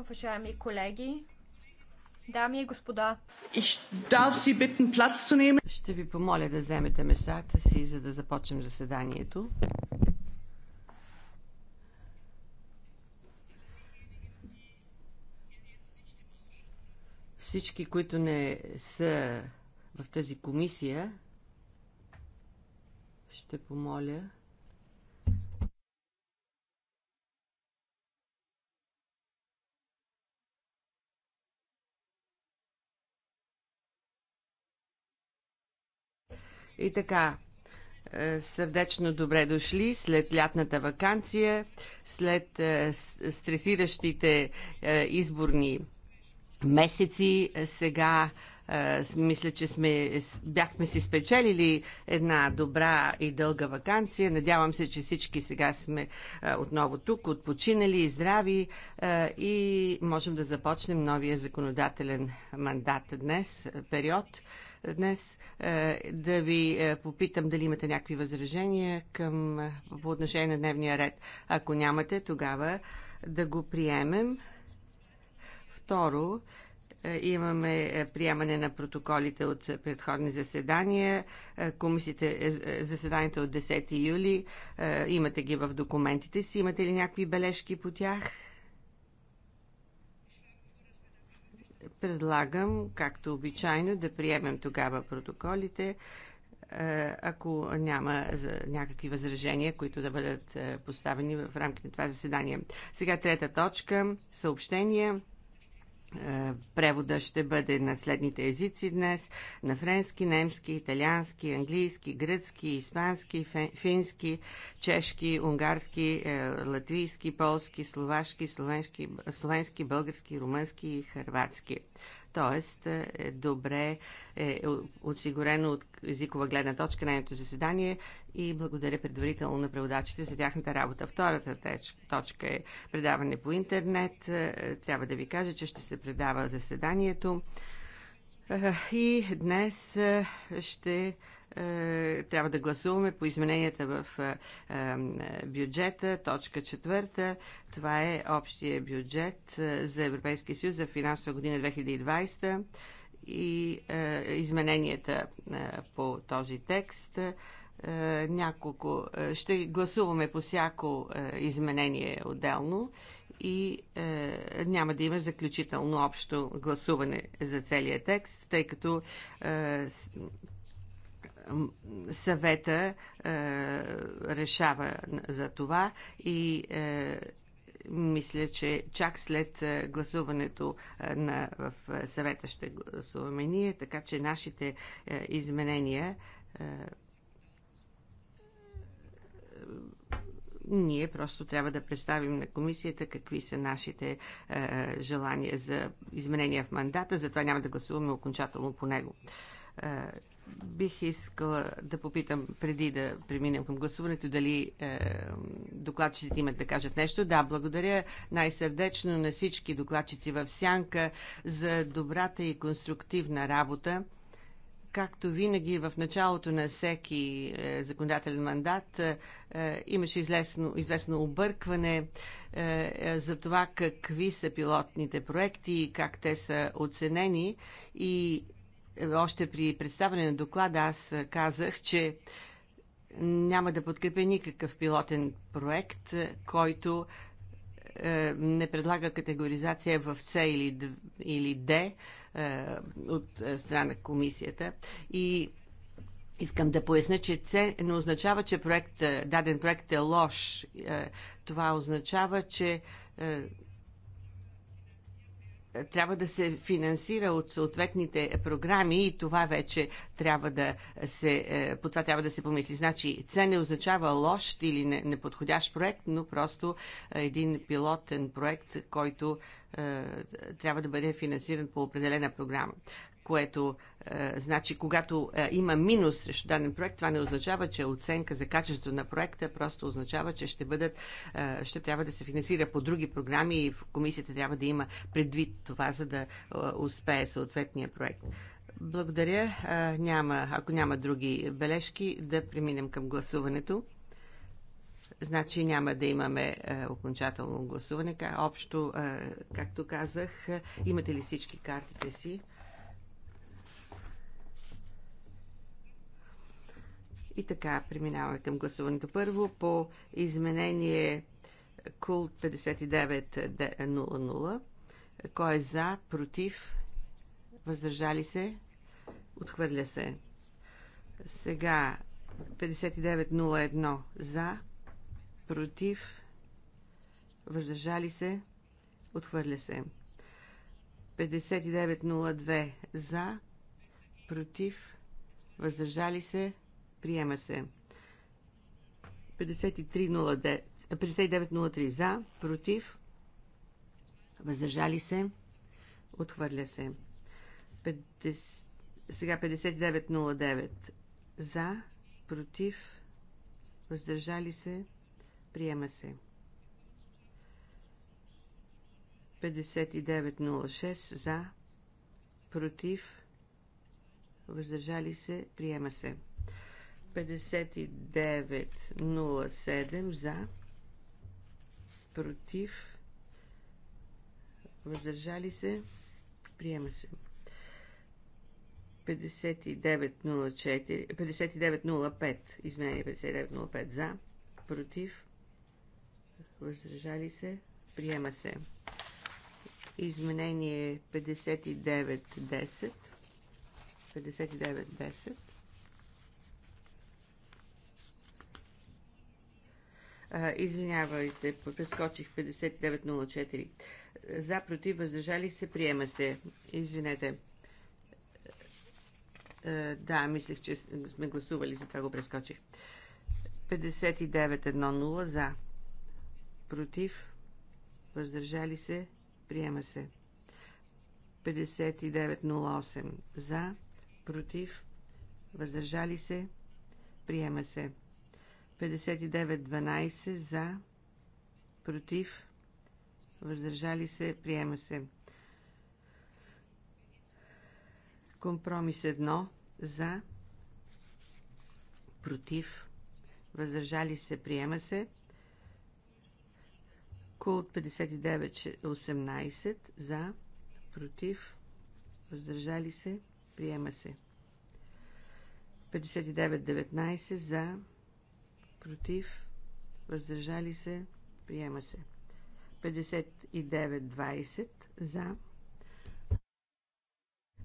Уважаеми колеги, дами и господа. Ще ви помоля да вземете местата си, за да започнем заседанието. Всички, които не са в тази комисия, ще помоля И така, е, сърдечно добре дошли след лятната вакансия, след е, стресиращите е, изборни месеци. Сега мисля, че сме, бяхме си спечелили една добра и дълга вакансия. Надявам се, че всички сега сме отново тук, отпочинали и здрави и можем да започнем новия законодателен мандат днес, период днес е, да ви е, попитам дали имате някакви възражения към, по отношение на дневния ред. Ако нямате, тогава да го приемем. Второ, е, имаме приемане на протоколите от предходни заседания, комисите, заседанията от 10 юли, имате ги в документите си, имате ли някакви бележки по тях? Предлагам, както обичайно, да приемем тогава протоколите, е, ако няма някакви възражения, които да бъдат е, поставени в рамките на това заседание. Сега трета точка Съобщения. Е, превода ще бъде на следните езици днес на френски, немски, италиански, английски, гръцки, испански, фински, чешки, унгарски, е, латвийски, полски, словашки, словенски, словенски български, румънски и хърватски. Т.е. е добре е, е осигурено от езикова гледна точка нейното заседание и благодаря предварително на преводачите за тяхната работа. Втората точка е предаване по интернет. Е, трябва да ви кажа, че ще се предава заседанието. Е, и днес ще е, трябва да гласуваме по измененията в е, е, бюджета, точка четвърта. Това е общия бюджет за Европейския съюз за финансова година 2020 и измененията по този текст няколко. Ще гласуваме по всяко изменение отделно и е, няма да има заключително общо гласуване за целия текст, тъй като е, съвета е, решава за това и е, мисля, че чак след е, гласуването е, на, в съвета ще гласуваме ние, така че нашите е, изменения е, ние просто трябва да представим на комисията какви са нашите е, желания за изменения в мандата, затова няма да гласуваме окончателно по него. Е, бих искала да попитам преди да преминем към гласуването дали е, докладчиците имат да кажат нещо. Да, благодаря най-сърдечно на всички докладчици в Сянка за добрата и конструктивна работа. Както винаги в началото на всеки е, законодателен мандат е, е имаше известно, известно объркване е, е, за това какви са пилотните проекти и как те са оценени и още при представане на доклада аз казах, че няма да подкрепя никакъв пилотен проект, който е, не предлага категоризация в С или, или Д е, от е, страна на комисията. И искам да поясня, че С не означава, че проект, даден проект е лош. Това означава, че трябва да се финансира от съответните програми и това вече трябва да се, е, по това трябва да се помисли. Значи, це не означава лош или неподходящ проект, но просто е, един пилотен проект, който е, трябва да бъде финансиран по определена програма което е, значи, когато е, има минус срещу даден проект, това не означава, че оценка за качество на проекта, просто означава, че ще, бъдат, е, ще трябва да се финансира по други програми и комисията трябва да има предвид това, за да е, успее съответния проект. Благодаря. Е, няма, ако няма други бележки, да преминем към гласуването. Значи няма да имаме е, окончателно гласуване. Общо, е, както казах, е, имате ли всички картите си? И така, преминаваме към гласуването. Първо по изменение Култ 5900. Кой е за, против, въздържали се, отхвърля се. Сега 5901 за, против, въздържали се, отхвърля се. 5902 за, против, въздържали се, Приема се. 5903 за, против, въздържали се, отхвърля се. 50, сега 5909 за, против, въздържали се, приема се. 5906 за, против, въздържали се, приема се. 5907 за, против, въздържали се, приема се. 5904, 5905, изменение 5905 за, против, въздържали се, приема се. Изменение 5910, 5910 Извинявайте, прескочих 5904. За, против, въздържали се, приема се. Извинете. Да, мислех, че сме гласували, затова го прескочих. 5910 за. Против, въздържали се, приема се. 5908 за. Против, въздържали се, приема се. 59-12 за, против, въздържали се, приема се. Компромис 1 за, против, въздържали се, приема се. Култ 59-18 за, против, въздържали се, приема се. 59-19 за, против, против, въздържали се, приема се. 59-20 за,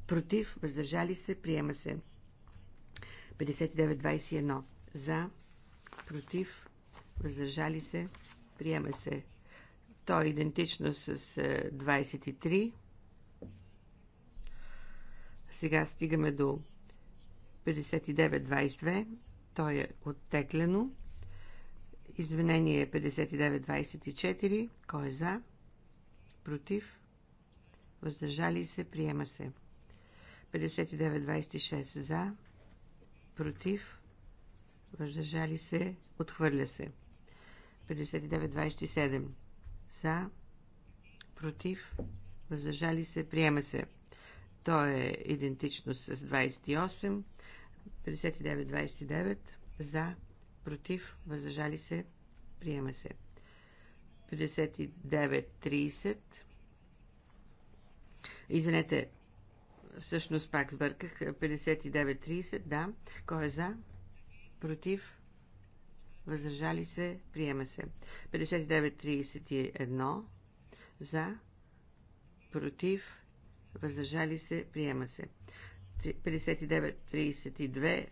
против, въздържали се, приема се. 59-21 за, против, въздържали се, приема се. То е идентично с 23. Е, Сега стигаме до 59-22. То е оттеглено. Извинение 59-24. Е Кой е за? Против? Въздържали се? Приема се. 59-26 за. Против? Въздържали се? Отхвърля се. 59-27 за. Против? Въздържали се? Приема се. То е идентично с 28. 59-29 за против, въздържали се, приема се. 59.30. Извинете, всъщност пак сбърках. 59.30, да. Кой е за? Против? Въздържали се? Приема се. 59.31. За? Против? Въздържали се? Приема се. 59.32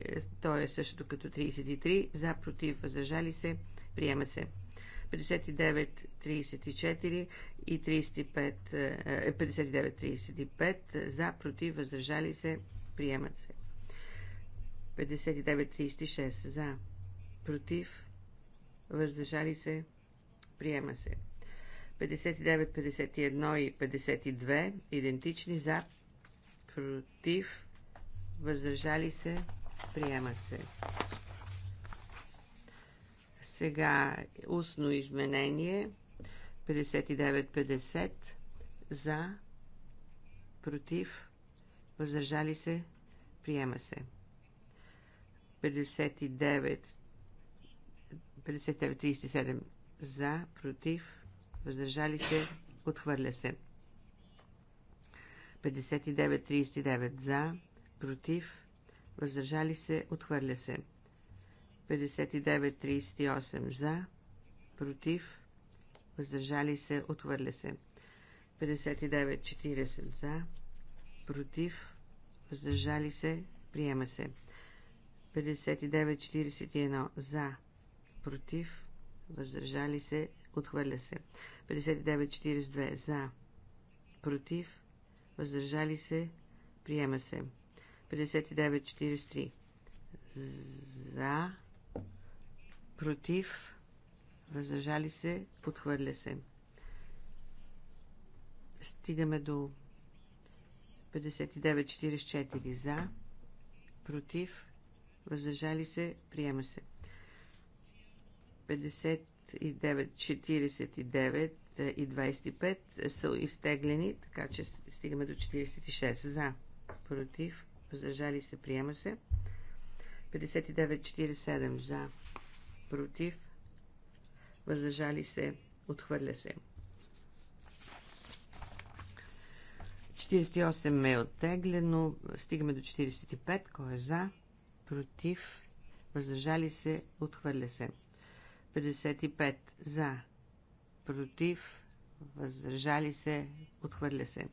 е, той е също като 33, за, против, въздържали се, приема се. 59, 34 и 35, 59, 35, за, против, въздържали се, приемат се. 59, 36, за, против, въздържали се, приема се. 59, 51 и 52, идентични, за, против, въздържали се, Приемат се. Сега устно изменение 59-50 за, против, въздържали се, приема се. 59 59-37 за, против, въздържали се, отхвърля се. 59-39 за, против, въздържали се, отхвърля се. 59,38 за, против, въздържали се, отхвърля се. 5940 за, против, въздържали се, приема се. 5941 за, против, въздържали се, отхвърля се. 5942 за, против, въздържали се, приема се. 59-43. За. Против. Въздържали се. Подхвърля се. Стигаме до 59-44. За. Против. Въздържали се. Приема се. 59-49 и 25 са изтеглени, така че стигаме до 46. За. Против въздържали се, приема се. 59-47 за, против, въздържали се, отхвърля се. 48 е оттеглено, стигаме до 45, кой е за, против, въздържали се, отхвърля се. 55 за, против, въздържали се, отхвърля се.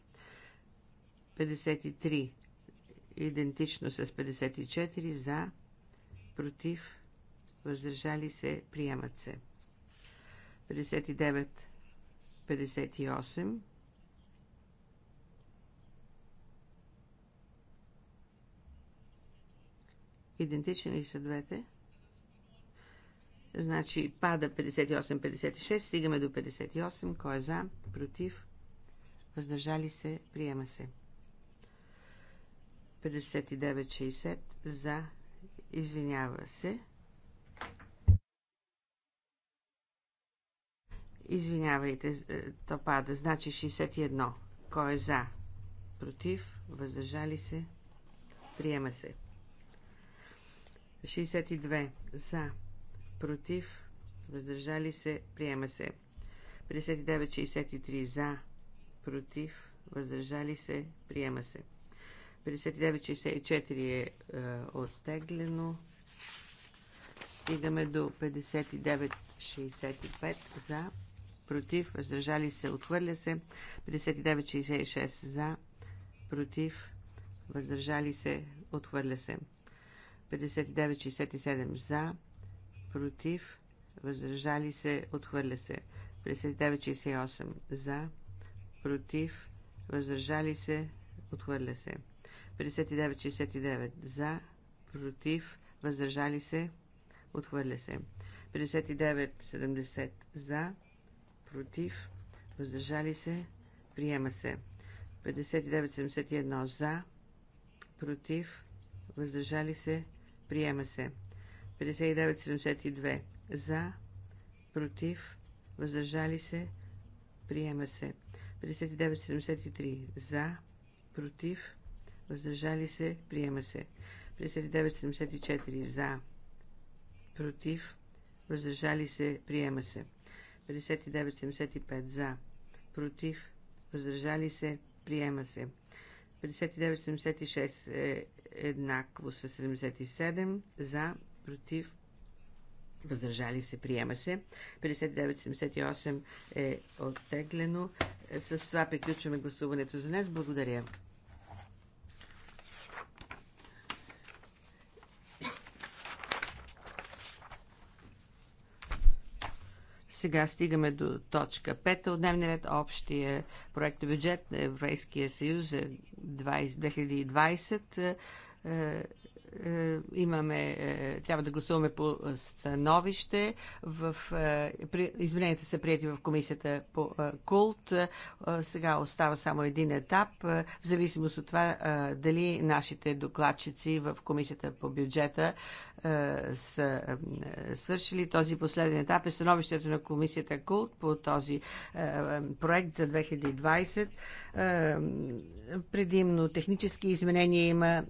53 идентично с 54 за, против, въздържали се, приемат се. 59, 58. Идентични ли са двете? Значи пада 58-56, стигаме до 58. Кой е за? Против? Въздържали се? Приема се. 59-60 за. Извинява се. Извинявайте, е, то пада. Значи 61. Кой е за? Против? Въздържали се? Приема се. 62. За. Против? Въздържали се? Приема се. 59-63. За. Против? Въздържали се? Приема се. 59,64 е, е оттеглено. Стигаме до 59,65 за, против, въздържали се, отхвърля се. 59-66 за, против, въздържали се, отхвърля се. 59-67 за, против, въздържали се, отхвърля се. 59-68 за, против, въздържали се, отхвърля се. 59.69 59-69 за, против, въздържали се, отхвърля се. 59-70 за, против, въздържали се, приема се. 59-71 за, против, въздържали се, приема се. 59-72 за, против, въздържали се, приема се. 59-73 за, против, въздържали се въздържали се, приема се. 5974 за, против, въздържали се, приема се. 5975 за, против, въздържали се, приема се. 5976 е еднакво с 77 за, против, въздържали се, приема се. 5978 е оттеглено. С това приключваме гласуването за днес. Благодаря. Сега стигаме до точка 5 от дневния ред. Общия проект бюджет на Европейския съюз за 2020 е, е, е, имаме, трябва да гласуваме по становище. В, измененията са прияти в комисията по култ. Сега остава само един етап. В зависимост от това дали нашите докладчици в комисията по бюджета е, са е, свършили. Този последен етап е становището на комисията КУЛТ по този е, проект за 2020. Предимно технически изменения има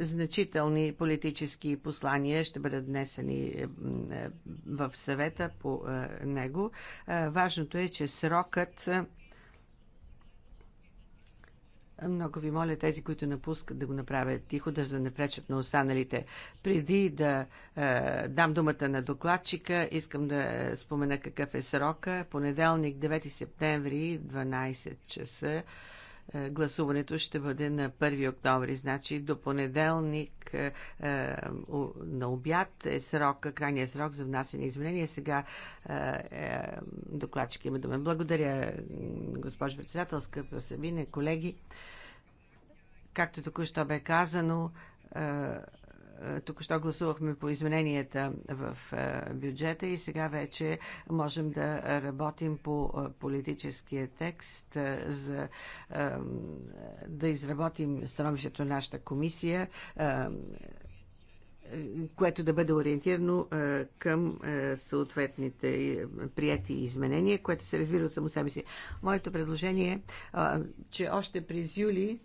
значителни политически послания, ще бъдат днесени в съвета по него. Важното е, че срокът много ви моля тези, които напускат, да го направят тихо, да за не пречат на останалите. Преди да е, дам думата на докладчика, искам да спомена какъв е срока. Понеделник, 9 септември, 12 часа. Е, гласуването ще бъде на 1 октомври, значи до понеделник е, е, на обяд е срок, крайния срок за внасяне изменения. Сега е, докладчик има дума. Благодаря, госпожо председател, скъпа Сабине, колеги. Както току-що бе казано, тук що гласувахме по измененията в е, бюджета и сега вече можем да работим по е, политическия текст, е, за да изработим становището на нашата комисия което да бъде ориентирано към съответните прияти изменения, което се разбира от само себе си. Моето предложение е, че още през юли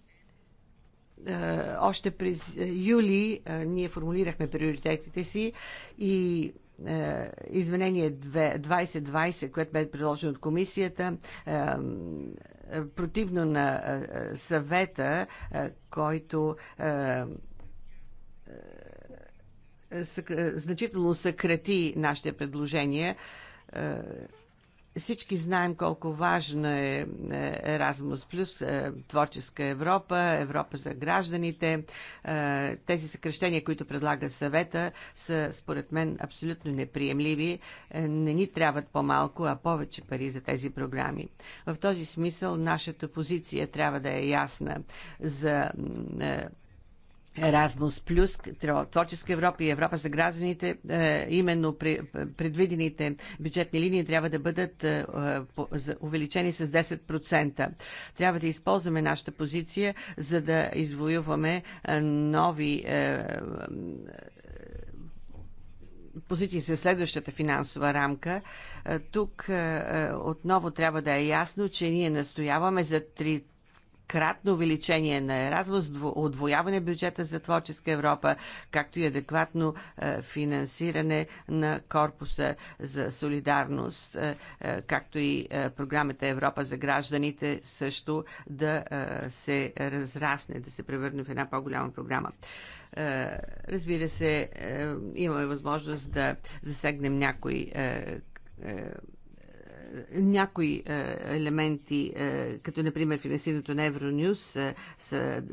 е, още през е, юли е, ние формулирахме приоритетите си и изменение 2020, което бе предложено от комисията, противно на съвета, който значително съкрати нашите предложения всички знаем колко важна е, е Erasmus Плюс, е, Творческа Европа, Европа за гражданите. Е, тези съкрещения, които предлага съвета, са според мен абсолютно неприемливи. Не ни трябват по-малко, а повече пари за тези програми. В този смисъл нашата позиция трябва да е ясна за Еразмус Плюс, Творческа Европа и Европа за гражданите, е, именно предвидените бюджетни линии трябва да бъдат е, е, увеличени с 10%. Трябва да използваме нашата позиция, за да извоюваме нови позиции за следващата финансова рамка. Тук отново трябва да е ясно, че ние настояваме за три кратно увеличение на Еразмус, отвояване бюджета за творческа Европа, както и адекватно е, финансиране на корпуса за солидарност, е, е, както и програмата Европа за гражданите също да се разрасне, да се превърне в една по-голяма програма. Разбира се, имаме възможност да засегнем някои някои е, елементи, е, като например финансирането на Евронюс, е, са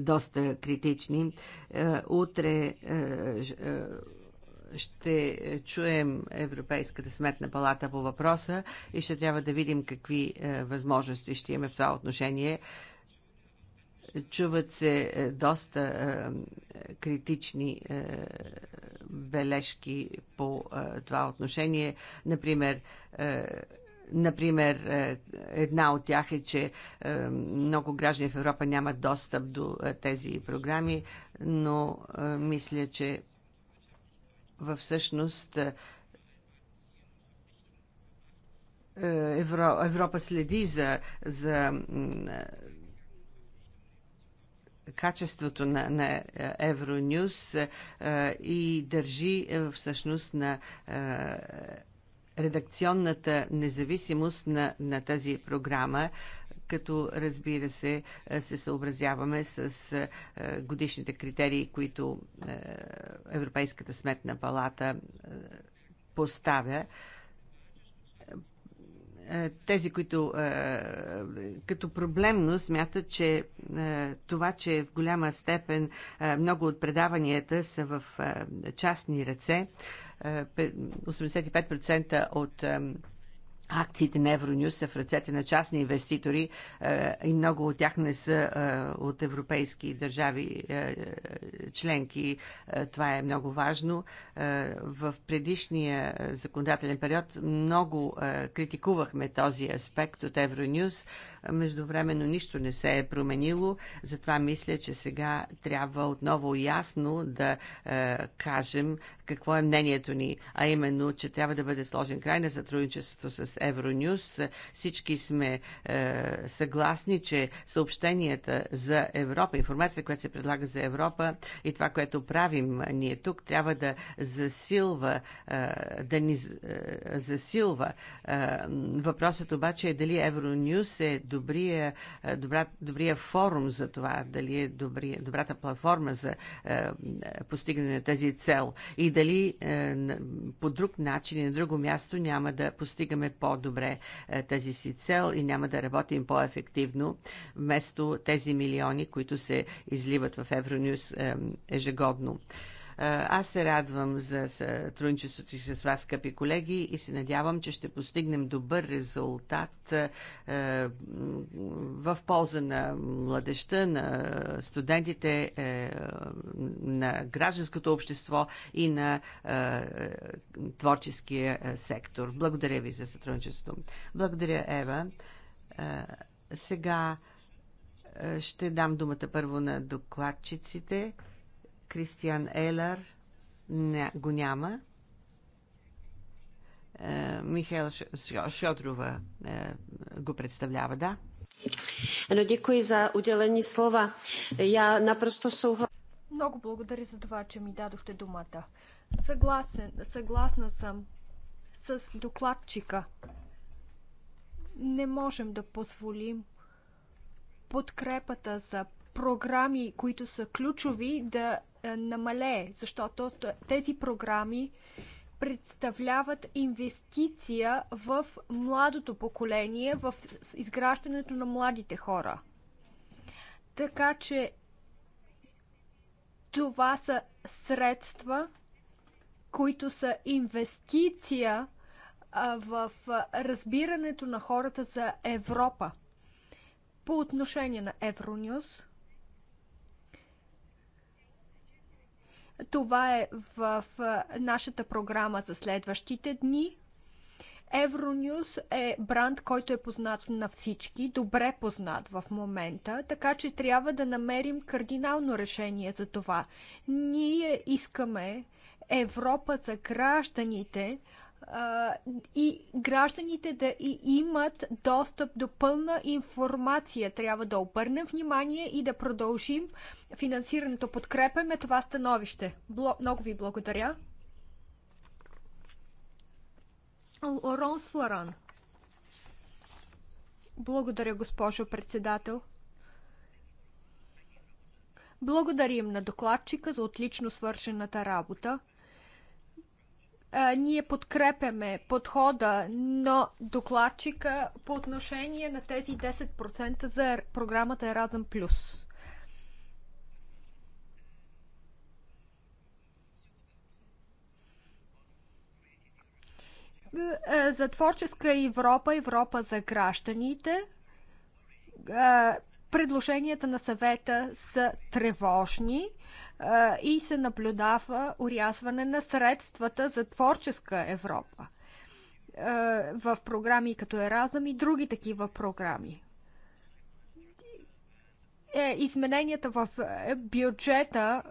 доста критични. Утре ще чуем Европейската сметна палата по въпроса и ще трябва да видим какви възможности ще имаме в това отношение. Чуват се е, доста е, критични е, бележки по е, това отношение. Например, е, Например, е, една от тях е, че е, много граждани в Европа нямат достъп до тези програми, но мисля, че във всъщност Европа следи за, за качеството на, на е, Евронюс е, е, и държи всъщност на редакционната независимост на, на тази програма, като разбира се се съобразяваме с годишните критерии, които Европейската сметна палата поставя е, тези, които е, като проблемно смятат, че е, това, че в голяма степен много от предаванията са в частни ръце, 85% от акциите на Евронюс са в ръцете на частни инвеститори е, и много от тях не са е, от европейски държави е, членки. Това е много важно. В предишния законодателен период много критикувахме този аспект от Евронюс. Междувременно нищо не се е променило, затова мисля, че сега трябва отново ясно да е, кажем какво е мнението ни, а именно, че трябва да бъде сложен край на сътрудничеството с Евронюс. Всички сме е, съгласни, че съобщенията за Европа, информация, която се предлага за Европа и това, което правим ние тук, трябва да засилва, е, да ни е, засилва. Е, въпросът обаче е дали Евронюс е до добрия, е, добра, добрия форум за това, дали е добрия, добрата платформа за е, постигане на тази цел и дали е, по друг начин и на друго място няма да постигаме по-добре е, тази си цел и няма да работим по-ефективно вместо тези милиони, които се изливат в Евронюс е, ежегодно. Е, аз се радвам за сътрудничеството и с вас, скъпи колеги, и се надявам, че ще постигнем добър резултат в полза на младеща, на студентите, на гражданското общество и на творческия сектор. Благодаря ви за сътрудничеството. Благодаря, Ева. Сега ще дам думата първо на докладчиците. Кристиан Елер не, го няма. Е, Михаил Шодрова е, го представлява, да. Но дикои за отделени слова. Я напросто souhlasím. Много благодаря за това, че ми дадохте думата. Съгласен, съгласна съм с докладчика. Не можем да позволим подкрепата за програми, които са ключови, да е, намалее, защото тези програми представляват инвестиция в младото поколение, в изграждането на младите хора. Така че това са средства, които са инвестиция в разбирането на хората за Европа. По отношение на Евронюс, Това е в нашата програма за следващите дни. Евронюс е бранд, който е познат на всички, добре познат в момента, така че трябва да намерим кардинално решение за това. Ние искаме Европа за гражданите, и гражданите да и имат достъп до пълна информация. Трябва да обърнем внимание и да продължим финансирането. Подкрепяме това становище. Бло... Много ви благодаря. Ронс Флоран. Благодаря, госпожо председател. Благодарим на докладчика за отлично свършената работа ние подкрепяме подхода на докладчика по отношение на тези 10% за програмата Еразъм Плюс. За творческа Европа, Европа за гражданите, предложенията на съвета са тревожни и се наблюдава урязване на средствата за творческа Европа в програми като Еразъм и други такива програми. Е, измененията в е, бюджета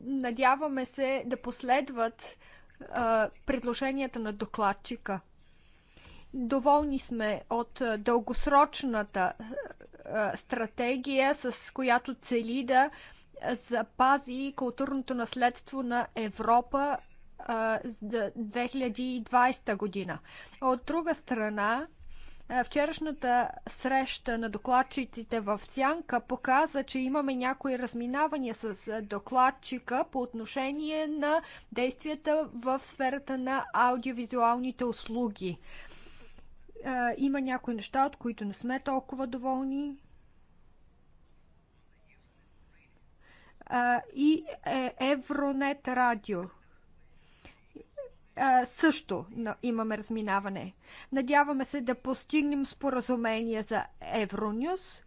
надяваме се да последват предложенията на докладчика. Доволни сме от дългосрочната стратегия, с която цели да запази културното наследство на Европа за 2020 година. От друга страна, Вчерашната среща на докладчиците в Сянка показа, че имаме някои разминавания с докладчика по отношение на действията в сферата на аудиовизуалните услуги. Има някои неща, от които не сме толкова доволни. и е, Евронет радио. Също имаме разминаване. Надяваме се да постигнем споразумение за Евронюс,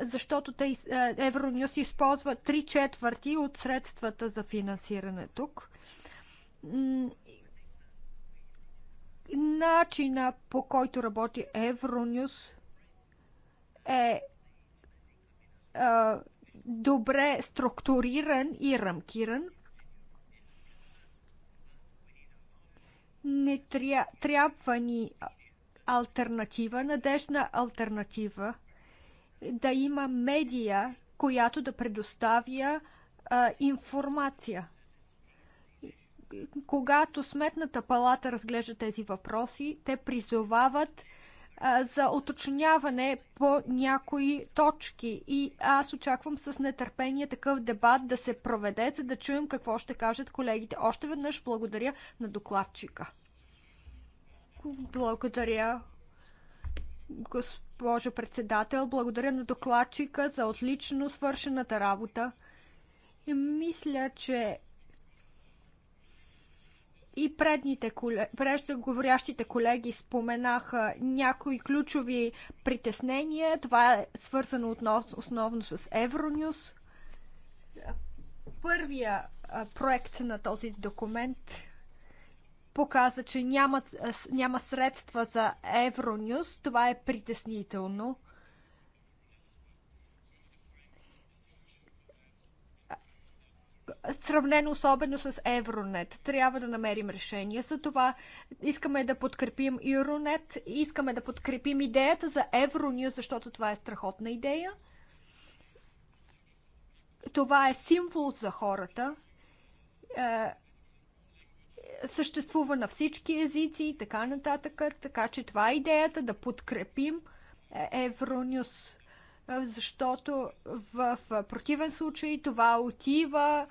защото те, Евронюс използва 3 четвърти от средствата за финансиране тук. Начина по който работи Евронюс е добре структуриран и рамкиран. Не тря... трябва ни альтернатива, надежна альтернатива, да има медия, която да предоставя а, информация. Когато Сметната палата разглежда тези въпроси, те призовават за оточняване по някои точки. И аз очаквам с нетърпение такъв дебат да се проведе, за да чуем какво ще кажат колегите. Още веднъж благодаря на докладчика. Благодаря, госпожо председател. Благодаря на докладчика за отлично свършената работа. И мисля, че и предните преждеговорящите колеги споменаха някои ключови притеснения. Това е свързано относ, основно с Евронюс. Първия проект на този документ показа, че няма, няма средства за Евронюс. Това е притеснително. сравнено особено с Евронет. Трябва да намерим решение за това. Искаме да подкрепим Euronет, искаме да подкрепим идеята за Евроню, защото това е страхотна идея. Това е символ за хората. Е, съществува на всички езици и така нататък. Така че това е идеята да подкрепим Евронюс е, защото в противен случай това отива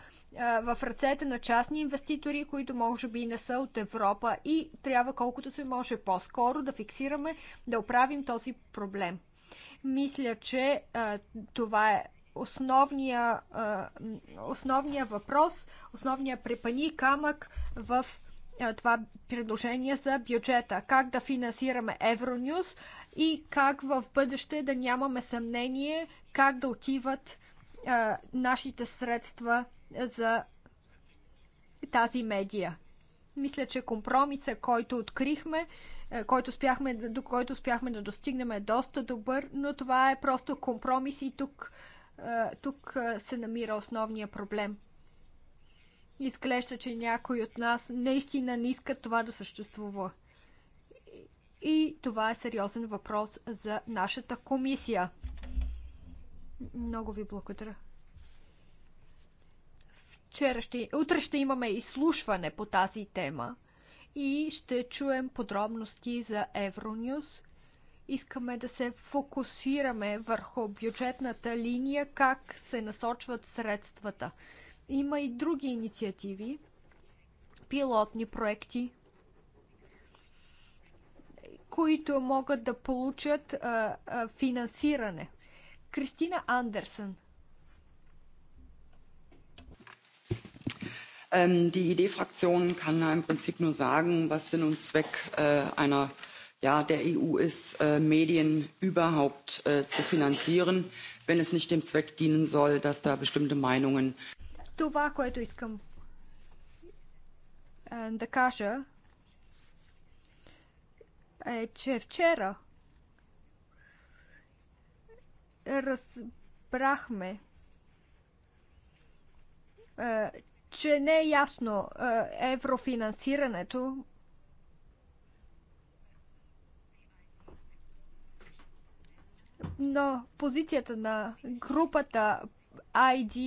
в ръцете на частни инвеститори, които може би не са от Европа и трябва колкото се може по-скоро да фиксираме, да оправим този проблем. Мисля, че това е основния, основния въпрос, основния препани камък в това предложение за бюджета. Как да финансираме Евронюс и как в бъдеще да нямаме съмнение как да отиват нашите средства за тази медия. Мисля, че компромиса, който открихме, е, който успяхме, до който успяхме да достигнем е доста добър, но това е просто компромис и тук, е, тук е, се намира основния проблем. Изглежда, че някой от нас наистина не иска това да съществува. И това е сериозен въпрос за нашата комисия. Много ви благодаря вчера ще, утре ще имаме изслушване по тази тема и ще чуем подробности за Евронюс. Искаме да се фокусираме върху бюджетната линия, как се насочват средствата. Има и други инициативи, пилотни проекти, които могат да получат а, а, финансиране. Кристина Андерсън – die id fraktion kann da im prinzip nur sagen was sinn und zweck einer ja der eu ist medien überhaupt zu finanzieren wenn es nicht dem zweck dienen soll dass da bestimmte meinungen това, което искам да кажа, е, че вчера разбрахме, че не е ясно е, еврофинансирането. Но позицията на групата ID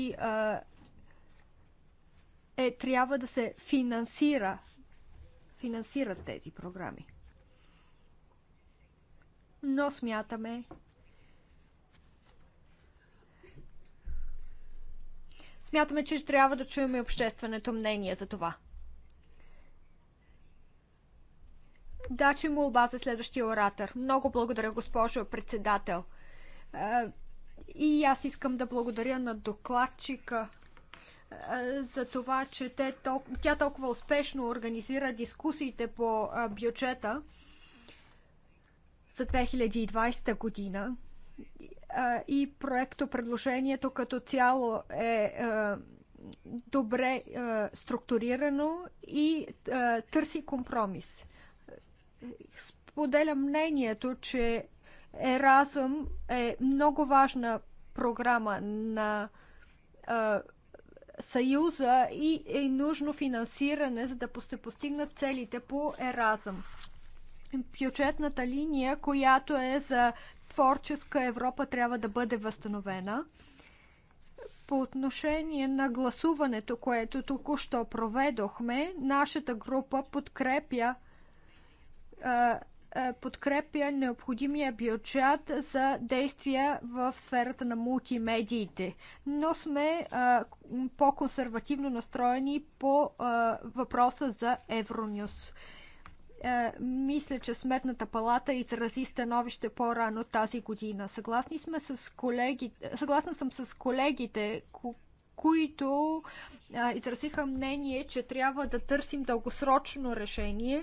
е, е трябва да се финансира финансират тези програми. Но смятаме, Смятаме, че трябва да чуем и общественото мнение за това. Да, че молба за следващия оратор. Много благодаря, госпожо председател. И аз искам да благодаря на докладчика за това, че те, тя толкова успешно организира дискусиите по бюджета за 2020 година и проекто предложението като цяло е, е добре е, структурирано и е, търси компромис. Споделя мнението, че Еразъм е много важна програма на Съюза и е нужно финансиране, за да се постигнат целите по Еразъм. Бюджетната линия, която е за творческа Европа трябва да бъде възстановена. По отношение на гласуването, което току-що проведохме, нашата група подкрепя подкрепя необходимия бюджет за действия в сферата на мултимедиите. Но сме по-консервативно настроени по въпроса за Евронюс. Е, мисля, че Сметната палата изрази становище по-рано тази година. Съгласни сме с колегите, съгласна съм с колегите, които а, е, изразиха мнение, че трябва да търсим дългосрочно решение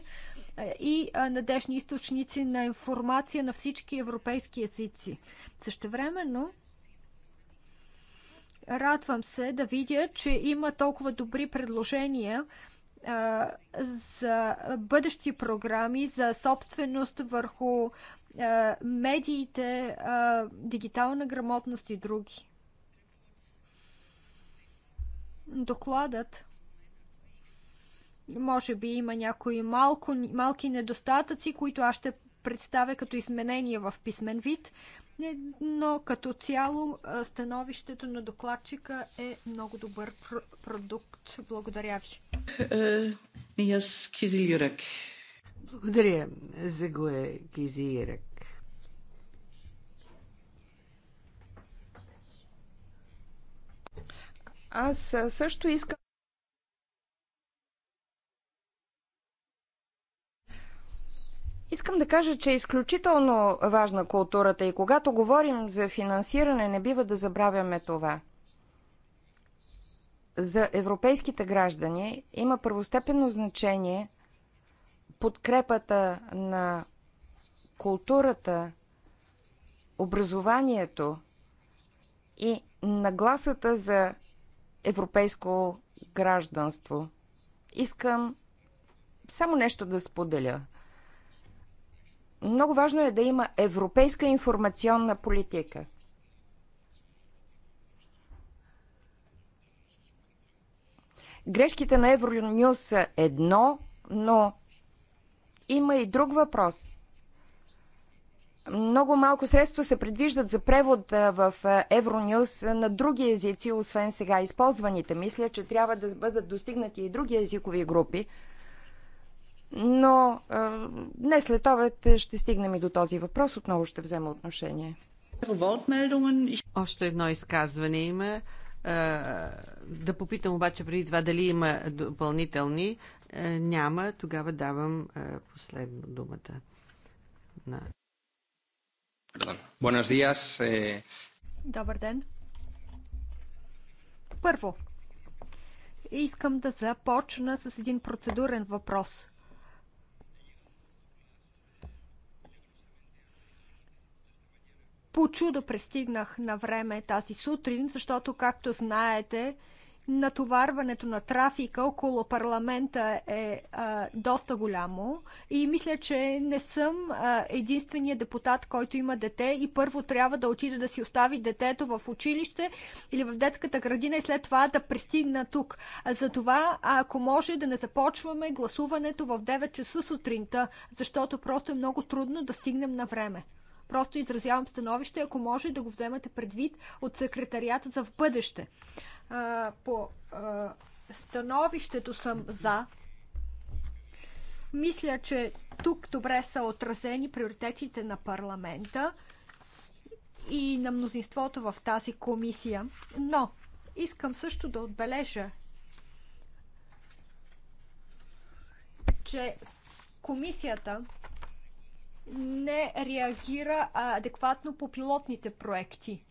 а, е, и а, надежни източници на информация на всички европейски езици. Същевременно, радвам се да видя, че има толкова добри предложения за бъдещи програми за собственост върху медиите, дигитална грамотност и други. Докладът може би има някои малко, малки недостатъци, които аз ще представя като изменения в писмен вид, но като цяло становището на докладчика е много добър пр- продукт. Благодаря ви. Е, Аз Юрек. Благодаря за го е юрек. Аз също искам Искам да кажа, че е изключително важна културата и когато говорим за финансиране, не бива да забравяме това. За европейските граждани има първостепенно значение подкрепата на културата, образованието и нагласата за европейско гражданство. Искам само нещо да споделя – много важно е да има европейска информационна политика. Грешките на Евронюс са едно, но има и друг въпрос. Много малко средства се предвиждат за превод в Евронюс на други езици, освен сега използваните. Мисля, че трябва да бъдат достигнати и други езикови групи – но а, днес след обед ще стигнем и до този въпрос. Отново ще взема отношение. Още едно изказване има. Да попитам обаче преди това дали има допълнителни. Няма. Тогава давам последно думата. На. Eh. Добър ден. Първо, искам да започна с един процедурен въпрос. по чудо пристигнах на време тази сутрин, защото, както знаете, натоварването на трафика около парламента е а, доста голямо и мисля, че не съм а, единствения депутат, който има дете и първо трябва да отида да си остави детето в училище или в детската градина и след това да пристигна тук. Затова, ако може да не започваме гласуването в 9 часа сутринта, защото просто е много трудно да стигнем на време. Просто изразявам становище, ако може да го вземате предвид от секретарията за в бъдеще. По становището съм за. Мисля, че тук добре са отразени приоритетите на парламента и на мнозинството в тази комисия. Но искам също да отбележа, че комисията не реагира адекватно по пилотните проекти.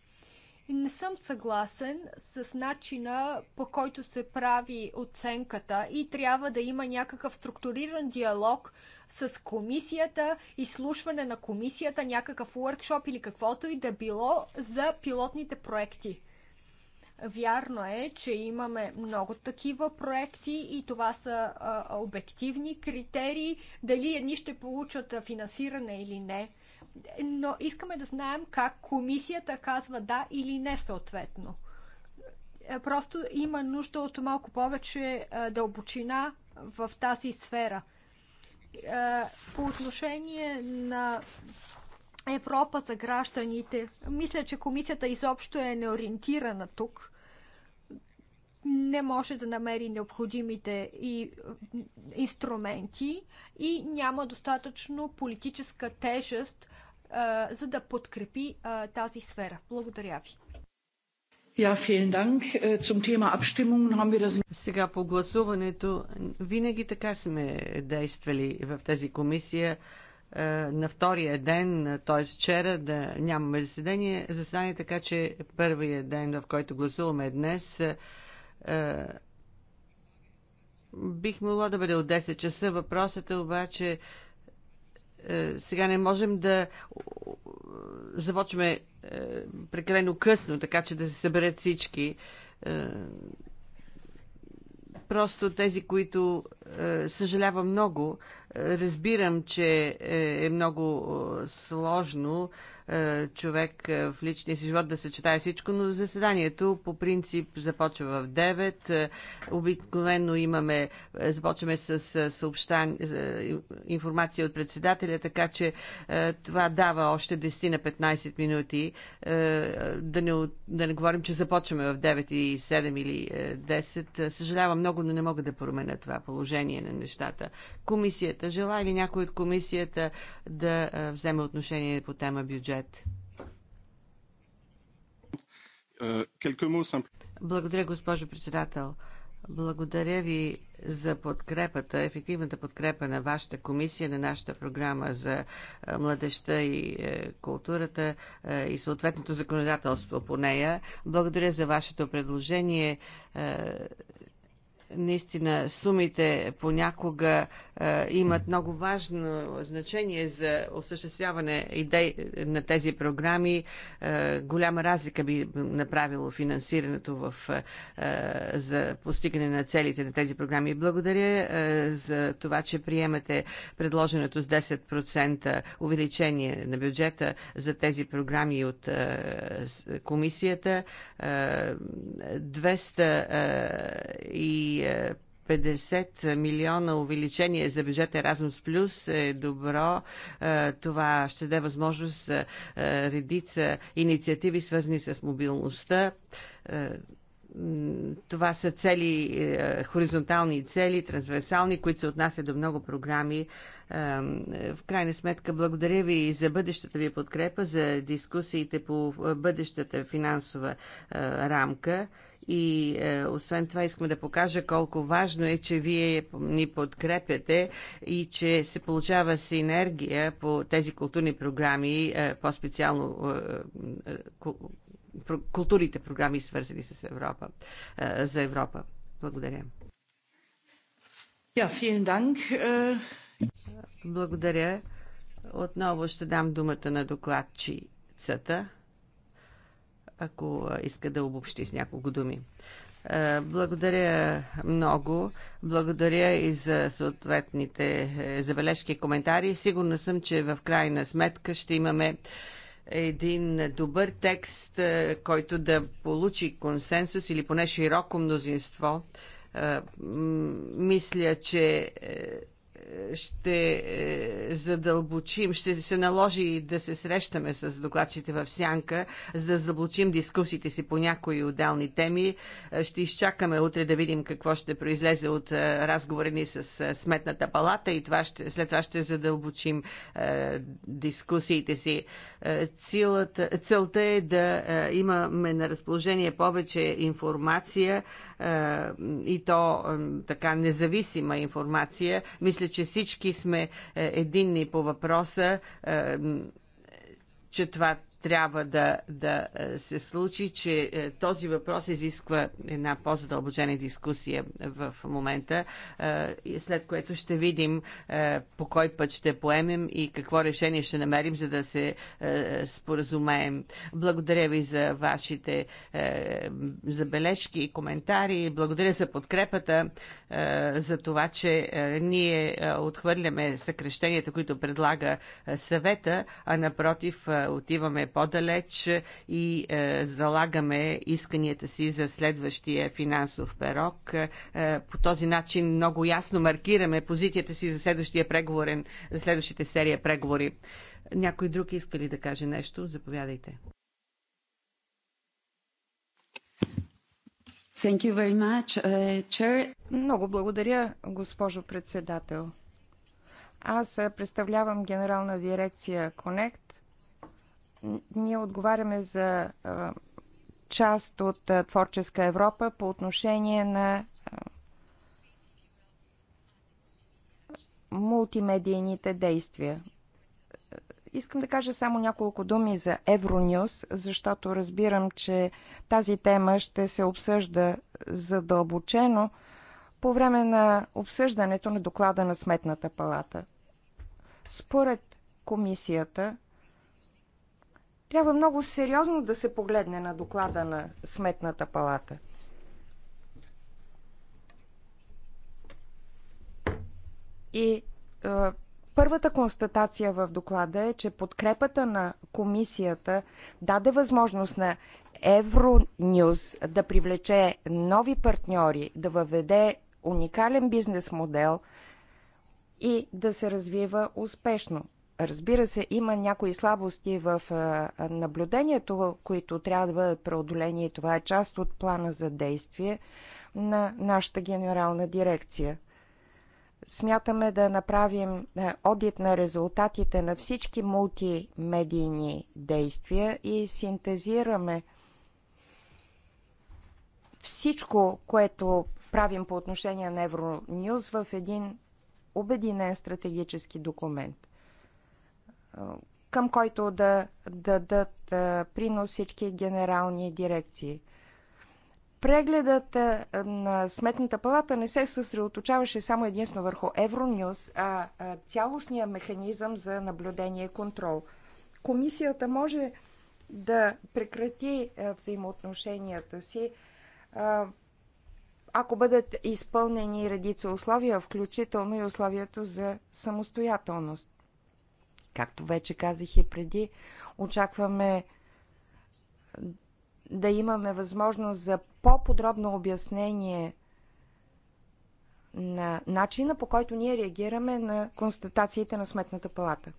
Не съм съгласен с начина по който се прави оценката и трябва да има някакъв структуриран диалог с комисията, изслушване на комисията, някакъв workshop или каквото и да било за пилотните проекти. Вярно е, че имаме много такива проекти и това са а, обективни критерии, дали едни ще получат финансиране или не. Но искаме да знаем как комисията казва да или не съответно. Е, просто има нужда от малко повече дълбочина в тази сфера. Е, по отношение на Европа за гражданите. Мисля, че комисията изобщо е неориентирана тук. Не може да намери необходимите и инструменти и няма достатъчно политическа тежест, а, за да подкрепи а, тази сфера. Благодаря ви. Ja, vielen Dank. Äh, zum Thema Abstimmungen haben wir das... Сега по гласуването винаги така сме действали в тази комисия. Е, на втория ден, т.е. вчера, да нямаме заседание, заседание, така че първия ден, в който гласуваме днес, е, е, бих могла да бъде от 10 часа. Въпросът е обаче, сега не можем да започваме прекалено късно, така че да се съберат всички просто тези, които е, съжалявам много, е, разбирам, че е, е много е, сложно е, човек е, в личния си живот да съчетае всичко, но заседанието по принцип започва в 9. Е, обикновено имаме, започваме с съобщан, информация от председателя, така че това дава още 10 на 15 минути. Да не, да не говорим, че започваме в 9 и 7 или 10. Съжалявам много, но не мога да променя това положение на нещата. Комисията, желая ли някой от комисията да вземе отношение по тема бюджет? напред. Е, Благодаря, госпожо председател. Благодаря ви за подкрепата, ефективната подкрепа на вашата комисия, на нашата програма за е, младеща и е, културата и съответното законодателство по нея. Благодаря за вашето предложение Наистина, сумите понякога е, имат много важно значение за осъществяване идей на тези програми. Е, голяма разлика би направило финансирането в, е, за постигане на целите на тези програми. Благодаря е, за това, че приемате предложеното с 10% увеличение на бюджета за тези програми от е, комисията. Е, 200 е, и 50 е, милиона увеличение за бюджета Erasmus Plus е добро. Е, това ще даде възможност за е, редица инициативи, свързани с мобилността. Това са цели, хоризонтални цели, трансверсални, които се отнасят до много програми. В крайна сметка, благодаря ви за бъдещата ви подкрепа, за дискусиите по бъдещата финансова рамка и е, освен това искам да покажа колко важно е, че вие ни подкрепяте и че се получава синергия по тези културни програми, е, по-специално е, е културните програми, свързани с Европа, е, за Европа. Благодаря. Ja, vielen Dank. Äh. Благодаря. Отново ще дам думата на докладчицата ако иска да обобщи с няколко думи. Благодаря много. Благодаря и за съответните е, забележки и коментари. Сигурна съм, че в крайна сметка ще имаме един добър текст, е, който да получи консенсус или поне широко мнозинство. Е, мисля, че ще е, задълбочим, ще се наложи да се срещаме с докладчите в Сянка, за да задълбочим дискусиите си по някои отделни теми. Е, ще изчакаме утре да видим какво ще произлезе от е, разговори ни с Сметната палата и това ще, след това ще задълбочим дискусиите си. Е, цилата, целта е да е, имаме на разположение повече информация е, и то така независима информация. Мисля, че всички сме единни по въпроса че това трябва да, да е, се случи, че е, този въпрос изисква една по-задълбочена дискусия в момента, е, след което ще видим по кой път ще поемем и какво решение ще намерим, за да се споразумеем. Благодаря ви за вашите забележки и коментари. Благодаря за подкрепата. Е, за това, че е, ние е, отхвърляме съкрещенията, които предлага съвета, а напротив отиваме по-далеч и залагаме исканията си за следващия финансов перок. По този начин много ясно маркираме позицията си за следващия преговорен, за следващите серия преговори. Някой друг иска ли да каже нещо? Заповядайте. Thank you very much, uh, chair. Много благодаря, госпожо председател. Аз представлявам генерална дирекция Connect. Ние отговаряме за част от Творческа Европа по отношение на мултимедийните действия. Искам да кажа само няколко думи за Евронюс, защото разбирам, че тази тема ще се обсъжда задълбочено по време на обсъждането на доклада на Сметната палата. Според комисията, трябва много сериозно да се погледне на доклада на Сметната палата. И е, Първата констатация в доклада е, че подкрепата на комисията даде възможност на Евронюз да привлече нови партньори, да въведе уникален бизнес модел и да се развива успешно. Разбира се, има някои слабости в наблюдението, които трябва да бъдат преодолени и това е част от плана за действие на нашата генерална дирекция смятаме да направим е, одит на резултатите на всички мултимедийни действия и синтезираме всичко, което правим по отношение на Евронюз в един обединен стратегически документ, е, към който да дадат е, принос всички генерални дирекции прегледът на Сметната палата не се съсредоточаваше само единствено върху Евронюс, а цялостния механизъм за наблюдение и контрол. Комисията може да прекрати взаимоотношенията си, ако бъдат изпълнени редица условия, включително и условието за самостоятелност. Както вече казах и преди, очакваме да имаме възможност за по-подробно обяснение на начина по който ние реагираме на констатациите на Сметната палата.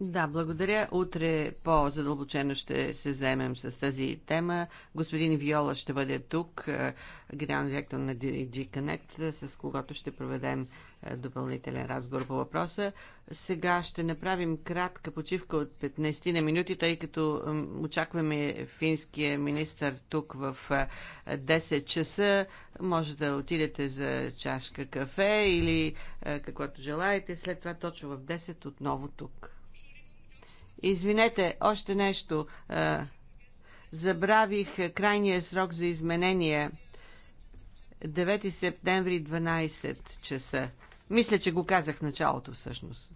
Да, благодаря. Утре по-задълбочено ще се вземем с тази тема. Господин Виола ще бъде тук, е, генерален директор на DG Connect, е, с когото ще проведем е, допълнителен разговор по въпроса. Сега ще направим кратка почивка от 15 на минути, тъй като очакваме финския министр тук в 10 часа. Може да отидете за чашка кафе или каквото желаете. След това точно в 10 отново тук. Извинете, още нещо. Е, забравих крайния срок за изменение. 9 септември 12 часа. Мисля, че го казах в началото всъщност.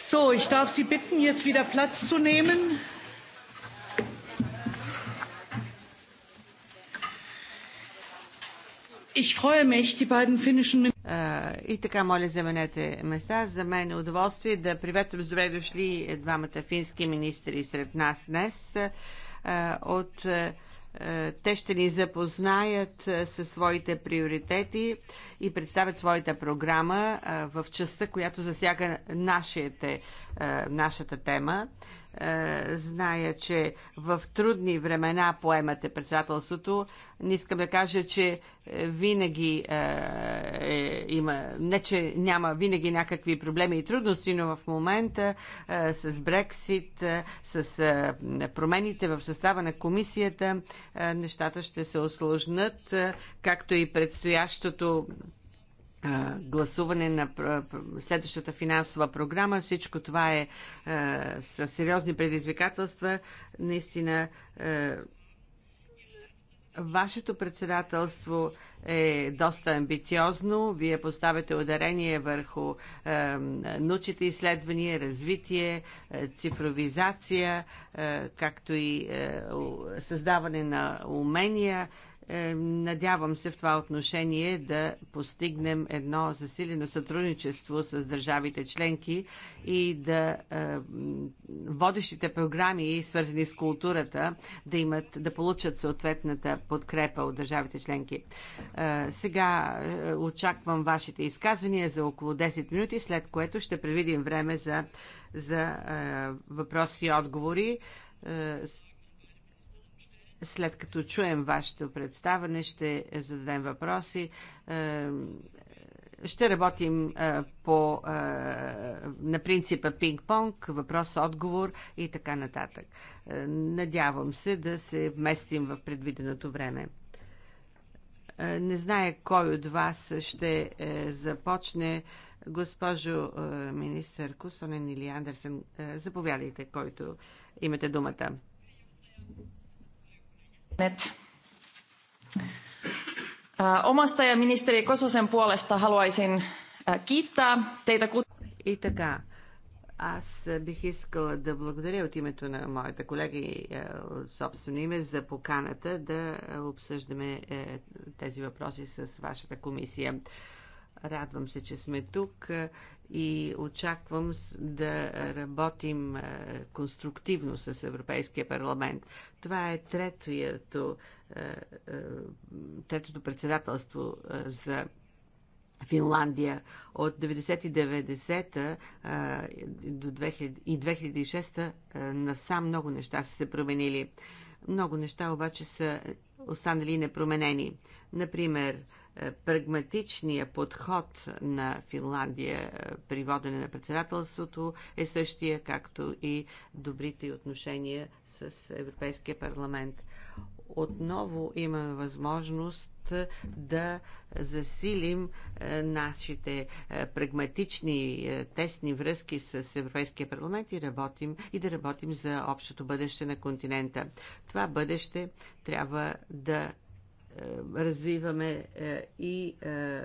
So, ich darf Sie bitten, jetzt wieder Platz zu nehmen. Ich freue mich, die beiden finnischen е, и така, моля, заменете места. За мен е удоволствие да приветствам с добре дошли двамата фински министри сред нас днес. Е, от е, е, те ще ни запознаят е, със своите приоритети и представят своята програма е, в частта, която засяга нашите, нашата тема. Е, зная, че в трудни времена поемате председателството. Не искам да кажа, че е, винаги е, е, има, не че няма винаги някакви проблеми и трудности, но в момента е, с Брексит, е, с е, промените в състава на комисията, е, нещата ще се осложнат, е, както и предстоящото гласуване на следващата финансова програма. Всичко това е, с сериозни предизвикателства. Наистина, вашето председателство е доста амбициозно. Вие поставяте ударение върху научните изследвания, развитие, цифровизация, както и създаване на умения. Е, надявам се в това отношение да постигнем едно засилено сътрудничество с държавите членки и да е, водещите програми, свързани с културата, да имат, да получат съответната подкрепа от държавите членки. Е, сега очаквам вашите изказвания за около 10 минути, след което ще предвидим време за, за въпроси и отговори след като чуем вашето представане, ще зададем въпроси. Е, ще работим е, по, е, на принципа пинг-понг, въпрос-отговор и така нататък. Надявам се да се вместим в предвиденото време. Не зная кой от вас ще започне. Госпожо министър Кусонен или Андерсен, заповядайте, който имате думата. Net. Omasta ja ministeri Kososen puolesta haluaisin kiittää teitä. И така, аз бих искала да благодаря от името на моите колеги е, собствено име за поканата да обсъждаме е, тези въпроси с вашата комисия. Радвам се, че сме тук и очаквам да работим конструктивно с Европейския парламент. Това е третото, третото председателство за Финландия от 1990 до 2000, и 2006 насам много неща са се променили. Много неща обаче са останали непроменени. Например, е, Прагматичният подход на Финландия е, при водене на председателството е същия, както и добрите отношения с Европейския парламент. Отново имаме възможност е, да засилим нашите прагматични, тесни връзки с Европейския парламент и, работим, и да работим за общото бъдеще на континента. Това бъдеще трябва да е, развиваме е, и е,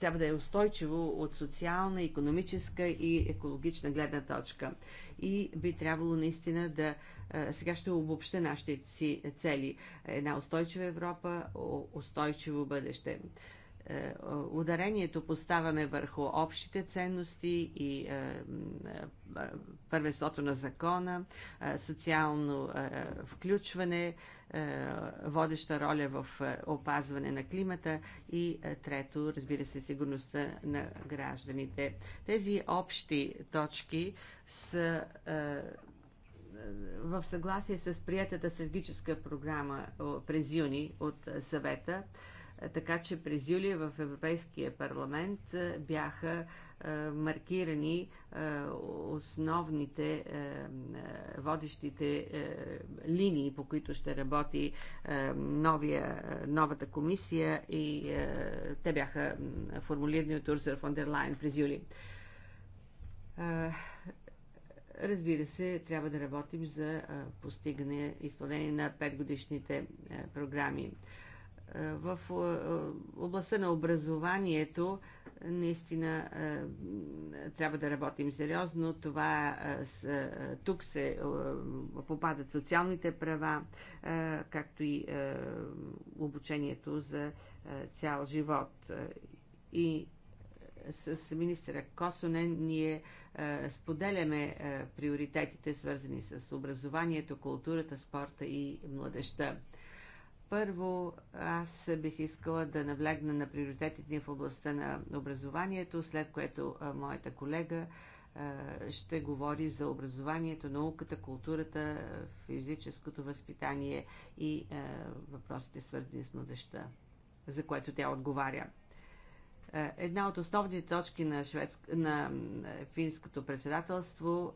трябва да е устойчиво от социална, економическа и екологична гледна точка. И би трябвало наистина да. Сега ще обобща нашите си цели. Една устойчива Европа, устойчиво бъдеще ударението поставяме върху общите ценности и първенството на закона, социално включване, е, водеща роля в е, опазване на климата и е, трето, разбира се, сигурността на гражданите. Тези общи точки са в съгласие с приятата стратегическа програма през юни от съвета, така че през юли в Европейския парламент бяха е, маркирани е, основните е, водещите линии, по които ще работи новия, новата комисия и те бяха формулирани от Урсер фон дер Лайн през юли. Разбира се, трябва да работим за постигане изпълнение на 5 годишните програми. В е, е, областта на образованието наистина е, трябва да работим сериозно. Това, тук се попадат социалните права, както и обучението за цял живот. И с министра Косонен ние споделяме приоритетите, свързани с образованието, културата, спорта и младеща. Първо, аз бих искала да навлегна на приоритетите в областта на образованието, след което моята колега ще говори за образованието, науката, културата, физическото възпитание и въпросите свързани с младеща, за което тя отговаря. Една от основните точки на, шведск... на финското председателство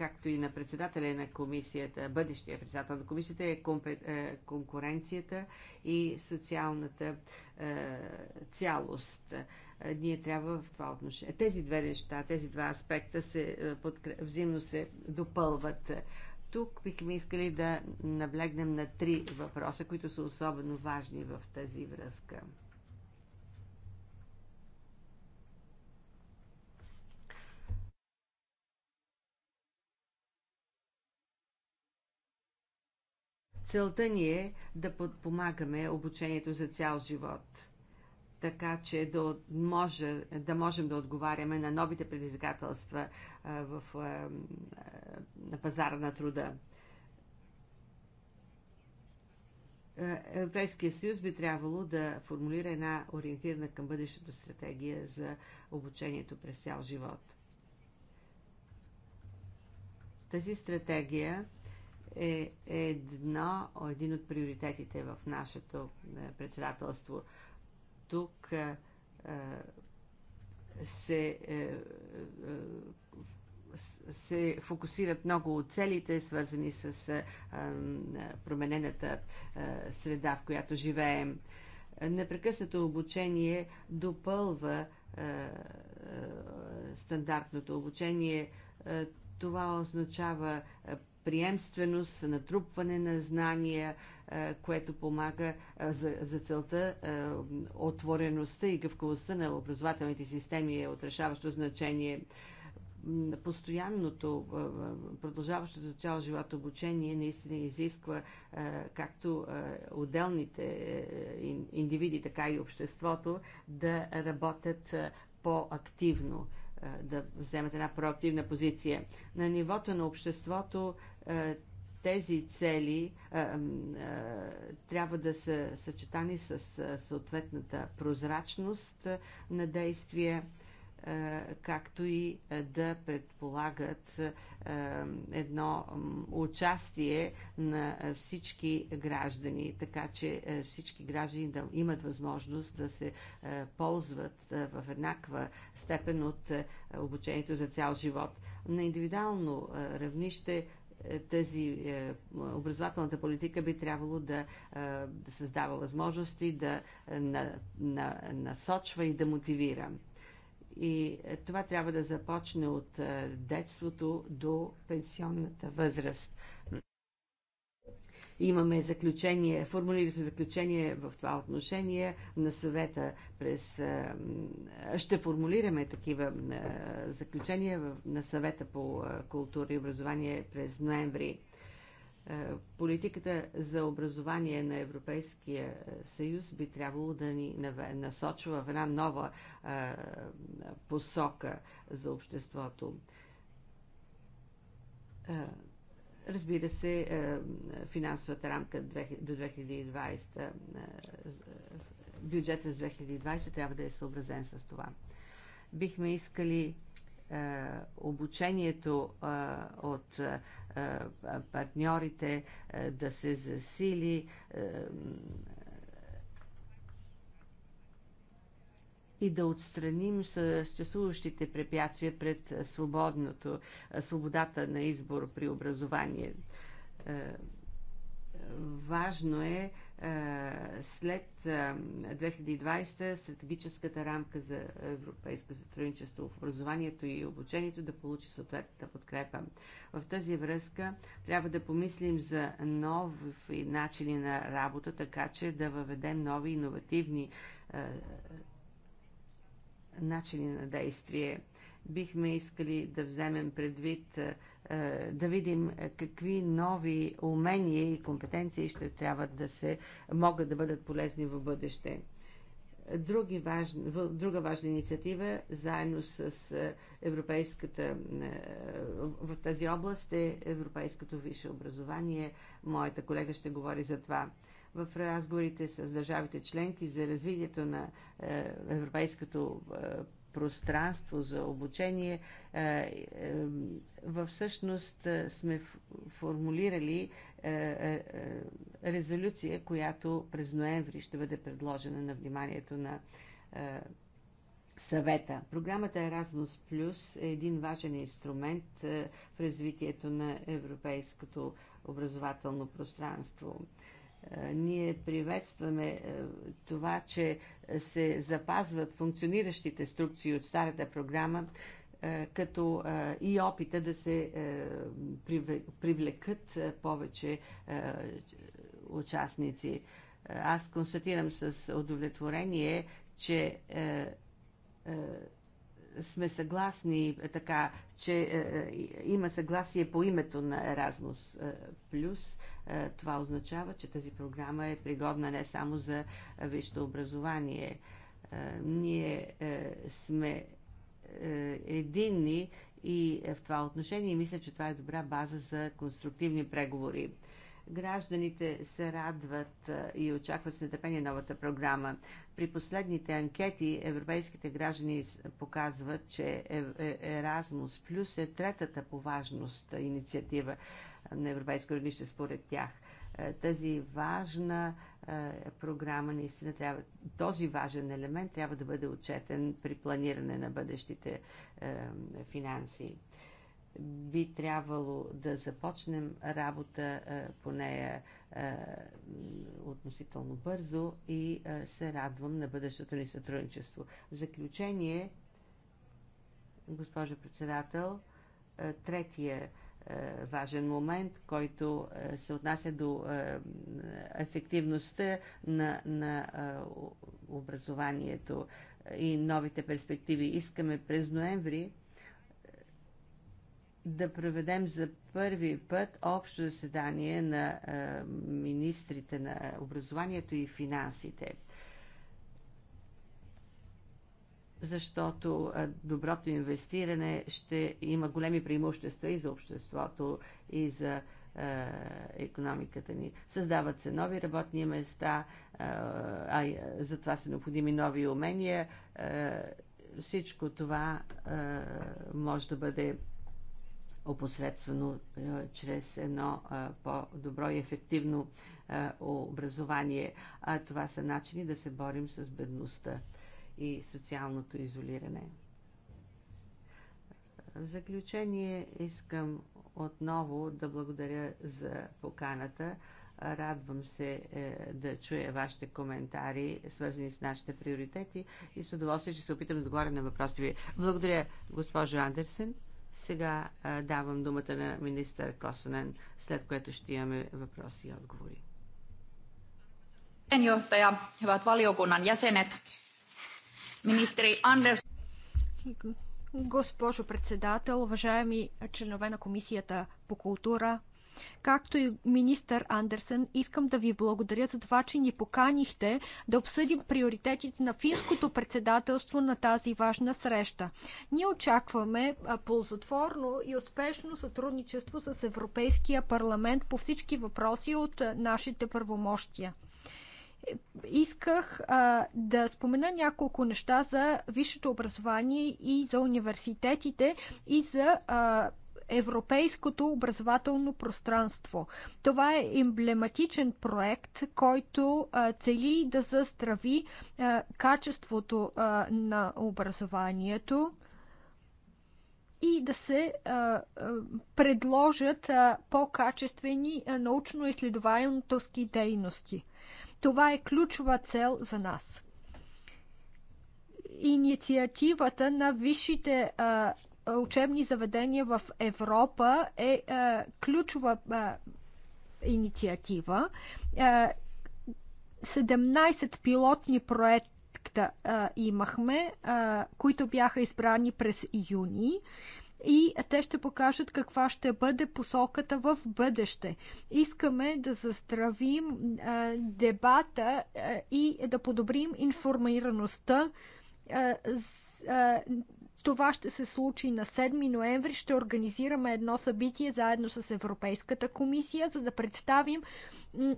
както и на председателя на комисията, бъдещия председател на комисията, е, е конкуренцията и социалната е, цялост. Е, ние трябва в това отношение. Тези две неща, тези два аспекта се, взаимно се допълват. Тук бихме искали да наблегнем на три въпроса, които са особено важни в тази връзка. Целта ни е да подпомагаме обучението за цял живот, така че да, може, да можем да отговаряме на новите предизвикателства в, на пазара на труда. Европейския съюз би трябвало да формулира една ориентирана към бъдещето стратегия за обучението през цял живот. Тази стратегия е едно, един от приоритетите в нашето е, председателство. Тук е, е, се, се фокусират много от целите, свързани с променената среда, в която живеем. Непрекъснато обучение допълва стандартното обучение. Това означава приемственост, натрупване на знания, е, което помага е, за, за целта е, отвореността и гъвкавостта на образователните системи е от решаващо значение постоянното, продължаващото за цял живот обучение наистина изисква както отделните индивиди, така и обществото да работят по-активно, да вземат една проактивна позиция. На нивото на обществото е, тези цели е, е, трябва да са съчетани с съответната прозрачност на действие, както и да предполагат едно участие на всички граждани, така че всички граждани да имат възможност да се ползват в еднаква степен от обучението за цял живот. На индивидуално равнище е, тази е, образователната политика би трябвало да, е, да създава възможности, да на, на, насочва и да мотивира. И това трябва да започне от детството до пенсионната възраст. Имаме заключение, формулирахме заключение в това отношение на съвета през... Ще формулираме такива заключения на съвета по култура и образование през ноември политиката за образование на Европейския съюз би трябвало да ни насочва в една нова посока за обществото. Разбира се, е, финансовата рамка до 2020, е, бюджета с 2020 трябва да е съобразен с това. Бихме искали е, обучението от партньорите да се засили и да отстраним съществуващите препятствия пред свободното, свободата на избор при образование. Е, важно е, е след 2020 е, стратегическата рамка за европейско сътрудничество в образованието и обучението да получи съответната подкрепа. В тази връзка трябва да помислим за нови начини на работа, така че да въведем нови иновативни начини на действие. Бихме искали да вземем предвид, е, е, да видим какви нови умения и компетенции ще трябва да се могат да бъдат полезни в бъдеще. Други важни, друга важна инициатива, заедно с е, Европейската в тази област е Европейското висше образование. Моята колега ще говори за това в разговорите с държавите членки за развитието на е, европейското е, пространство за обучение, е, във всъщност сме формулирали резолюция, която през ноември ще бъде предложена на вниманието на съвета. Програмата Erasmus Plus е един важен инструмент в развитието на европейското образователно пространство. Е, ние приветстваме е, това, че се запазват функциониращите структури от старата програма, е, като и опита да се привлекат повече участници. Аз констатирам с удовлетворение, че сме съгласни така, че има съгласие по името на Еразмус Плюс. Е, това означава, че тази програма е пригодна не само за висшето образование. Е, ние е, сме единни и в това отношение мисля, че това е добра база за конструктивни преговори. Гражданите се радват и очакват с нетърпение новата програма. При последните анкети европейските граждани показват, че Erasmus Plus е третата по важност инициатива на европейско равнище според тях. Е, тази важна е, програма наистина трябва, този важен елемент трябва да бъде отчетен при планиране на бъдещите е, финанси би трябвало да започнем работа по нея относително бързо и се радвам на бъдещото ни сътрудничество. В заключение, госпожо председател, третия е, важен момент, който е, се отнася до е, ефективността на, на образованието и новите перспективи. Искаме през ноември да проведем за първи път общо заседание на министрите на образованието и финансите – защото доброто инвестиране ще има големи преимущества и за обществото, и за економиката ни. Създават се нови работни места, а за това са необходими нови умения. Всичко това може да бъде опосредствено чрез едно по-добро и ефективно образование. А това са начини да се борим с бедността и социалното изолиране. В заключение искам отново да благодаря за поканата. Радвам се е, да чуя вашите коментари, свързани с нашите приоритети и с удоволствие ще се опитам да отговоря на въпросите ви. Благодаря, госпожо Андерсен. Сега е, давам думата на министър Косанен, след което ще имаме въпроси и отговори. hyvät valiokunnan jäsenet, Министри Андерс. Госпожо председател, уважаеми членове на Комисията по култура, както и министър Андерсен, искам да ви благодаря за това, че ни поканихте да обсъдим приоритетите на финското председателство на тази важна среща. Ние очакваме ползотворно и успешно сътрудничество с Европейския парламент по всички въпроси от нашите правомощия исках а, да спомена няколко неща за висшето образование и за университетите и за а, европейското образователно пространство. Това е емблематичен проект, който а, цели да заздрави а, качеството а, на образованието и да се а, а, предложат по-качествени научно-изследователски дейности. Това е ключова цел за нас. Инициативата на висшите а, учебни заведения в Европа е а, ключова а, инициатива. А, 17 пилотни проекта а, имахме, а, които бяха избрани през юни. А, и те ще покажат каква ще бъде посоката в бъдеще. Искаме да заздравим дебата и да подобрим информираността това ще се случи на 7 ноември. Ще организираме едно събитие заедно с Европейската комисия, за да представим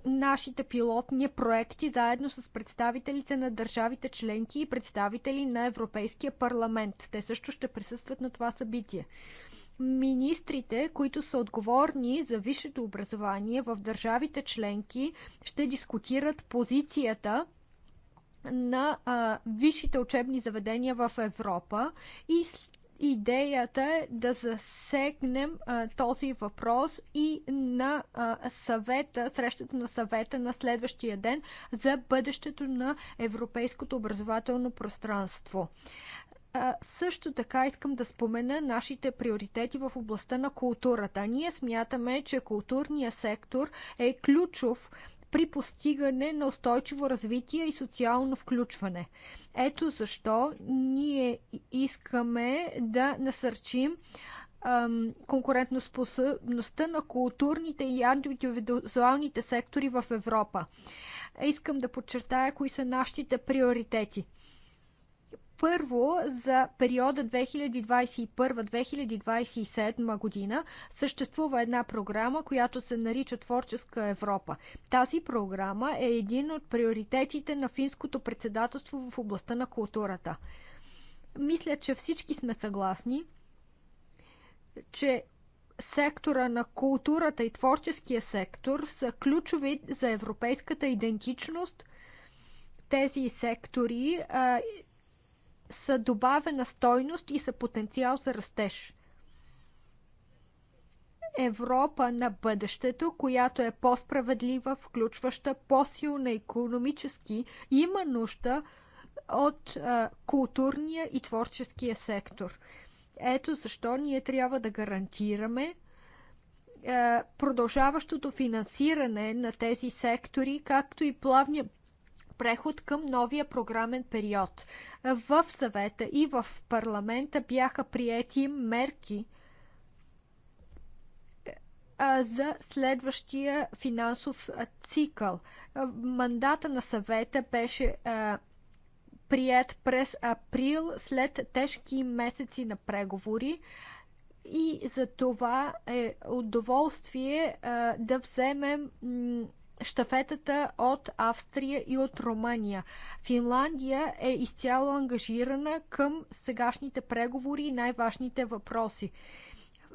нашите пилотни проекти заедно с представителите на държавите членки и представители на Европейския парламент. Те също ще присъстват на това събитие министрите, които са отговорни за висшето образование в държавите членки, ще дискутират позицията на а, висшите учебни заведения в Европа и идеята е да засегнем а, този въпрос и на а, съвета, срещата на съвета на следващия ден за бъдещето на европейското образователно пространство. А, също така искам да спомена нашите приоритети в областта на културата. Ние смятаме, че културният сектор е ключов при постигане на устойчиво развитие и социално включване. Ето защо ние искаме да насърчим конкурентоспособността на културните и аудиовизуалните сектори в Европа. Искам да подчертая кои са нашите приоритети – първо, за периода 2021-2027 година съществува една програма, която се нарича Творческа Европа. Тази програма е един от приоритетите на финското председателство в областта на културата. Мисля, че всички сме съгласни, че сектора на културата и творческия сектор са ключови за европейската идентичност. Тези сектори а, са добавена стойност и са потенциал за растеж. Европа на бъдещето, която е по-справедлива, включваща по-силна економически, има нужда от а, културния и творческия сектор. Ето защо ние трябва да гарантираме а, продължаващото финансиране на тези сектори, както и плавния, преход към новия програмен период. В съвета и в парламента бяха приети мерки за следващия финансов цикъл. Мандата на съвета беше прият през април след тежки месеци на преговори и за това е удоволствие да вземем щафетата от Австрия и от Румъния. Финландия е изцяло ангажирана към сегашните преговори и най-важните въпроси.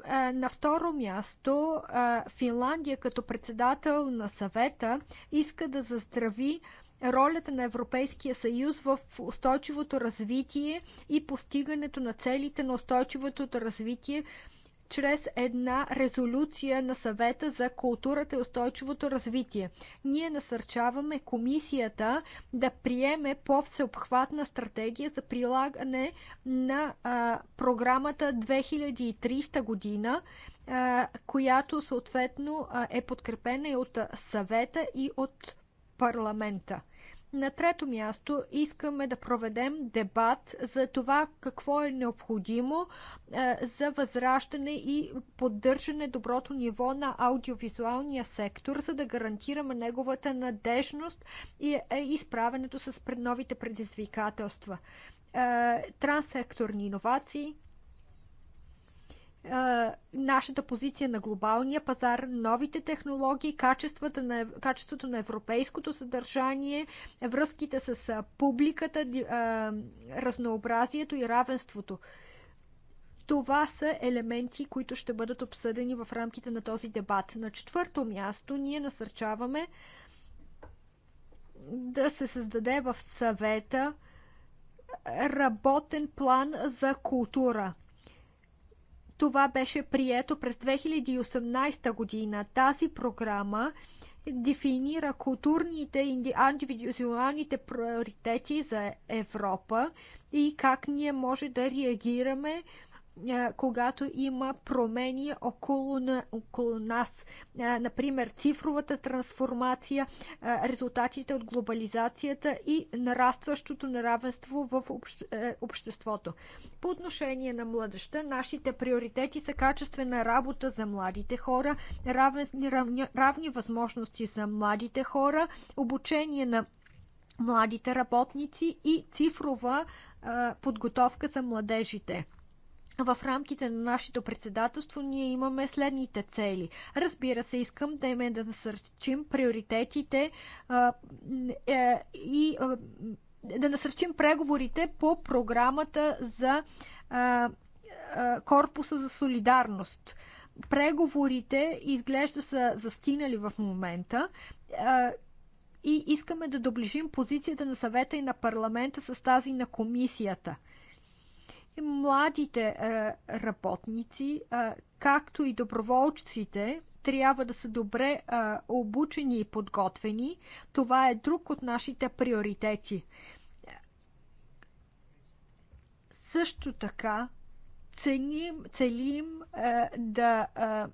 Е, на второ място, е, Финландия като председател на съвета иска да заздрави ролята на Европейския съюз в устойчивото развитие и постигането на целите на устойчивото развитие чрез една резолюция на съвета за културата и устойчивото развитие. Ние насърчаваме комисията да приеме по-всеобхватна стратегия за прилагане на а, програмата 2030 година, а, която съответно а, е подкрепена и от съвета и от парламента. На трето място искаме да проведем дебат за това какво е необходимо за възраждане и поддържане доброто ниво на аудиовизуалния сектор, за да гарантираме неговата надежност и изправенето с новите предизвикателства. транссекторни иновации – нашата позиция на глобалния пазар, новите технологии, качеството на, качеството на европейското съдържание, връзките с публиката, разнообразието и равенството. Това са елементи, които ще бъдат обсъдени в рамките на този дебат. На четвърто място ние насърчаваме да се създаде в съвета работен план за култура – това беше прието през 2018 година. Тази програма дефинира културните и индивидуалните приоритети за Европа и как ние може да реагираме когато има промени около, на, около нас. Например, цифровата трансформация, резултатите от глобализацията и нарастващото неравенство в обществото. По отношение на младеща, нашите приоритети са качествена работа за младите хора, равни, равни, равни възможности за младите хора, обучение на младите работници и цифрова подготовка за младежите в рамките на нашето председателство ние имаме следните цели. Разбира се, искам да имаме да насърчим приоритетите е, и да насърчим преговорите по програмата за Корпуса за солидарност. Преговорите изглежда са застинали в момента. и искаме да доближим позицията на съвета и на парламента с тази на комисията – младите е, работници, е, както и доброволците, трябва да са добре а, е, обучени и подготвени. Това е друг от нашите приоритети. Също така, ценим, целим а, да а,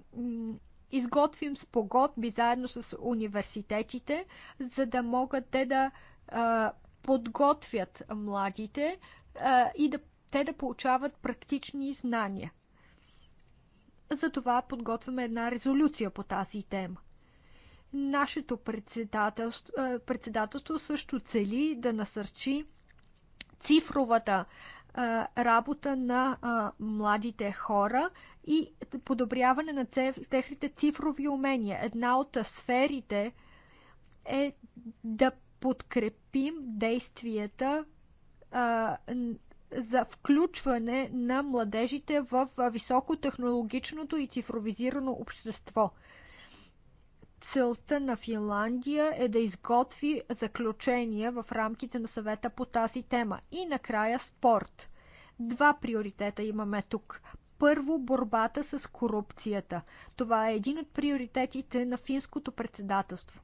изготвим спогодби заедно с университетите, за да могат те да а, подготвят младите а, и да те да получават практични знания. Затова подготвяме една резолюция по тази тема. Нашето председателство, е, председателство също цели да насърчи цифровата е, работа на а, е, младите хора и подобряване на техните цифрови умения. Една от сферите е да подкрепим действията за включване на младежите в високотехнологичното и цифровизирано общество. Целта на Финландия е да изготви заключения в рамките на съвета по тази тема. И накрая спорт. Два приоритета имаме тук първо борбата с корупцията. Това е един от приоритетите на финското председателство.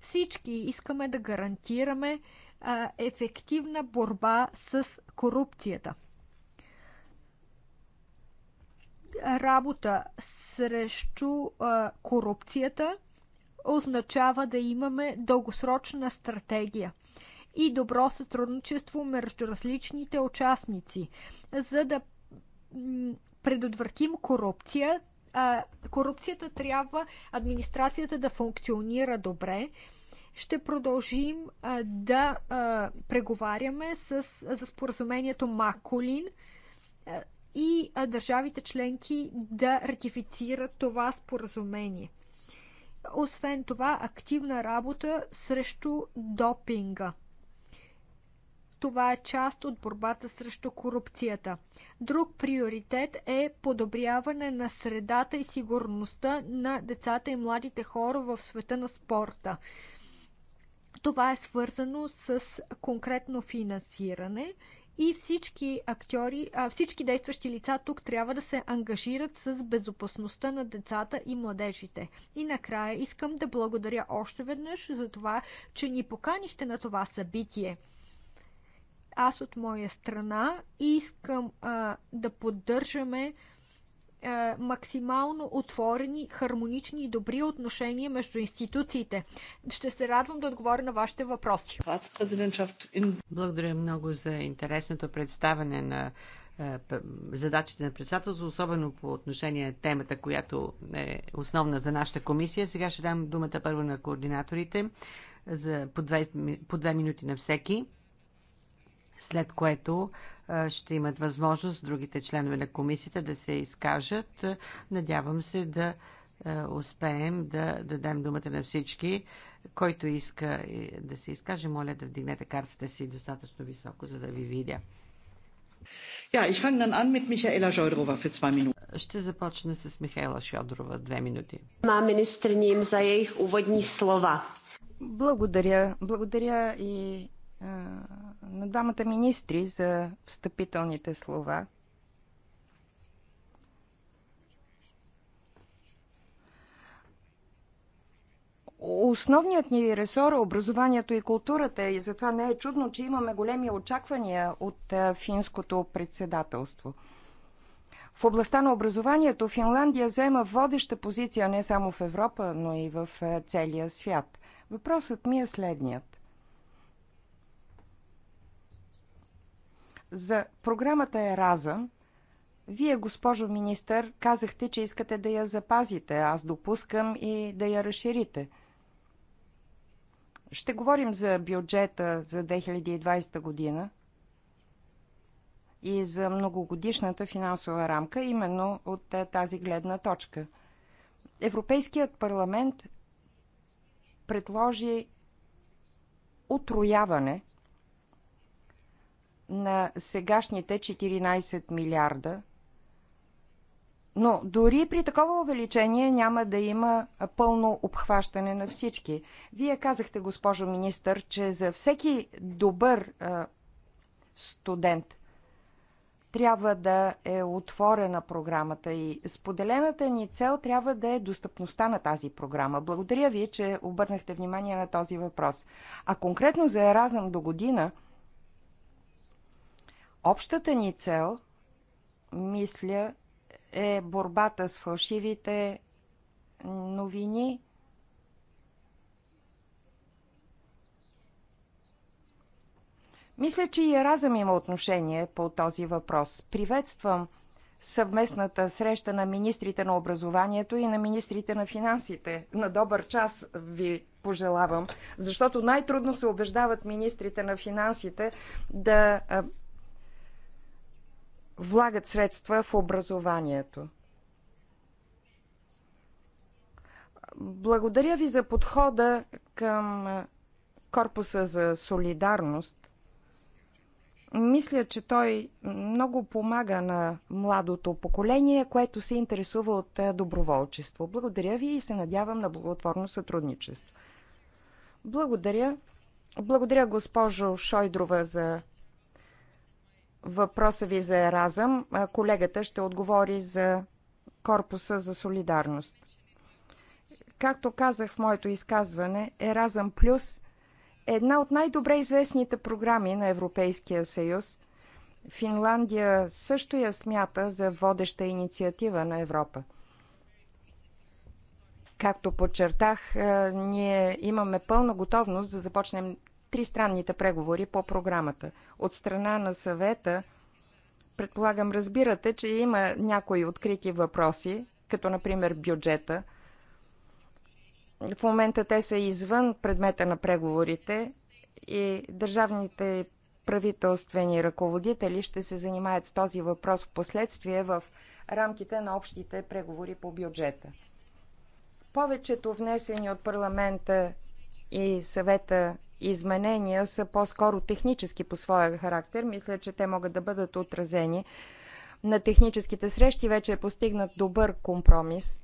Всички искаме да гарантираме а, ефективна борба с корупцията. Работа срещу а, корупцията означава да имаме дългосрочна стратегия и добро сътрудничество между различните участници, за да предотвратим корупция, а, корупцията трябва администрацията да функционира добре. Ще продължим а, да а, преговаряме с, за споразумението Маколин и а, държавите членки да ратифицират това споразумение. Освен това, активна работа срещу допинга. Това е част от борбата срещу корупцията. Друг приоритет е подобряване на средата и сигурността на децата и младите хора в света на спорта. Това е свързано с конкретно финансиране и всички актьори, а, всички действащи лица тук трябва да се ангажират с безопасността на децата и младежите. И накрая искам да благодаря още веднъж за това, че ни поканихте на това събитие. Аз от моя страна искам а, да поддържаме а, максимално отворени, хармонични и добри отношения между институциите. Ще се радвам да отговоря на вашите въпроси. Благодаря много за интересното представяне на е, задачите на председателство, особено по отношение на темата, която е основна за нашата комисия. Сега ще дам думата първо на координаторите за по, две, по две минути на всеки след което ще имат възможност другите членове на комисията да се изкажат. Надявам се да успеем да дадем думата на всички. Който иска е, да се изкаже, моля да вдигнете картата си достатъчно високо, за да ви видя. Ja, ich fange dann an mit Michaela Schodrova für zwei Minuten. Ще започна с Михайла Шодрова. Две минути. за их уводни слова. Благодаря. Благодаря и на двамата министри за встъпителните слова. Основният ни ресор е образованието и културата и затова не е чудно, че имаме големи очаквания от финското председателство. В областта на образованието Финландия заема водеща позиция не само в Европа, но и в целия свят. Въпросът ми е следният. За програмата Еразъм, вие, госпожо министър, казахте, че искате да я запазите. Аз допускам и да я разширите. Ще говорим за бюджета за 2020 година и за многогодишната финансова рамка, именно от е, тази гледна точка. Европейският парламент предложи отрояване на сегашните 14 милиарда. Но дори при такова увеличение няма да има пълно обхващане на всички. Вие казахте, госпожо министър, че за всеки добър а, студент трябва да е отворена програмата и споделената ни цел трябва да е достъпността на тази програма. Благодаря ви, че обърнахте внимание на този въпрос. А конкретно за Еразъм до година – Общата ни цел, мисля, е борбата с фалшивите новини. Мисля, че и Еразъм има отношение по този въпрос. Приветствам съвместната среща на министрите на образованието и на министрите на финансите. На добър час ви пожелавам, защото най-трудно се убеждават министрите на финансите да влагат средства в образованието. Благодаря ви за подхода към Корпуса за солидарност. Мисля, че той много помага на младото поколение, което се интересува от доброволчество. Благодаря ви и се надявам на благотворно сътрудничество. Благодаря. Благодаря, госпожо Шойдрова, за въпроса ви за Еразъм, колегата ще отговори за Корпуса за солидарност. Както казах в моето изказване, Еразъм Плюс е една от най-добре известните програми на Европейския съюз. Финландия също я смята за водеща инициатива на Европа. Както подчертах, ние имаме пълна готовност да започнем тристранните преговори по програмата. От страна на съвета, предполагам, разбирате, че има някои открити въпроси, като например бюджета. В момента те са извън предмета на преговорите и държавните правителствени ръководители ще се занимаят с този въпрос в последствие в рамките на общите преговори по бюджета. Повечето внесени от парламента и съвета изменения са по-скоро технически по своя характер. Мисля, че те могат да бъдат отразени на техническите срещи. Вече е постигнат добър компромис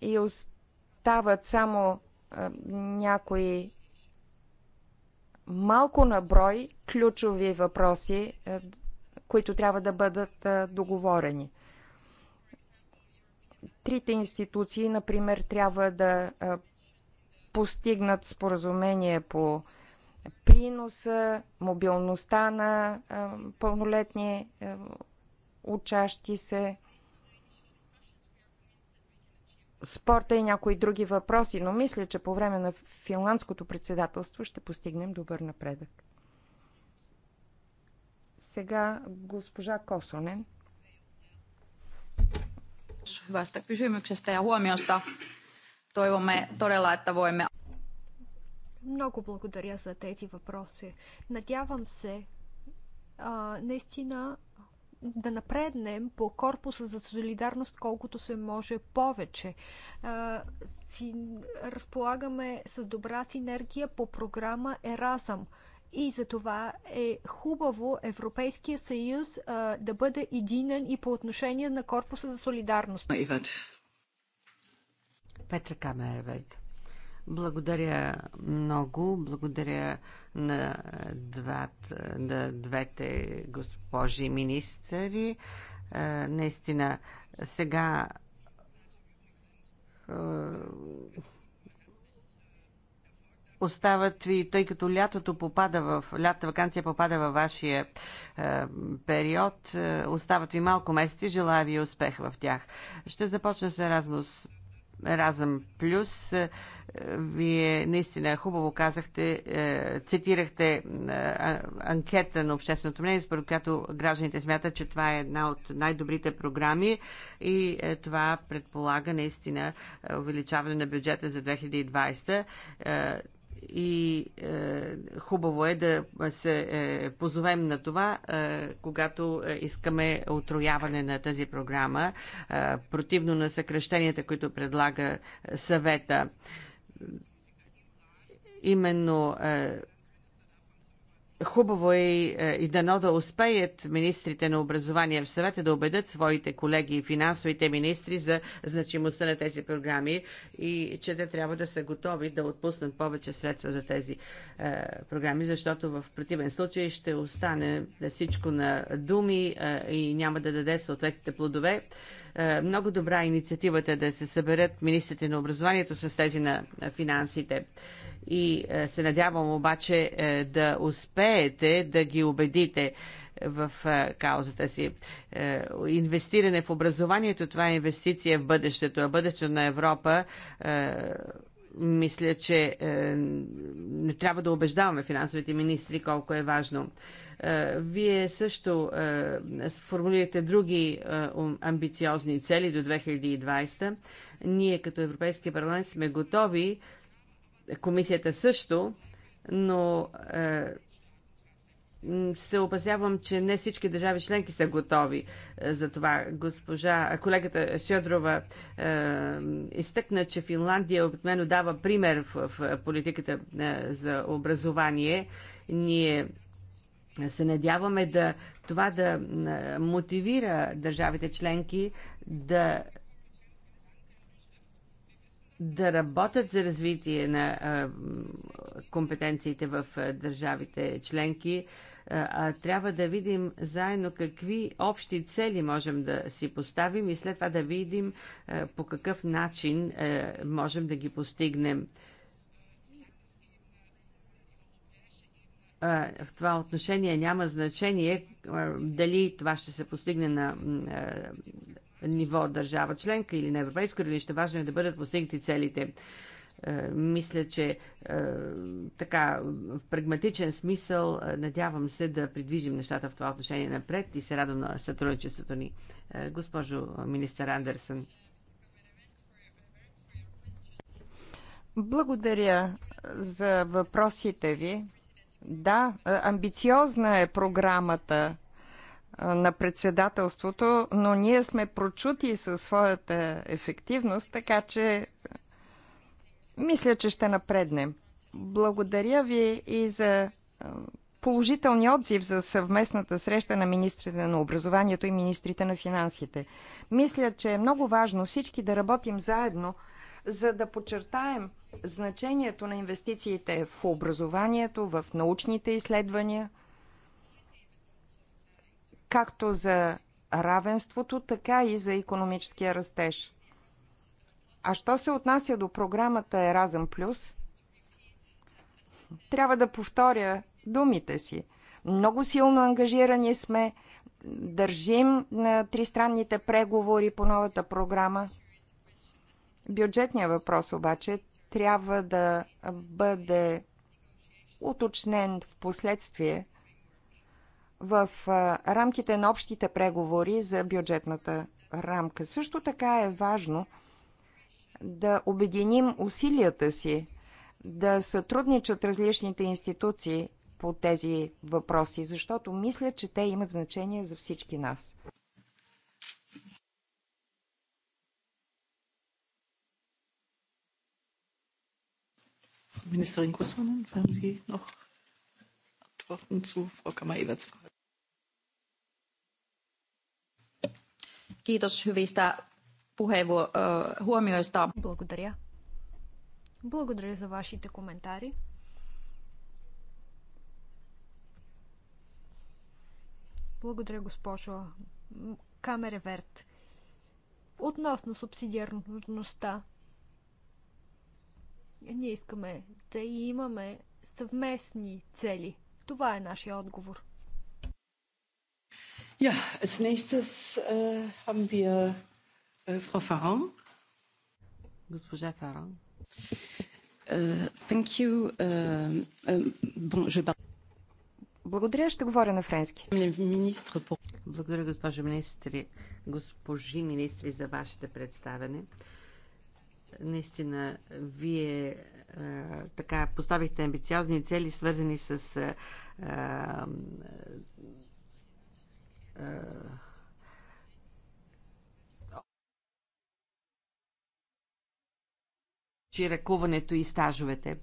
и остават само а, някои малко наброй ключови въпроси, а, които трябва да бъдат а, договорени. Трите институции, например, трябва да постигнат споразумение по приноса, мобилността на пълнолетни учащи се, спорта и някои други въпроси, но мисля, че по време на финландското председателство ще постигнем добър напредък. Сега госпожа Косонен. Vastakysymyksestä ja huomiosta. Toivomme todella, että voimme. Много благодаря за тези въпроси. Надявам се а, наистина да напреднем по корпуса за солидарност колкото се може повече. А, си, разполагаме с добра синергия по програма Еразъм. И за това е хубаво Европейския съюз а, да бъде единен и по отношение на корпуса за солидарност. Петра Камеревед. Благодаря много. Благодаря на, двата, на двете госпожи министри. Е, наистина, сега е, остават ви, тъй като лятото попада в, лятата вакансия попада във вашия е, период, е, остават ви малко месеци, желая ви успех в тях. Ще започна с Еразмус Разъм Плюс. Е, вие наистина хубаво казахте, е, цитирахте е, анкета на общественото мнение, според която гражданите смятат, че това е една от най-добрите програми и това предполага наистина увеличаване на бюджета за 2020 и е, хубаво е да се е, позовем на това, е, когато е, искаме отрояване на тази програма, е, противно на съкрещенията, които предлага съвета. Именно е, Хубаво е, е и дано да успеят министрите на образование в съвета да убедят своите колеги и финансовите министри за значимостта на тези програми и че те трябва да са готови да отпуснат повече средства за тези е, програми, защото в противен случай ще остане всичко на думи е, и няма да даде съответните плодове е, много добра е инициативата да се съберат министрите на образованието с тези на финансите и е, се надявам обаче е, да успеете да ги убедите в е, каузата си. Инвестиране в образованието, това е инвестиция в бъдещето, а бъдещето на Европа мисля, че не трябва да убеждаваме финансовите министри колко е важно. Вие също сформулирате други амбициозни цели до 2020. Ние като Европейски парламент сме готови комисията също, но е, се опасявам, че не всички държави членки са готови е, за това. Госпожа, колегата Сьодрова е, изтъкна, че Финландия обикновено дава пример в, в политиката е, за образование. Ние се надяваме да това да е, мотивира държавите членки да да работят за развитие на компетенциите в държавите членки, а трябва да видим заедно какви общи цели можем да си поставим и след това да видим по какъв начин можем да ги постигнем. в това отношение няма значение дали това ще се постигне на ниво държава членка или на европейско равнище. Важно е да бъдат постигнати целите е, мисля, че е, така, в прагматичен смисъл, е, надявам се да придвижим нещата в това отношение напред и се радвам на сътрудничеството ни. Госпожо министър Андерсън. Благодаря за въпросите ви. Да, амбициозна е програмата на председателството, но ние сме прочути със своята ефективност, така че мисля, че ще напреднем. Благодаря ви и за положителния отзив за съвместната среща на министрите на образованието и министрите на финансите. Мисля, че е много важно всички да работим заедно, за да подчертаем значението на инвестициите в образованието, в научните изследвания – както за равенството, така и за економическия растеж. А що се отнася до програмата Еразъм Плюс, трябва да повторя думите си. Много силно ангажирани сме, държим на тристранните преговори по новата програма. Бюджетният въпрос обаче трябва да бъде уточнен в последствие – в рамките на общите преговори за бюджетната рамка. Също така е важно да обединим усилията си да сътрудничат различните институции по тези въпроси, защото мисля, че те имат значение за всички нас. Министър Gussonen, haben Sie noch Antworten zu Frau Kammer-Eberts Frage. Kiitos hyvistä puheenvuo- äh, huomioista. Благодаря. Благодаря за вашите коментари. Благодаря, госпожо Камереверт. Относно субсидиарността, ние искаме да имаме съвместни цели. Това е нашия отговор. Ja, als nächstes äh, haben wir äh, Frau Farron. Госпожа Farron. Е, thank you. Uh, uh, bon, je... Благодаря, ще говоря на френски. Благодаря, госпожо министри, госпожи министри, за вашето представяне. Uh, Наистина, вие така поставихте амбициозни цели, свързани с а, а, че ръкуването и стажовете.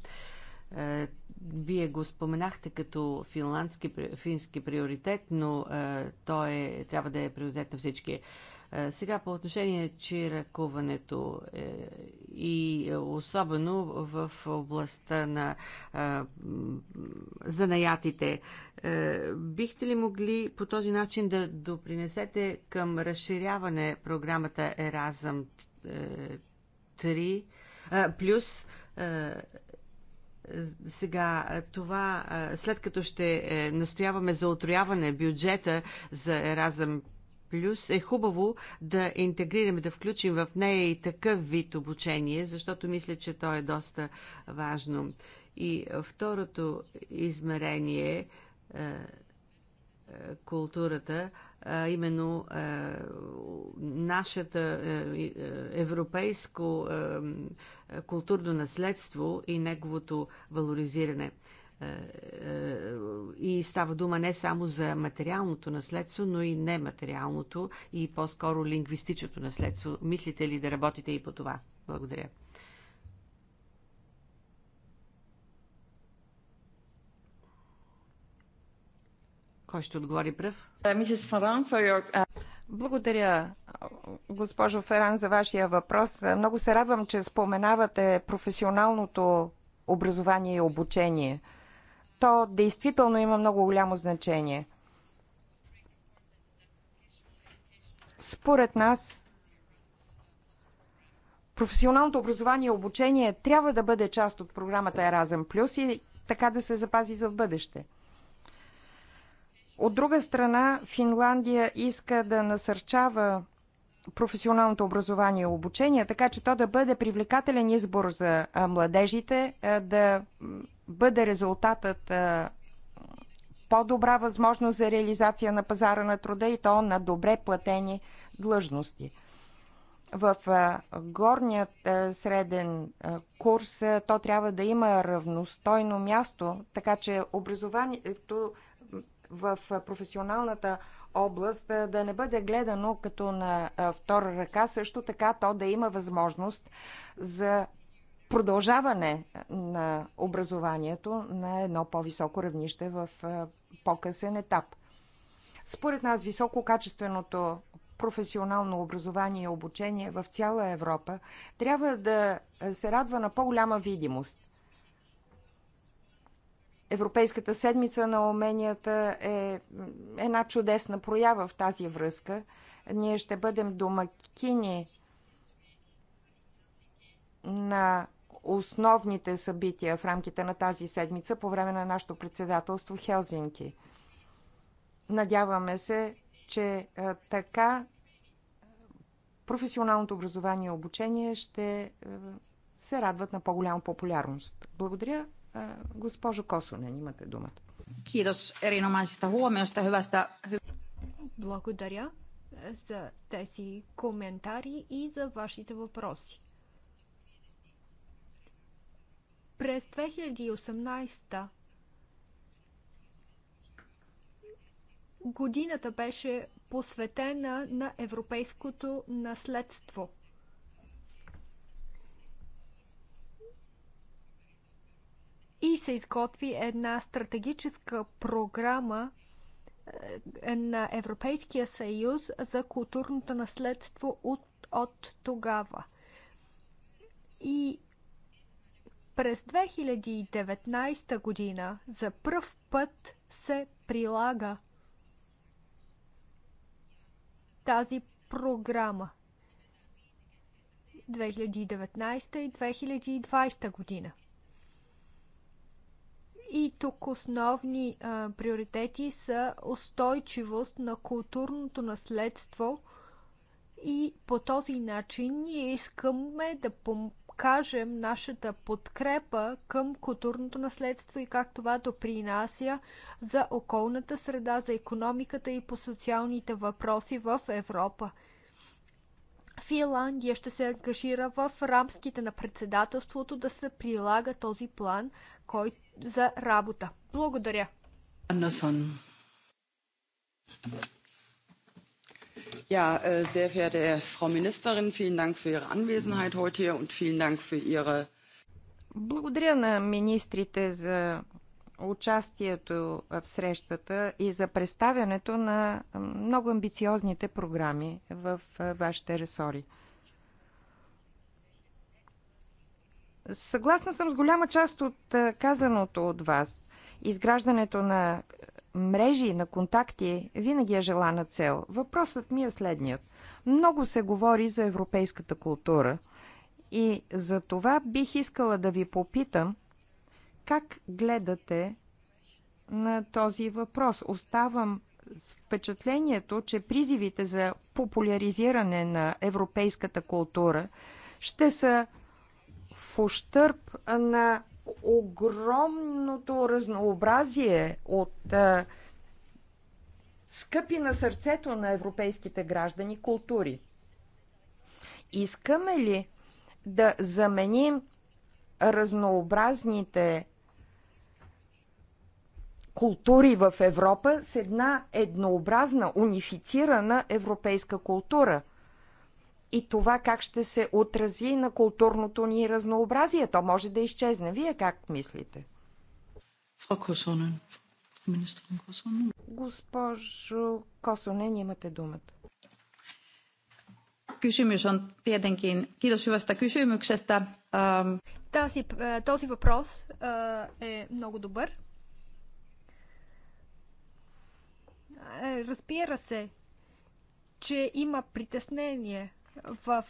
Вие го споменахте като финландски, фински приоритет, но той е, трябва да е приоритет на всички. Сега по отношение на чиракуването е, и е, особено в областта на занаятите, е, бихте ли могли по този начин да допринесете към разширяване програмата Еразъм 3 плюс сега, това, след като ще настояваме за отрояване бюджета за Еразъм плюс, е хубаво да интегрираме, да включим в нея и такъв вид обучение, защото мисля, че то е доста важно. И второто измерение е, културата, а е, именно е, нашата европейско културно наследство и неговото валоризиране. Е, е, и става дума не само за материалното наследство, но и нематериалното и по-скоро лингвистичното наследство. Мислите ли да работите и по това? Благодаря. Кой ще отговори пръв? Е, благодаря, госпожо Феран, за вашия въпрос. Много се радвам, че споменавате професионалното образование и обучение – то действително има много голямо значение. Според нас, професионалното образование и обучение трябва да бъде част от програмата Еразъм Плюс и така да се запази за бъдеще. От друга страна, Финландия иска да насърчава професионалното образование и обучение, така че то да бъде привлекателен избор за младежите, да бъде резултатът е, по-добра възможност за реализация на пазара на труда и то на добре платени длъжности. В е, горният е, среден курс то трябва да има равностойно място, така че образованието в професионалната област да не бъде гледано като на втора ръка, също така то да има възможност за продължаване на образованието на едно по-високо равнище в по-късен етап. Според нас висококачественото професионално образование и обучение в цяла Европа трябва да се радва на по-голяма видимост. Европейската седмица на уменията е една чудесна проява в тази връзка. Ние ще бъдем домакини на основните събития в рамките на тази седмица по време на нашето председателство в Хелзинки. Надяваме се, че така професионалното образование и обучение ще се радват на по-голяма популярност. Благодаря, госпожо Косонен, имате думата. Благодаря за тези коментари и за вашите въпроси. През 2018 годината беше посветена на европейското наследство. И се изготви една стратегическа програма е, е, на Европейския съюз за културното наследство от, от тогава. И през 2019 година за пръв път се прилага тази програма. 2019 и 2020 година. И тук основни а, приоритети са устойчивост на културното наследство и по този начин ние искаме да помогнем покажем нашата подкрепа към културното наследство и как това допринася за околната среда, за економиката и по социалните въпроси в Европа. Финландия ще се ангажира в рамките на председателството да се прилага този план кой, за работа. Благодаря. Аннасон. Ja, äh, sehr verehrte Frau Ministerin, vielen Dank für Ihre Anwesenheit heute hier und vielen Dank für Ihre. Благодаря на министрите за участието в срещата и за представянето на много амбициозните програми в вашите ресори. Съгласна съм с голяма част от казаното от вас. Изграждането на мрежи на контакти винаги е желана цел. Въпросът ми е следният. Много се говори за европейската култура и за това бих искала да ви попитам как гледате на този въпрос. Оставам с впечатлението, че призивите за популяризиране на европейската култура ще са в ущърп на огромното разнообразие от а, скъпи на сърцето на европейските граждани култури. Искаме ли да заменим разнообразните култури в Европа с една еднообразна, унифицирана европейска култура – и това как ще се отрази на културното ни разнообразие. То може да изчезне. Вие как мислите? Госпожо Косонен, имате думата. Kysymys on tietenkin, kiitos hyvästä kysymyksestä. Тази, този въпрос е много добър. Разбира се, че има притеснение в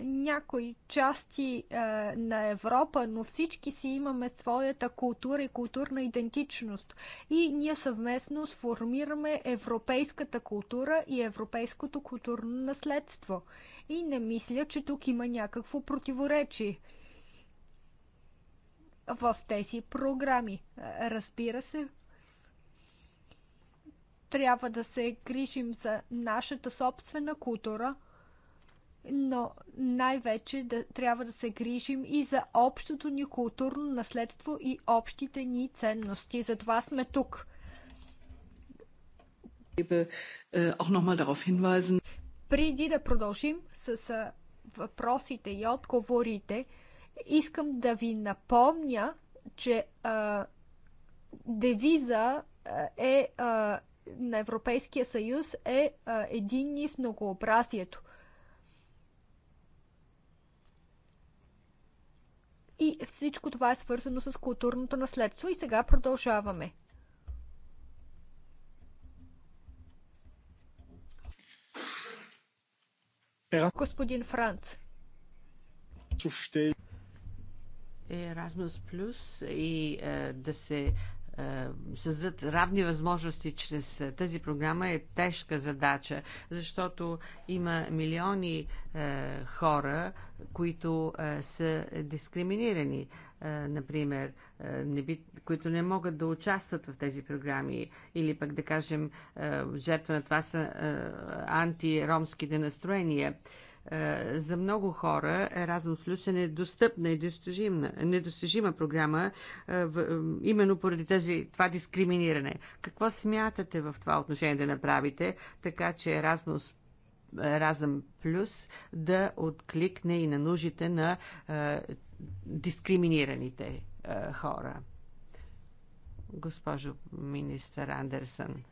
някои части е, на Европа, но всички си имаме своята култура и културна идентичност. И ние съвместно сформираме европейската култура и европейското културно наследство. И не мисля, че тук има някакво противоречие в тези програми. Разбира се, трябва да се грижим за нашата собствена култура – но най-вече да, трябва да се грижим и за общото ни културно наследство и общите ни ценности. Затова сме тук. Äh, Преди да продължим с въпросите и отговорите, искам да ви напомня, че а, девиза е а, на Европейския съюз е а, единни в многообразието. И всичко това е свързано с културното наследство. И сега продължаваме. Господин Франц. Еразмус Плюс и е, да се е, създадат равни възможности чрез е, тази програма е тежка задача, защото има милиони е, хора, които са дискриминирани, например, които не могат да участват в тези програми или пък да кажем жертва на това са антиромските настроения. Е, за много хора Еразъм Плюс е недостъпна и недостижима програма е, е, именно поради тази, това дискриминиране. Какво смятате в това отношение да направите, така че Еразмус Разъм Плюс да откликне и на нуждите на е, дискриминираните е, хора. Госпожо министър Андерсън.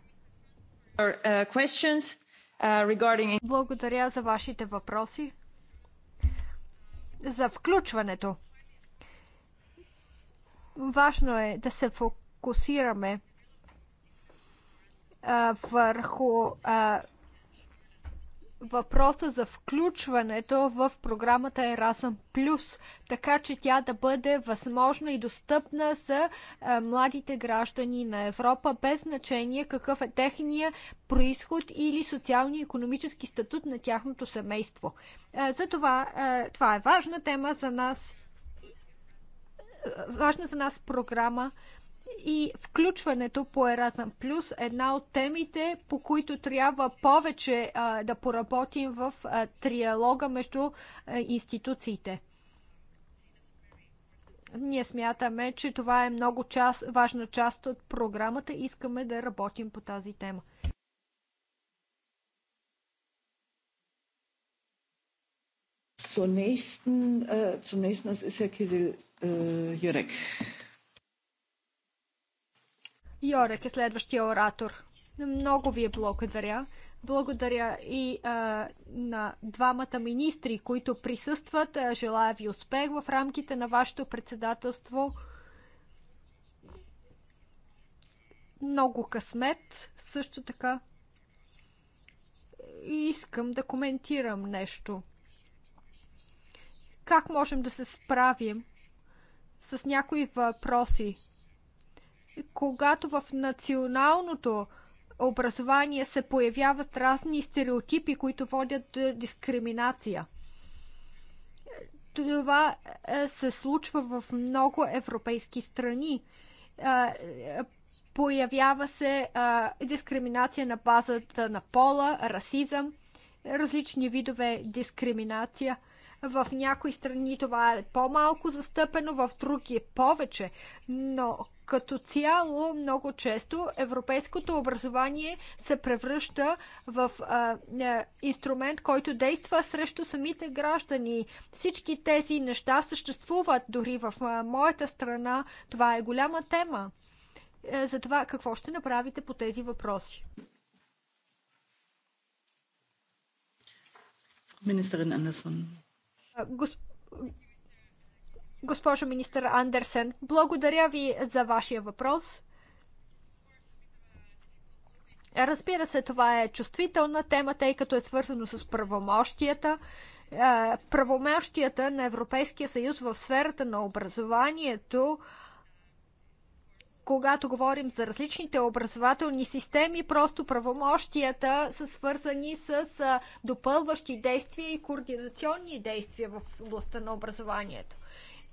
Uh, regarding... Благодаря за вашите въпроси. За включването. Важно е да се фокусираме върху въпроса за включването в програмата Еразъм Плюс, така че тя да бъде възможна и достъпна за младите граждани на Европа, без значение какъв е техния происход или и економически статут на тяхното семейство. А, затова това е важна тема за нас. Важна за нас програма и включването по Еразъм Плюс е една от темите, по които трябва повече а, да поработим в а, триалога между а, институциите. Ние смятаме, че това е много част, важна част от програмата. Искаме да работим по тази тема. Zunächst, äh, zunächst, das ist Herr Kisel äh, Jurek. Йорек е следващия оратор. Много ви е благодаря. Благодаря и а, на двамата министри, които присъстват. Желая ви успех в рамките на вашето председателство. Много късмет също така. И искам да коментирам нещо. Как можем да се справим с някои въпроси, когато в националното образование се появяват разни стереотипи, които водят до дискриминация. Това е, се случва в много европейски страни. Е, появява се е, дискриминация на базата на пола, расизъм, различни видове дискриминация. В някои страни това е по-малко застъпено, в други повече. Но като цяло, много често европейското образование се превръща в а, инструмент, който действа срещу самите граждани. Всички тези неща съществуват дори в а, моята страна. Това е голяма тема. Е, за това какво ще направите по тези въпроси? Министър Андерсон. Госп... Госпожо министър Андерсен, благодаря ви за вашия въпрос. Разбира се, това е чувствителна тема, тъй като е свързано с правомощията. Е, правомощията на Европейския съюз в сферата на образованието когато говорим за различните образователни системи, просто правомощията са свързани с е, допълващи действия и координационни действия в областта на образованието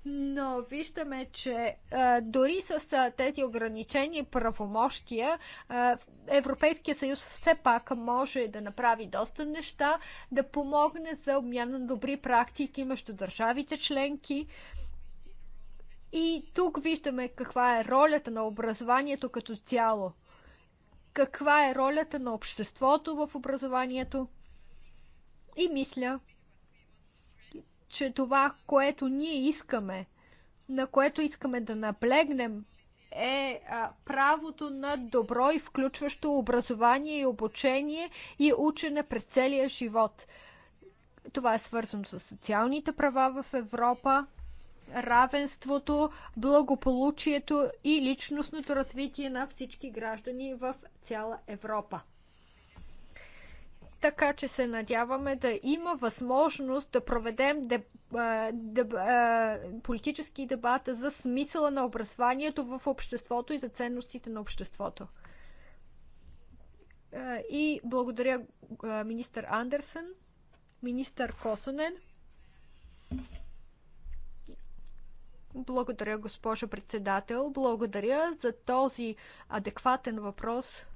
но виждаме, че а, дори с а, тези ограничени правомощия, а, Европейския съюз все пак може да направи доста неща, да помогне за обмяна на добри практики между държавите членки. И тук виждаме каква е ролята на образованието като цяло. Каква е ролята на обществото в образованието. И мисля, че това, което ние искаме, на което искаме да наблегнем, е а, правото на добро и включващо образование и обучение и учене през целия живот. Това е свързано с социалните права в Европа, равенството, благополучието и личностното развитие на всички граждани в цяла Европа така че се надяваме да има възможност да проведем деб, деб, политически дебат за смисъла на образованието в обществото и за ценностите на обществото. И благодаря министър Андерсен, министър Косонен. Благодаря, госпожо председател. Благодаря за този адекватен въпрос.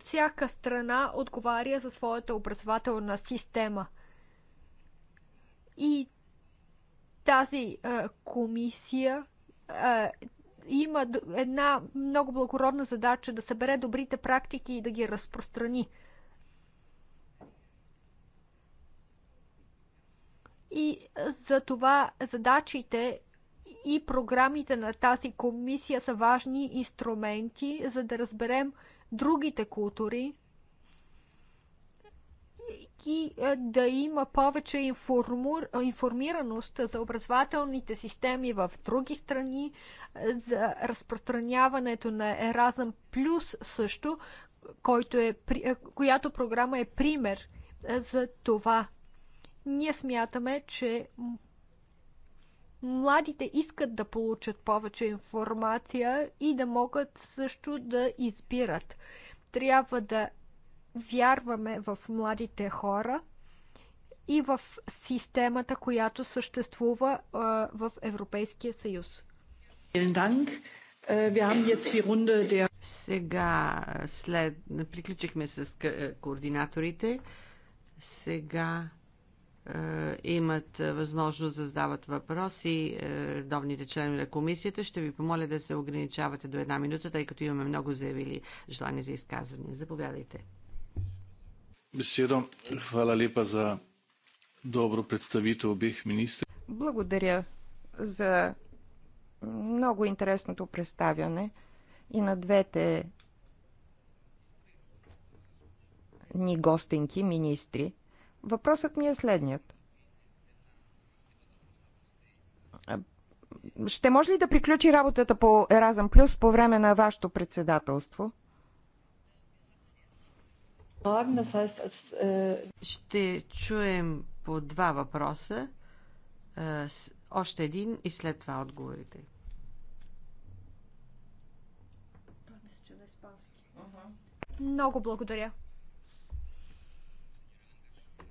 всяка страна отговаря за своята образователна система. И тази а, комисия а, има една много благородна задача да събере добрите практики и да ги разпространи. И за това задачите и програмите на тази комисия са важни инструменти, за да разберем другите култури и е, да има повече информираност за образователните системи в други страни, е, за разпространяването на Еразъм Плюс също, който е, е която програма е пример за това. Ние смятаме, че младите искат да получат повече информация и да могат също да избират. Трябва да вярваме в младите хора и в системата, която съществува в Европейския съюз. Äh, Сега след... приключихме с координаторите. Сега е, имат е, възможност да задават въпроси е, редовните членове на комисията. Ще ви помоля да се ограничавате до една минута, тъй като имаме много заявили желание за изказване. Заповядайте. Беседо, хвала за добро представител Благодаря за много интересното представяне и на двете ни гостенки, министри. Въпросът ми е следният. Ще може ли да приключи работата по Еразъм Плюс по време на вашето председателство? Ще чуем по два въпроса. Е, още един и след това отговорите. Много благодаря.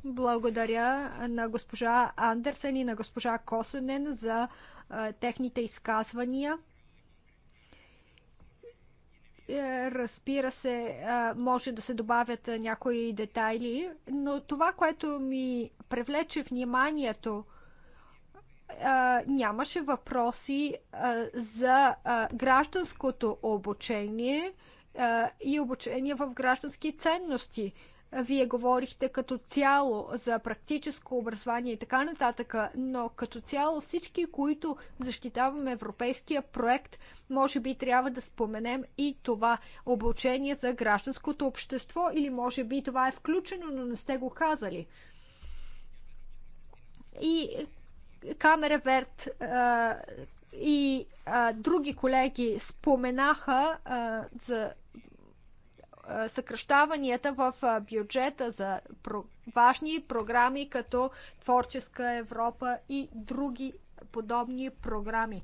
Благодаря на госпожа Андерсен и на госпожа Косенен за техните изказвания. Е, разбира се, може да се добавят някои детайли, но това, което ми привлече вниманието, нямаше въпроси за гражданското обучение и обучение в граждански ценности. Вие говорихте като цяло за практическо образование и така нататък, но като цяло всички, които защитаваме европейския проект, може би трябва да споменем и това обучение за гражданското общество или може би това е включено, но не сте го казали. И Камера Верт и а, други колеги споменаха а, за съкръщаванията в бюджета за важни програми като Творческа Европа и други подобни програми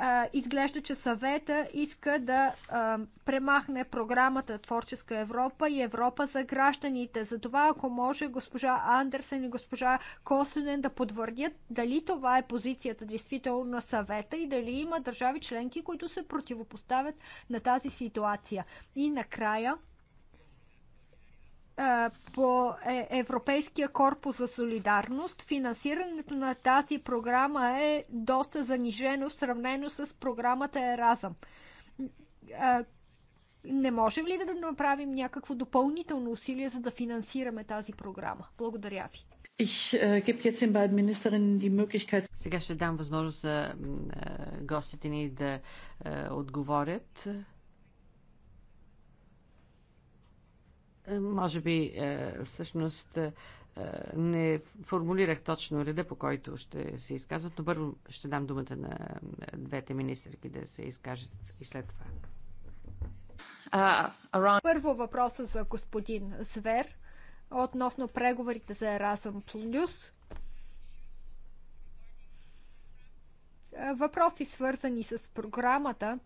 а, изглежда, че съвета иска да а, премахне програмата Творческа Европа и Европа за гражданите. Затова, ако може госпожа Андерсен и госпожа Косунен да потвърдят дали това е позицията действително на съвета и дали има държави членки, които се противопоставят на тази ситуация. И накрая, по е, Европейския корпус за солидарност. Финансирането на тази програма е доста занижено, сравнено с програмата Еразъм. Не можем ли да направим някакво допълнително усилие, за да финансираме тази програма? Благодаря ви. Э, Сега ще дам възможност за гостите ни да отговорят. Е, може би, е, всъщност, е, не формулирах точно реда, по който ще се изказват, но първо ще дам думата на двете министрики да се изкажат и след това. Uh, around... Първо въпроса за господин Звер относно преговорите за Erasmus Plus. Въпроси свързани с програмата.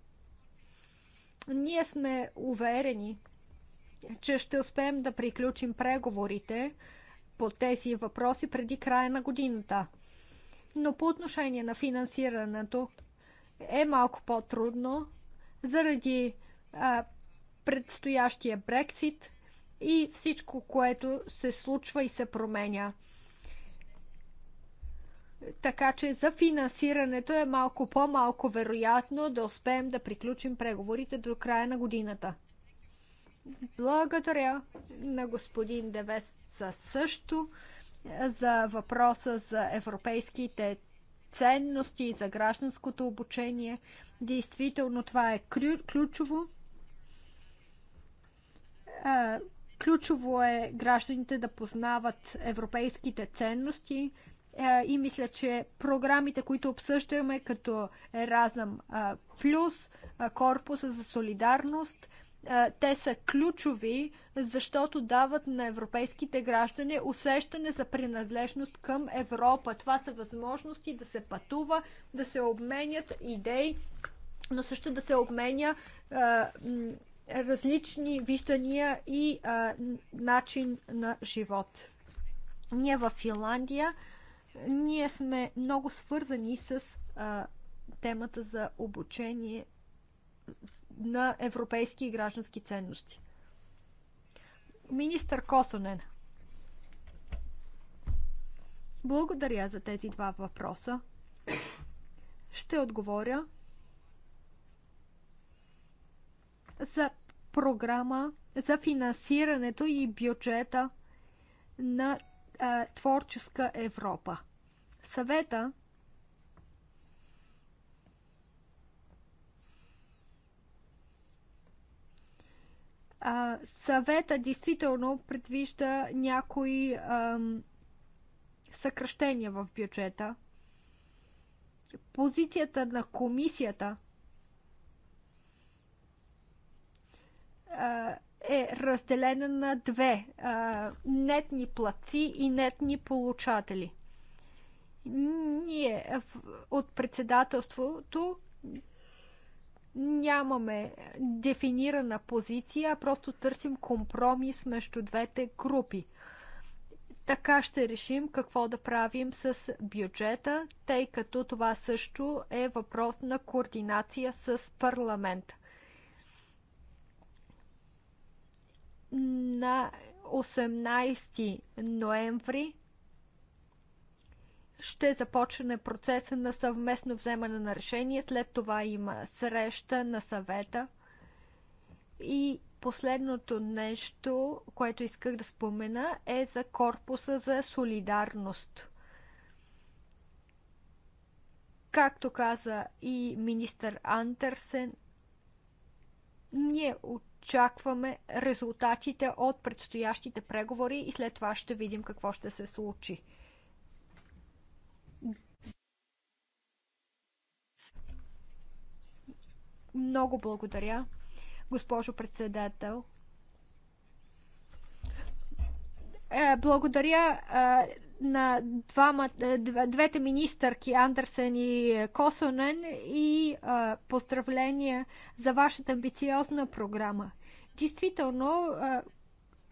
Ние сме уверени, че ще успеем да приключим преговорите по тези въпроси преди края на годината. Но по отношение на финансирането е малко по-трудно заради а, предстоящия Брексит и всичко, което се случва и се променя. Така че за финансирането е малко по-малко вероятно да успеем да приключим преговорите до края на годината. Благодаря на господин Девеца също за въпроса за европейските ценности и за гражданското обучение. Действително това е ключово. Ключово е гражданите да познават европейските ценности и мисля, че програмите, които обсъждаме, като Erasmus Плюс, Корпуса за солидарност – те са ключови, защото дават на европейските граждани усещане за принадлежност към Европа. Това са възможности да се пътува, да се обменят идеи, но също да се обменя различни виждания и е, начин на живот. Ние в Финландия, ние сме много свързани с е, темата за обучение на европейски и граждански ценности. Министър Косонен. Благодаря за тези два въпроса. Ще отговоря за програма за финансирането и бюджета на е, Творческа Европа. Съвета А, съвета действително предвижда някои а, съкръщения в бюджета. Позицията на комисията е разделена на две а, нетни платци и нетни получатели. Ние в, от председателството нямаме дефинирана позиция, а просто търсим компромис между двете групи. Така ще решим какво да правим с бюджета, тъй като това също е въпрос на координация с парламент. На 18 ноември ще започне процеса на съвместно вземане на решение. След това има среща на съвета. И последното нещо, което исках да спомена, е за корпуса за солидарност. Както каза и министър Антерсен, ние очакваме резултатите от предстоящите преговори и след това ще видим какво ще се случи. Много благодаря, госпожо председател. Е, благодаря е, на двама, е, двете министърки Андерсен и Косонен и поздравления за вашата амбициозна програма. Действително,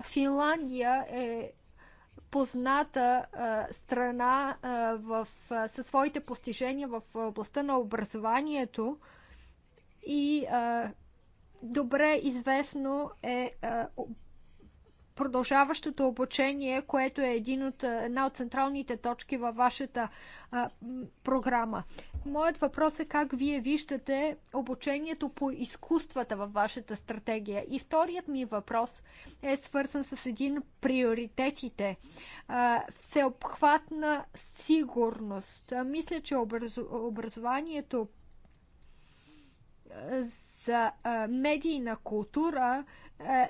Финландия е позната страна в, със своите постижения в областта на образованието и а, добре известно е а, продължаващото обучение, което е един от, една от централните точки във вашата а, програма. Моят въпрос е как вие виждате обучението по изкуствата във вашата стратегия. И вторият ми въпрос е свързан с един приоритетите. всеобхватна сигурност. мисля, че образованието за медийна култура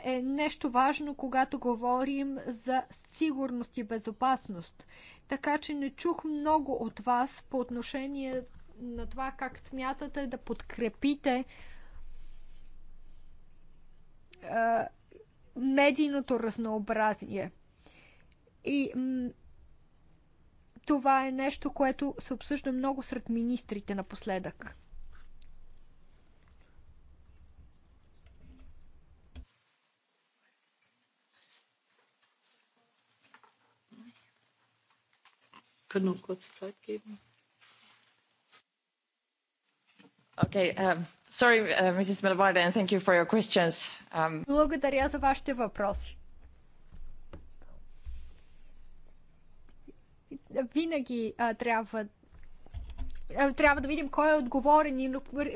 е нещо важно, когато говорим за сигурност и безопасност. Така че не чух много от вас по отношение на това как смятате да подкрепите медийното разнообразие. И това е нещо, което се обсъжда много сред министрите напоследък. können noch kurz Zeit geben. Okay, um, sorry, uh, Mrs. Melvarde, and thank you for your questions. Um, Благодаря за вашите въпроси. Винаги трябва трябва да видим кой е отговорен и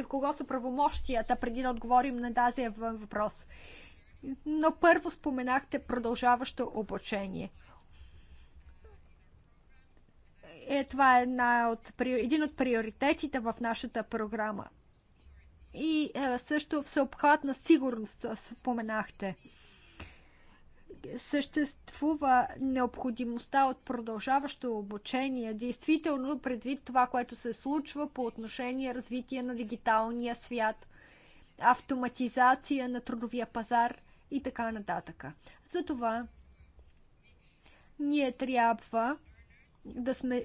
кого са правомощията, преди да отговорим на тази въпрос. Но първо споменахте продължаващо обучение. Е, това е една от, един от приоритетите в нашата програма. И е, също всеобхватна сигурност споменахте. Съществува необходимостта от продължаващо обучение, действително предвид това, което се случва по отношение развитие на дигиталния свят, автоматизация на трудовия пазар и така нататък. Затова ние трябва да сме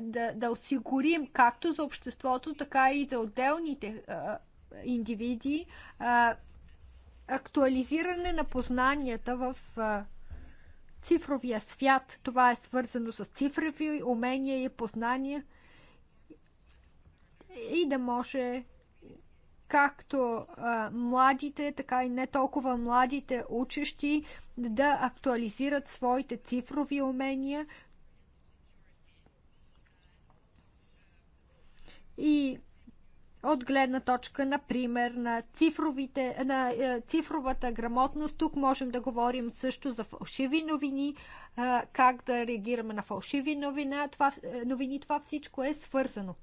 да, да осигурим както за обществото, така и за отделните индивиди актуализиране на познанията в цифровия свят. Това е свързано с цифрови умения и познания и да може както а, младите, така и не толкова младите учещи да актуализират своите цифрови умения, и от гледна точка, например, на, цифровите, на е, цифровата грамотност. Тук можем да говорим също за фалшиви новини, е, как да реагираме на фалшиви новина. Това, е, новини. Това всичко е свързано.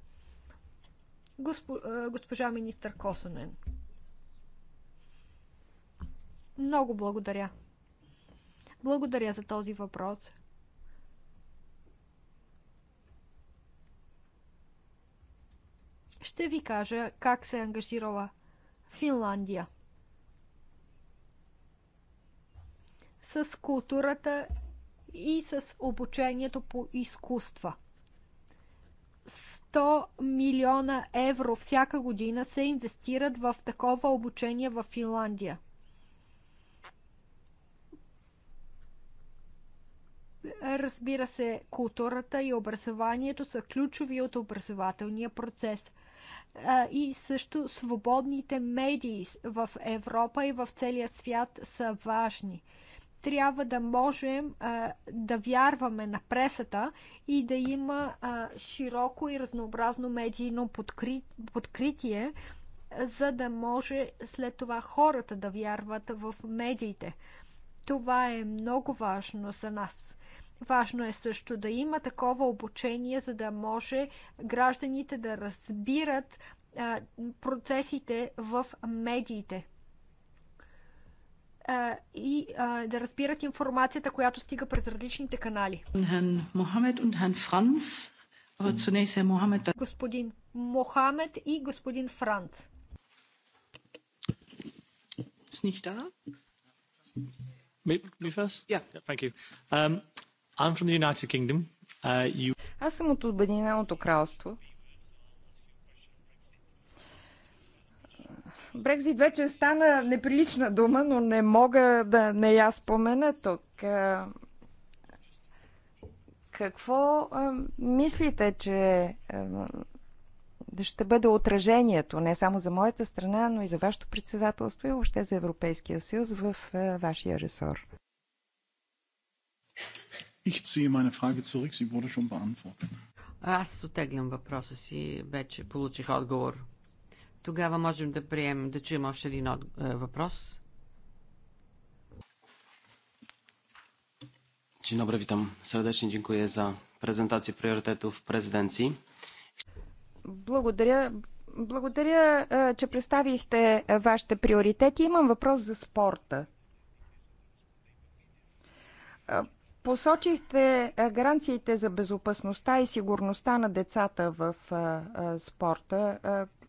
Госпо, госпожа министър Косонен. Много благодаря. Благодаря за този въпрос. Ще ви кажа как се е ангажирала Финландия с културата и с обучението по изкуства. 100 милиона евро всяка година се инвестират в такова обучение в Финландия. Разбира се, културата и образованието са ключови от образователния процес и също свободните медии в Европа и в целия свят са важни. Трябва да можем да вярваме на пресата и да има широко и разнообразно медийно подкритие, за да може след това хората да вярват в медиите. Това е много важно за нас. Важно е също да има такова обучение, за да може гражданите да разбират а, процесите в медиите и да разбират информацията, която стига през различните канали. Господин Мохамед и господин Франц. Ist nicht da? Yeah. yeah thank you. Um, I'm from the United Kingdom. Uh, you... Аз съм от Обединеното кралство. Брекзит вече стана неприлична дума, но не мога да не я спомена тук. Е, какво е, мислите, че е, ще бъде отражението не само за моята страна, но и за вашето председателство и въобще за Европейския съюз в вашия ресор? Ich ziehe meine Frage zurück, sie wurde schon beantwortet. Аз оттеглям въпроса си, вече получих отговор. Тогава можем да приемем, да чуем още един от, е, въпрос. Dzień dobry, witam serdecznie. Dziękuję za prezentację priorytetów prezydencji. Благодаря. Благодаря, е, че представихте вашите приоритети. Имам въпрос за спорта е, Посочихте гаранциите за безопасността и сигурността на децата в спорта.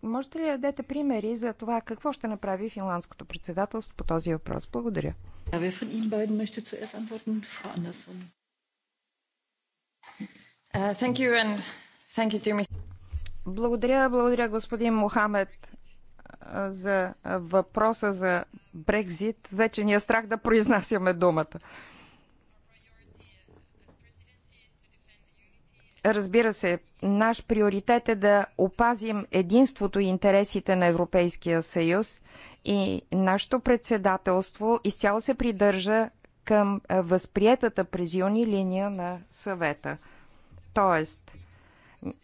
Можете ли да дадете примери за това какво ще направи финландското председателство по този въпрос? Благодаря. Uh, благодаря, благодаря господин Мохамед за въпроса за Брекзит. Вече ни е страх да произнасяме думата. Разбира се, наш приоритет е да опазим единството и интересите на Европейския съюз и нашето председателство изцяло се придържа към възприетата през юни линия на съвета. Тоест,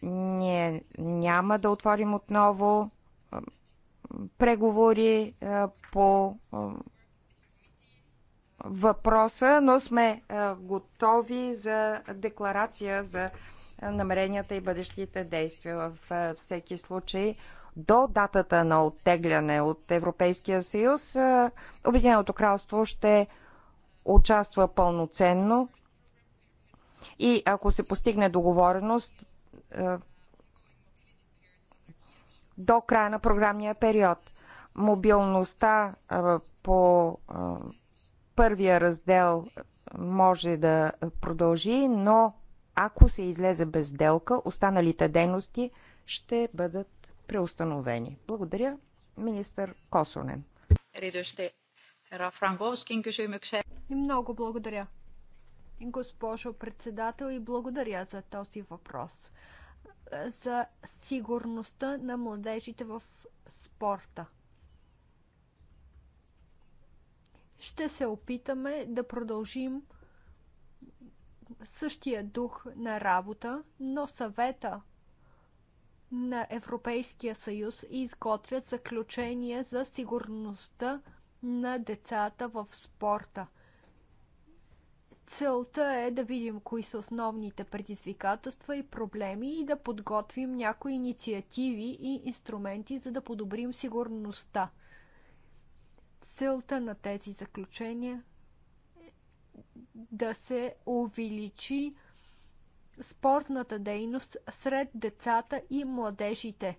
ние няма да отворим отново преговори по въпроса, но сме готови за декларация за намеренията и бъдещите действия. В всеки случай, до датата на оттегляне от Европейския съюз, Обединеното кралство ще участва пълноценно и ако се постигне договореност до края на програмния период. Мобилността по първия раздел може да продължи, но ако се излезе без сделка, останалите дейности ще бъдат преустановени. Благодаря, министър Косонен. И много благодаря, госпожо председател, и благодаря за този въпрос. За сигурността на младежите в спорта. Ще се опитаме да продължим същия дух на работа, но съвета на Европейския съюз и изготвят заключения за сигурността на децата в спорта. Целта е да видим кои са основните предизвикателства и проблеми и да подготвим някои инициативи и инструменти, за да подобрим сигурността. Целта на тези заключения да се увеличи спортната дейност сред децата и младежите,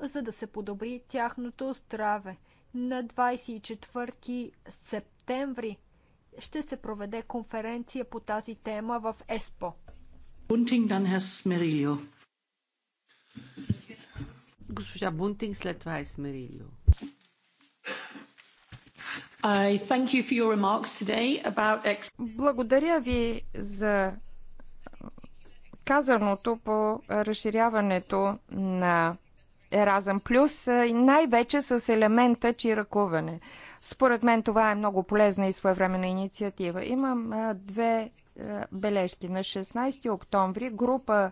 за да се подобри тяхното здраве. На 24 септември ще се проведе конференция по тази тема в ЕСПО. Госпожа Бунтинг, след това е Смерилио. Благодаря ви за казаното по разширяването на Еразъм Плюс и най-вече с елемента чиракуване. Според мен това е много полезна и своевременна инициатива. Имам две бележки. На 16 октомври група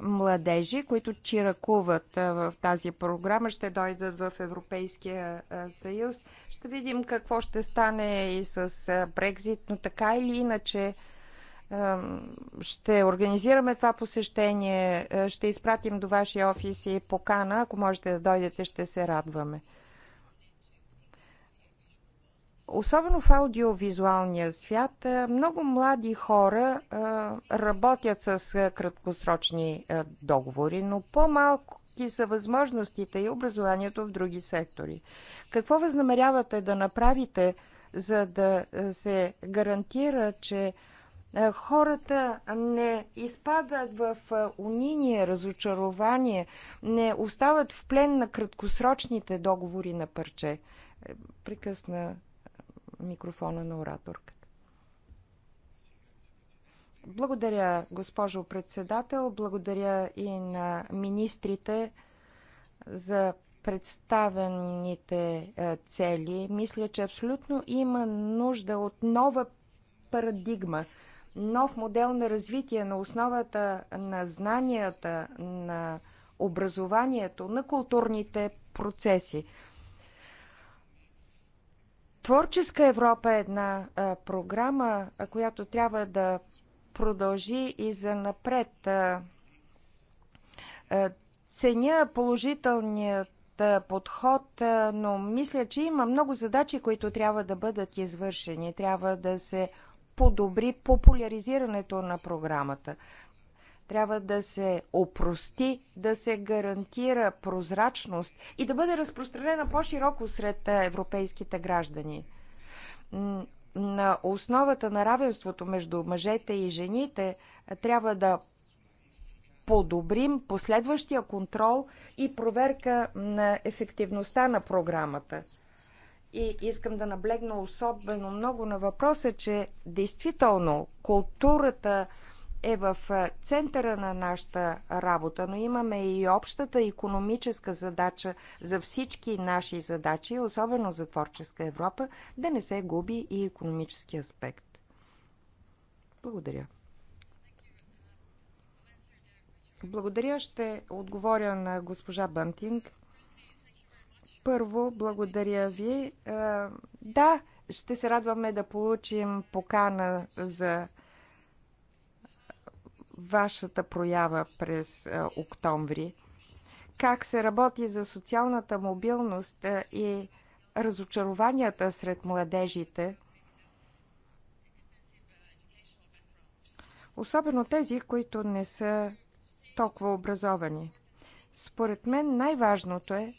младежи, които чиракуват в тази програма, ще дойдат в Европейския съюз. Ще видим какво ще стане и с Брекзит, но така или иначе ще организираме това посещение, ще изпратим до вашия офис и покана. Ако можете да дойдете, ще се радваме особено в аудиовизуалния свят, много млади хора работят с краткосрочни договори, но по-малко са възможностите и образованието в други сектори. Какво възнамерявате да направите, за да се гарантира, че хората не изпадат в униние, разочарование, не остават в плен на краткосрочните договори на парче? Е, прекъсна микрофона на ораторката. Благодаря, госпожо председател. Благодаря и на министрите за представените е, цели. Мисля, че абсолютно има нужда от нова парадигма, нов модел на развитие на основата на знанията, на образованието, на културните процеси. Творческа Европа е една а, програма, а, която трябва да продължи и за напред. А, а, ценя положителният а, подход, а, но мисля, че има много задачи, които трябва да бъдат извършени. Трябва да се подобри популяризирането на програмата трябва да се опрости, да се гарантира прозрачност и да бъде разпространена по-широко сред европейските граждани. На основата на равенството между мъжете и жените трябва да подобрим последващия контрол и проверка на ефективността на програмата. И искам да наблегна особено много на въпроса, че действително културата е в центъра на нашата работа, но имаме и общата економическа задача за всички наши задачи, особено за творческа Европа, да не се губи и економически аспект. Благодаря. Благодаря. Ще отговоря на госпожа Бънтинг. Първо, благодаря ви. Да, ще се радваме да получим покана за вашата проява през е, октомври, как се работи за социалната мобилност е, и разочарованията сред младежите, особено тези, които не са толкова образовани. Според мен най-важното е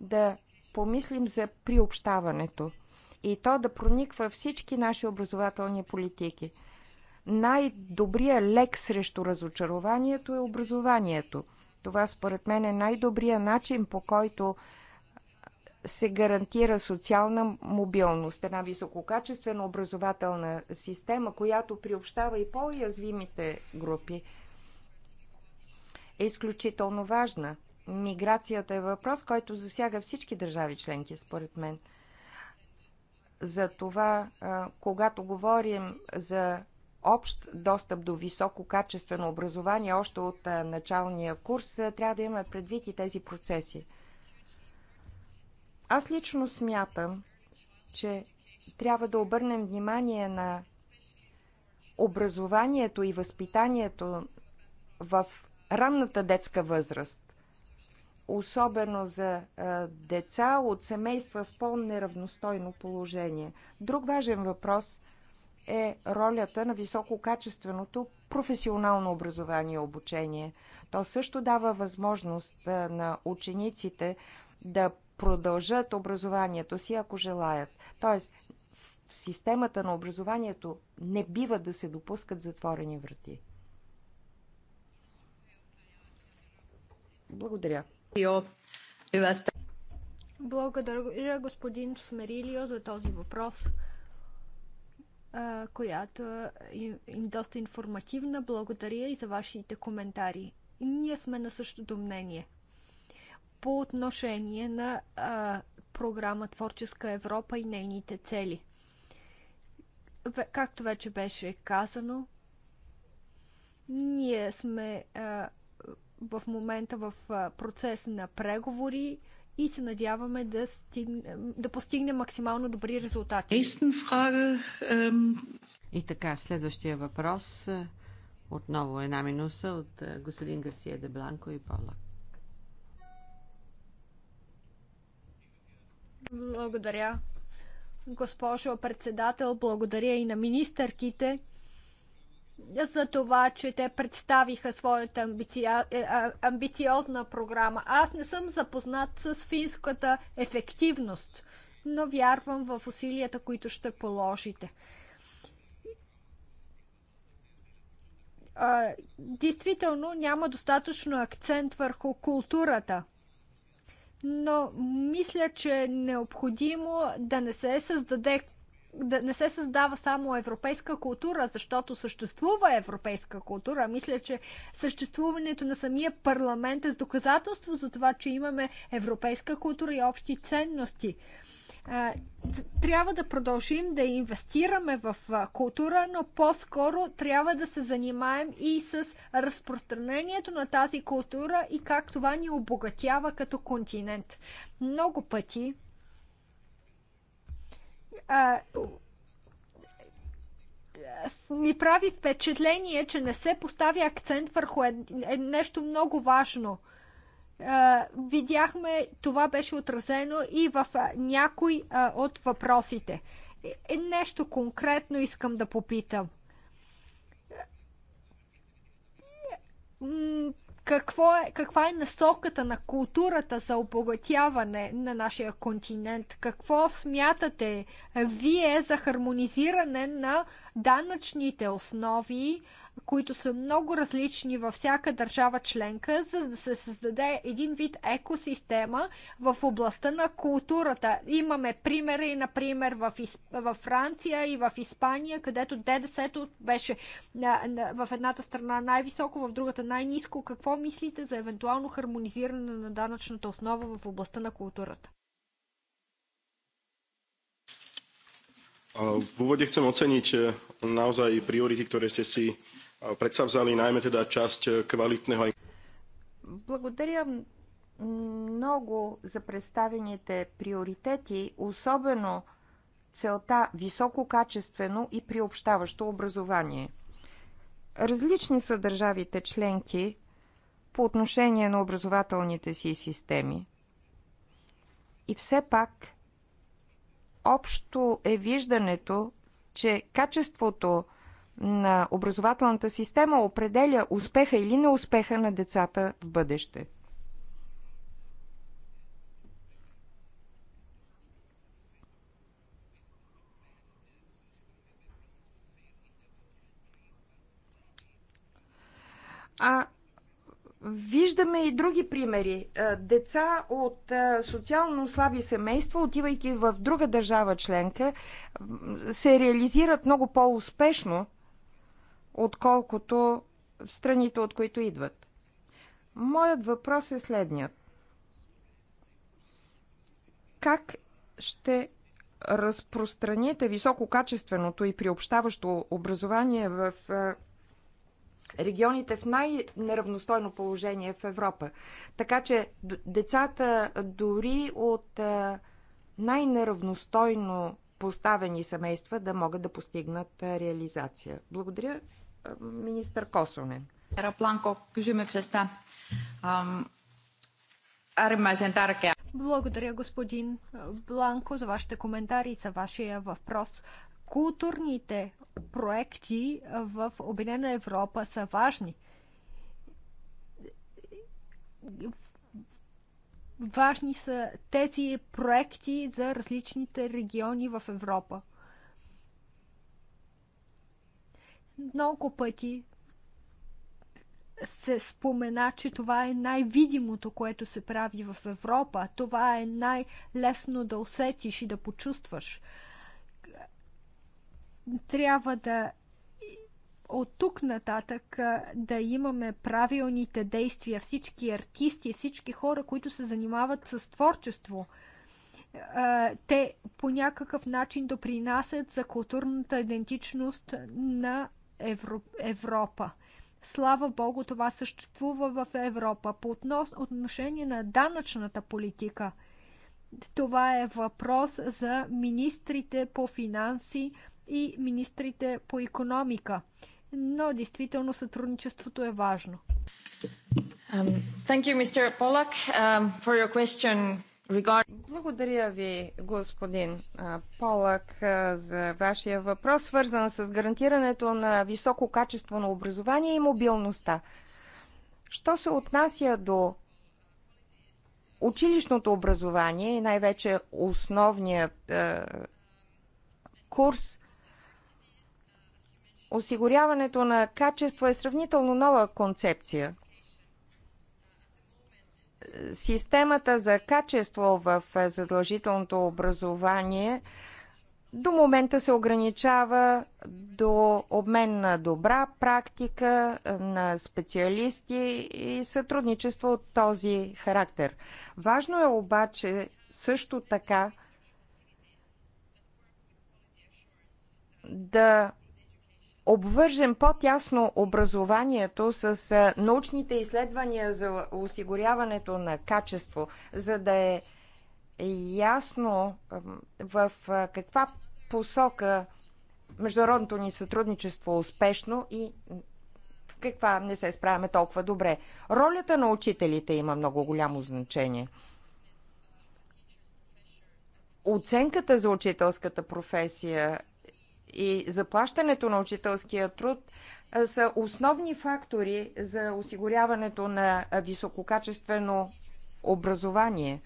да помислим за приобщаването и то да прониква всички наши образователни политики – най-добрият лек срещу разочарованието е образованието. Това според мен е най-добрият начин по който се гарантира социална мобилност, една висококачествена образователна система, която приобщава и по-язвимите групи, е изключително важна. Миграцията е въпрос, който засяга всички държави членки, според мен. За това, когато говорим за общ достъп до високо качествено образование още от началния курс, трябва да имаме предвид и тези процеси. Аз лично смятам, че трябва да обърнем внимание на образованието и възпитанието в ранната детска възраст, особено за деца от семейства в по-неравностойно положение. Друг важен въпрос – е ролята на висококачественото професионално образование и обучение. То също дава възможност на учениците да продължат образованието си, ако желаят. Тоест, в системата на образованието не бива да се допускат затворени врати. Благодаря. Благодаря, господин Смерилио, за този въпрос която е доста информативна. Благодаря и за вашите коментари. Ние сме на същото мнение. По отношение на а, програма Творческа Европа и нейните цели. Както вече беше казано, ние сме а, в момента в процес на преговори и се надяваме да, стигне, да постигнем максимално добри резултати. Ähm, и така, следващия въпрос е, отново една минуса от е, господин Гарсия де Бланко и Полак. Благодаря, госпожо председател. Благодаря и на министърките за това, че те представиха своята е, амбициозна програма. Аз не съм запознат с финската ефективност, но вярвам в усилията, които ще положите. действително няма достатъчно акцент върху културата. Но мисля, че е необходимо да не се създаде да не се създава само европейска култура, защото съществува европейска култура. Мисля, че съществуването на самия парламент е с доказателство за това, че имаме европейска култура и общи ценности трябва да продължим да инвестираме в култура, но по-скоро трябва да се занимаем и с разпространението на тази култура и как това ни обогатява като континент. Много пъти а, ми прави впечатление, че не се поставя акцент върху е, е нещо много важно. А, видяхме, това беше отразено и в а, някой а, от въпросите. Е, е нещо конкретно искам да попитам какво е, каква е насоката на културата за обогатяване на нашия континент? Какво смятате вие за хармонизиране на данъчните основи които са много различни във всяка държава членка, за да се създаде един вид екосистема в областта на културата. Имаме примери, например, в, в Франция и в Испания, където ДДС-то беше на, на, в едната страна най-високо, в другата най-низко. Какво мислите за евентуално хармонизиране на данъчната основа в областта на културата? V úvode chcem oceniť naozaj priority, ktoré ste si predsavzali najmä teda časť eh, kvalitného. Благодаря много за представените приоритети, особено целта висококачествено и приобщаващо образование. Различни са държавите членки по отношение на образователните си системи. И все пак общо е виждането, че качеството – на образователната система определя успеха или неуспеха на децата в бъдеще. А виждаме и други примери. Деца от социално слаби семейства, отивайки в друга държава членка, се реализират много по-успешно отколкото в страните, от които идват. Моят въпрос е следният. Как ще разпространите висококачественото и приобщаващо образование в регионите в най-неравностойно положение в Европа. Така че децата дори от най-неравностойно поставени семейства да могат да постигнат реализация. Благодаря minister Kosonen. Herra Planko, kysymyksestä. Um, äärimmäisen tärkeä. Благодаря, господин Бланко, за вашите коментари, за вашия въпрос. Културните проекти в Обединена Европа са важни. Важни са тези проекти за различните региони в Европа. Много пъти се спомена, че това е най-видимото, което се прави в Европа. Това е най-лесно да усетиш и да почувстваш. Трябва да от тук нататък да имаме правилните действия. Всички артисти, всички хора, които се занимават с творчество, те по някакъв начин допринасят за културната идентичност на Европа. Слава Богу, това съществува в Европа. По отношение на данъчната политика, това е въпрос за министрите по финанси и министрите по економика. Но действително сътрудничеството е важно. Um, thank you, Mr. Polak, um, for your question regarding благодаря ви, господин Полак, за вашия въпрос, свързан с гарантирането на високо качество на образование и мобилността. Що се отнася до училищното образование и най-вече основният е, курс, осигуряването на качество е сравнително нова концепция – системата за качество в е, задължителното образование до момента се ограничава до обмен на добра практика, е, на специалисти и сътрудничество от този характер. Важно е обаче също така да обвържем по-тясно образованието с научните изследвания за осигуряването на качество, за да е ясно в каква посока международното ни сътрудничество е успешно и в каква не се справяме толкова добре. Ролята на учителите има много голямо значение. Оценката за учителската професия и заплащането на учителския труд са основни фактори за осигуряването на висококачествено образование.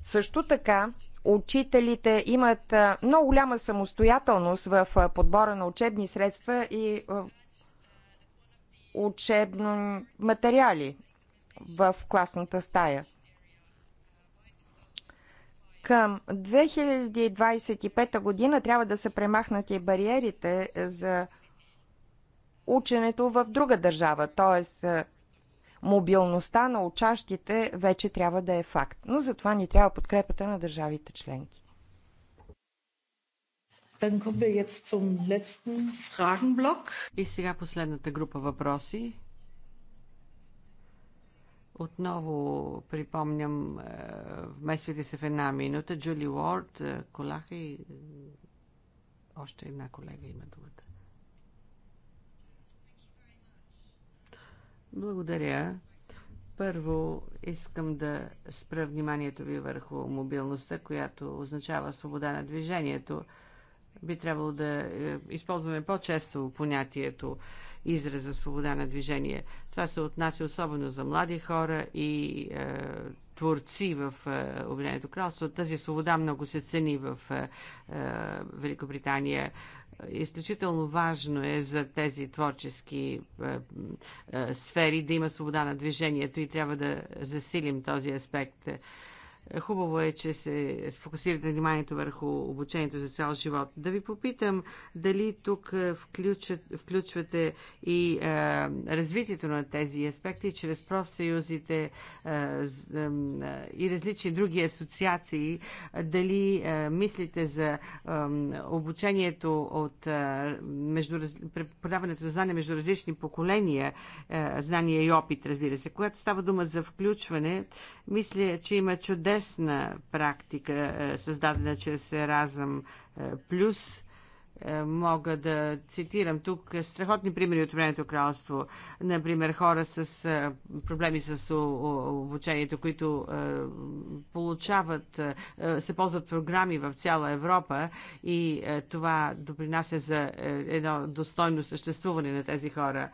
Също така, учителите имат много голяма самостоятелност в подбора на учебни средства и учебни материали в класната стая. Към 2025 година трябва да са премахнати бариерите за ученето в друга държава, т.е. мобилността на учащите вече трябва да е факт. Но за това ни трябва подкрепата на държавите членки. И сега последната група въпроси. Отново припомням, е, вмествайте се в една минута. Джули Уорд, е, Колаха и е, още една колега има думата. Благодаря. Първо искам да спра вниманието ви върху мобилността, която означава свобода на движението. Би трябвало да използваме по-често понятието израза свобода на движение. Това се отнася особено за млади хора и е, творци в е, Обединеното кралство. Тази свобода много се цени в е, е, Великобритания. Изключително важно е за тези творчески е, е, сфери да има свобода на движението и трябва да засилим този аспект. Е, Хубаво е, че се сфокусирате вниманието върху обучението за цял живот. Да ви попитам дали тук е, включат, включвате и е, развитието на тези аспекти чрез профсъюзите е, е, и различни други асоциации. Дали е, мислите за е, обучението от е, между, преподаването на знания между различни поколения, е, знания и опит, разбира се. Когато става дума за включване, мисля, че има чудес съвместна практика, е, създадена чрез Еразъм е, Плюс. Е, мога да цитирам тук страхотни примери от Времето кралство. Например, хора с проблеми с обучението, които получават, се ползват програми в цяла Европа и това допринася за едно достойно съществуване на тези хора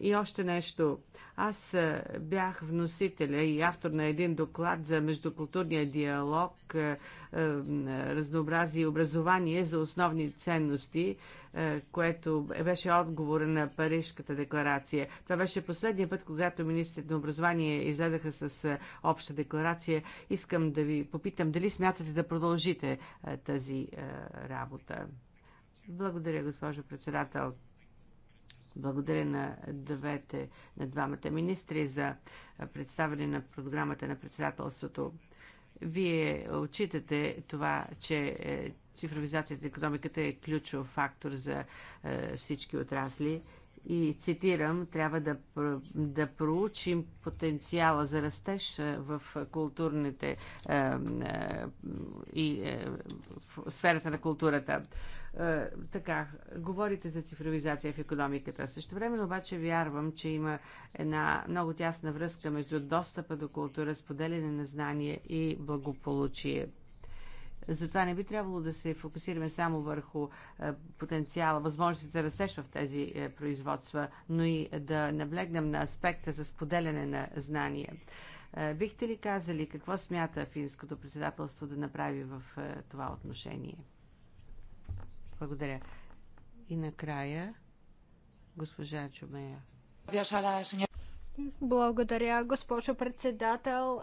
и още нещо. Аз бях вносителя и автор на един доклад за междукултурния диалог, разнообразие и образование за основни ценности, което беше отговор на Парижката декларация. Това беше последния път, когато министрите на образование излезаха с обща декларация. Искам да ви попитам дали смятате да продължите тази работа. Благодаря, госпожо председател. Благодаря на, двете, на двамата министри за представяне на програмата на председателството. Вие отчитате това, че е, цифровизацията на економиката е ключов фактор за е, всички отрасли и цитирам, трябва да, да проучим потенциала за растеж е, в културните е, е, и е, в сферата на културата. Е, така, говорите за цифровизация в економиката. Също време обаче вярвам, че има една много тясна връзка между достъпа до култура, споделяне на знания и благополучие. Затова не би трябвало да се фокусираме само върху е, потенциала, възможностите да разсеща в тези е, производства, но и да наблегнем на аспекта за споделяне на знания. Бихте ли казали какво смята финското председателство да направи в това отношение? Благодаря. И накрая госпожа Чумея. Благодаря, госпожо председател.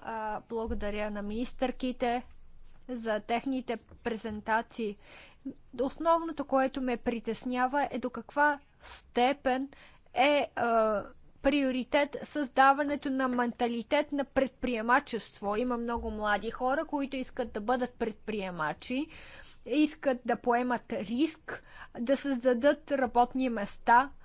Благодаря на министърките за техните презентации. Основното, което ме притеснява е до каква степен е приоритет създаването на менталитет на предприемачество. Има много млади хора, които искат да бъдат предприемачи, искат да поемат риск, да създадат работни места –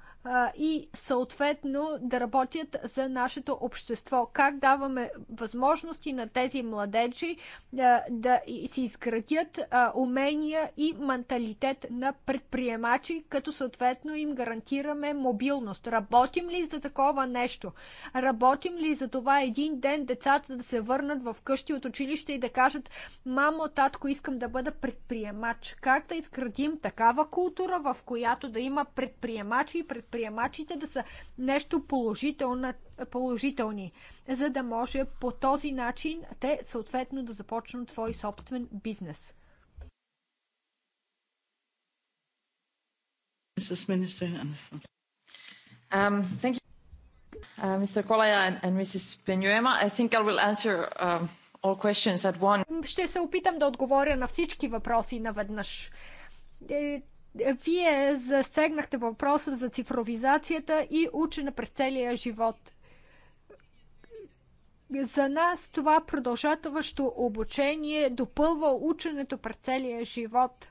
и съответно да работят за нашето общество. Как даваме възможности на тези младежи да, да си изградят умения и менталитет на предприемачи, като съответно им гарантираме мобилност. Работим ли за такова нещо? Работим ли за това един ден децата да се върнат в къщи от училище и да кажат мамо, татко, искам да бъда предприемач? Как да изградим такава култура, в която да има предприемачи и предприемачи предприемачите да са нещо положителни, за да може по този начин те съответно да започнат свой собствен бизнес. Mrs. Minister Anderson. Um, thank you, uh, Mr. Kolaya and, and Mrs. Penuema. I think I will answer um, all questions at Ще се опитам да отговоря на всички въпроси наведнъж. Е, вие засегнахте въпроса за цифровизацията и учена през целия живот. За нас това продължаващо обучение допълва ученето през целия живот.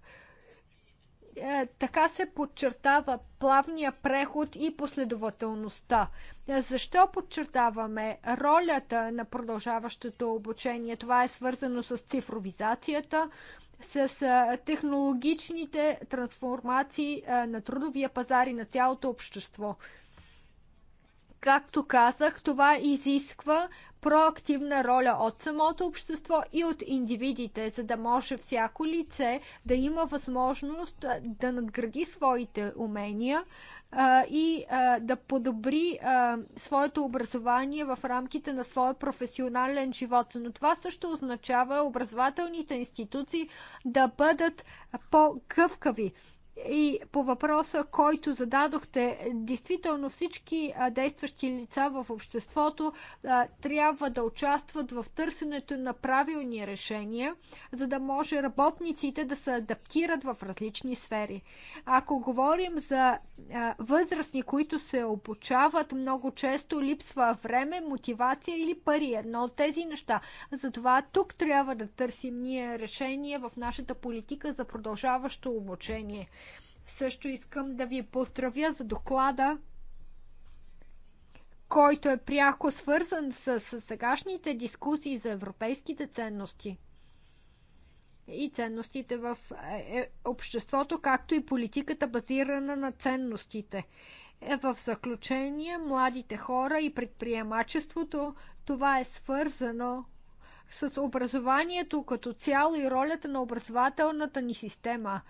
Е, така се подчертава плавния преход и последователността. Защо подчертаваме ролята на продължаващото обучение? Това е свързано с цифровизацията, с технологичните трансформации на трудовия пазар и на цялото общество. Както казах, това изисква проактивна роля от самото общество и от индивидите, за да може всяко лице да има възможност да надгради своите умения, а, и а, да подобри а, своето образование в рамките на своя професионален живот. Но това също означава образователните институции да бъдат по къвкави и по въпроса, който зададохте, действително всички действащи лица в обществото трябва да участват в търсенето на правилни решения, за да може работниците да се адаптират в различни сфери. Ако говорим за възрастни, които се обучават, много често липсва време, мотивация или пари. Едно от тези неща. Затова тук трябва да търсим ние решение в нашата политика за продължаващо обучение. Също искам да ви поздравя за доклада, който е пряко свързан с, с сегашните дискусии за европейските ценности и ценностите в е, обществото, както и политиката базирана на ценностите. Е, в заключение, младите хора и предприемачеството, това е свързано с образованието като цяло и ролята на образователната ни система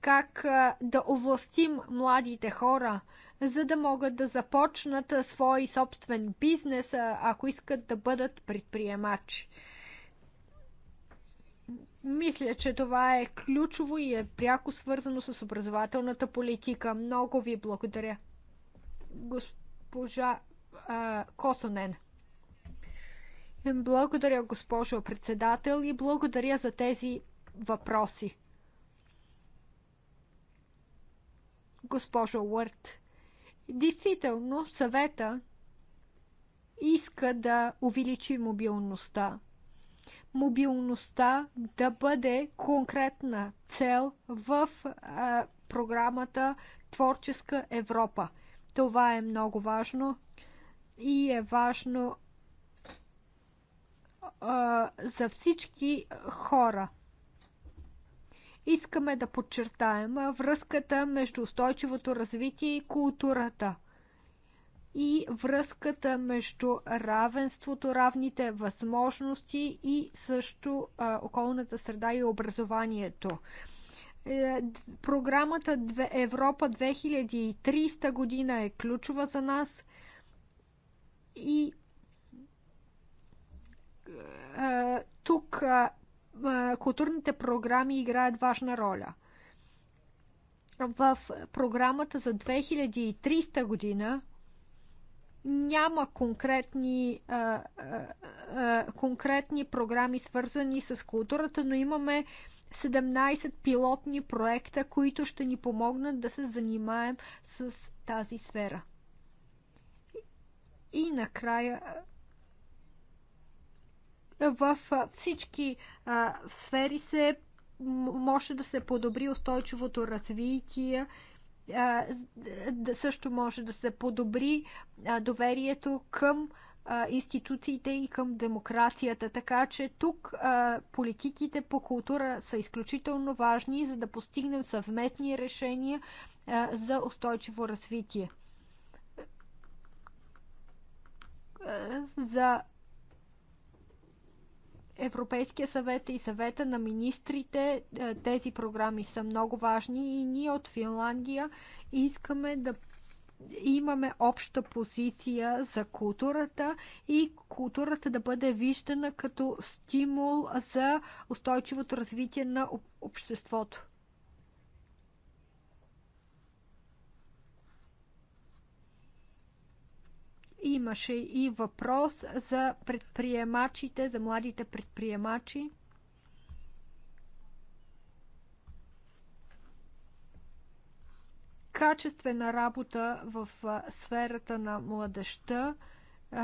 как да овластим младите хора, за да могат да започнат свой собствен бизнес, ако искат да бъдат предприемачи. Мисля, че това е ключово и е пряко свързано с образователната политика. Много ви благодаря. Госпожа а, Косонен. Благодаря, госпожо председател, и благодаря за тези въпроси. госпожо Уърт. Действително, съвета иска да увеличи мобилността. Мобилността да бъде конкретна цел в а, програмата Творческа Европа. Това е много важно и е важно а, за всички хора. Искаме да подчертаем връзката между устойчивото развитие и културата и връзката между равенството, равните възможности и също а, околната среда и образованието. Е, програмата Европа 2030 година е ключова за нас и е, тук културните програми играят важна роля. В програмата за 2300 година няма конкретни, а, а, а, конкретни програми, свързани с културата, но имаме 17 пилотни проекта, които ще ни помогнат да се занимаем с тази сфера. И накрая в всички сфери се може да се подобри устойчивото развитие, също може да се подобри доверието към институциите и към демокрацията. Така че тук политиките по култура са изключително важни, за да постигнем съвместни решения за устойчиво развитие. За Европейския съвет и съвета на министрите. Е, тези програми са много важни и ние от Финландия искаме да имаме обща позиция за културата и културата да бъде виждана като стимул за устойчивото развитие на обществото. Имаше и въпрос за предприемачите, за младите предприемачи. Качествена работа в сферата на младеща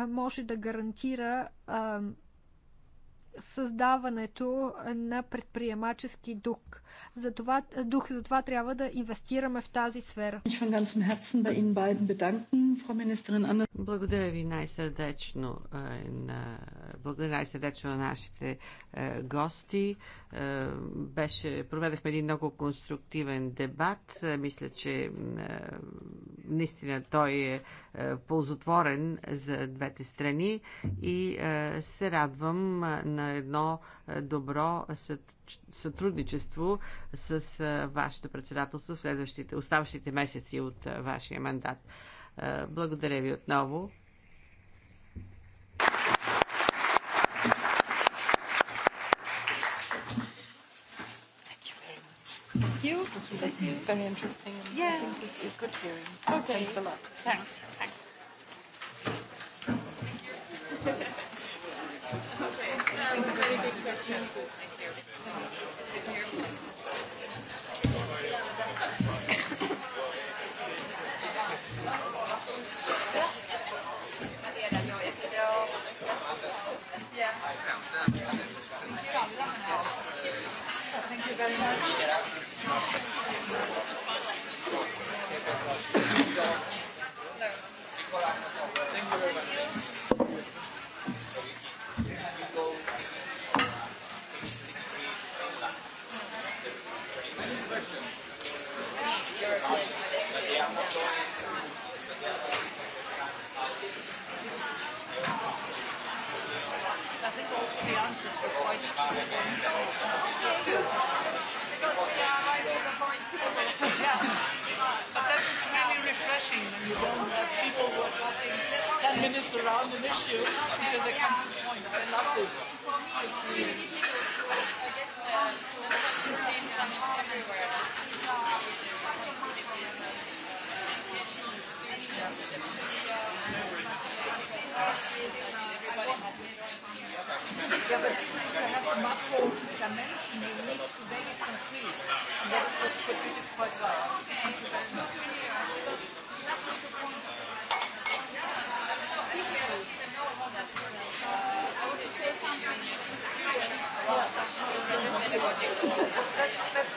може да гарантира създаването на предприемачески дух. За това дух. за това трябва да инвестираме в тази сфера. Благодаря ви най-сърдечно е, на, благодаря най-сърдечно на нашите е, гости. Е, беше, проведахме един много конструктивен дебат. Мисля, че наистина той е е, ползотворен за двете страни и е, се радвам е, на едно добро сътрудничество с вашето председателство в следващите, оставащите месеци от вашия мандат. Благодаря ви отново. Thank you. Very interesting. And yeah. I think it, it good hearing. Okay. Thanks a lot. Thanks. Thanks. Thank you. Very good question. is for quite It's good. Because we are arriving at a point Yeah. But that's just really refreshing when you don't have people who are talking 10 minutes around an issue until they come to the point. I love this. For me, it's really Yeah, but you have a macro dimension you to make it And that's what what quite well. I would say something. That's that's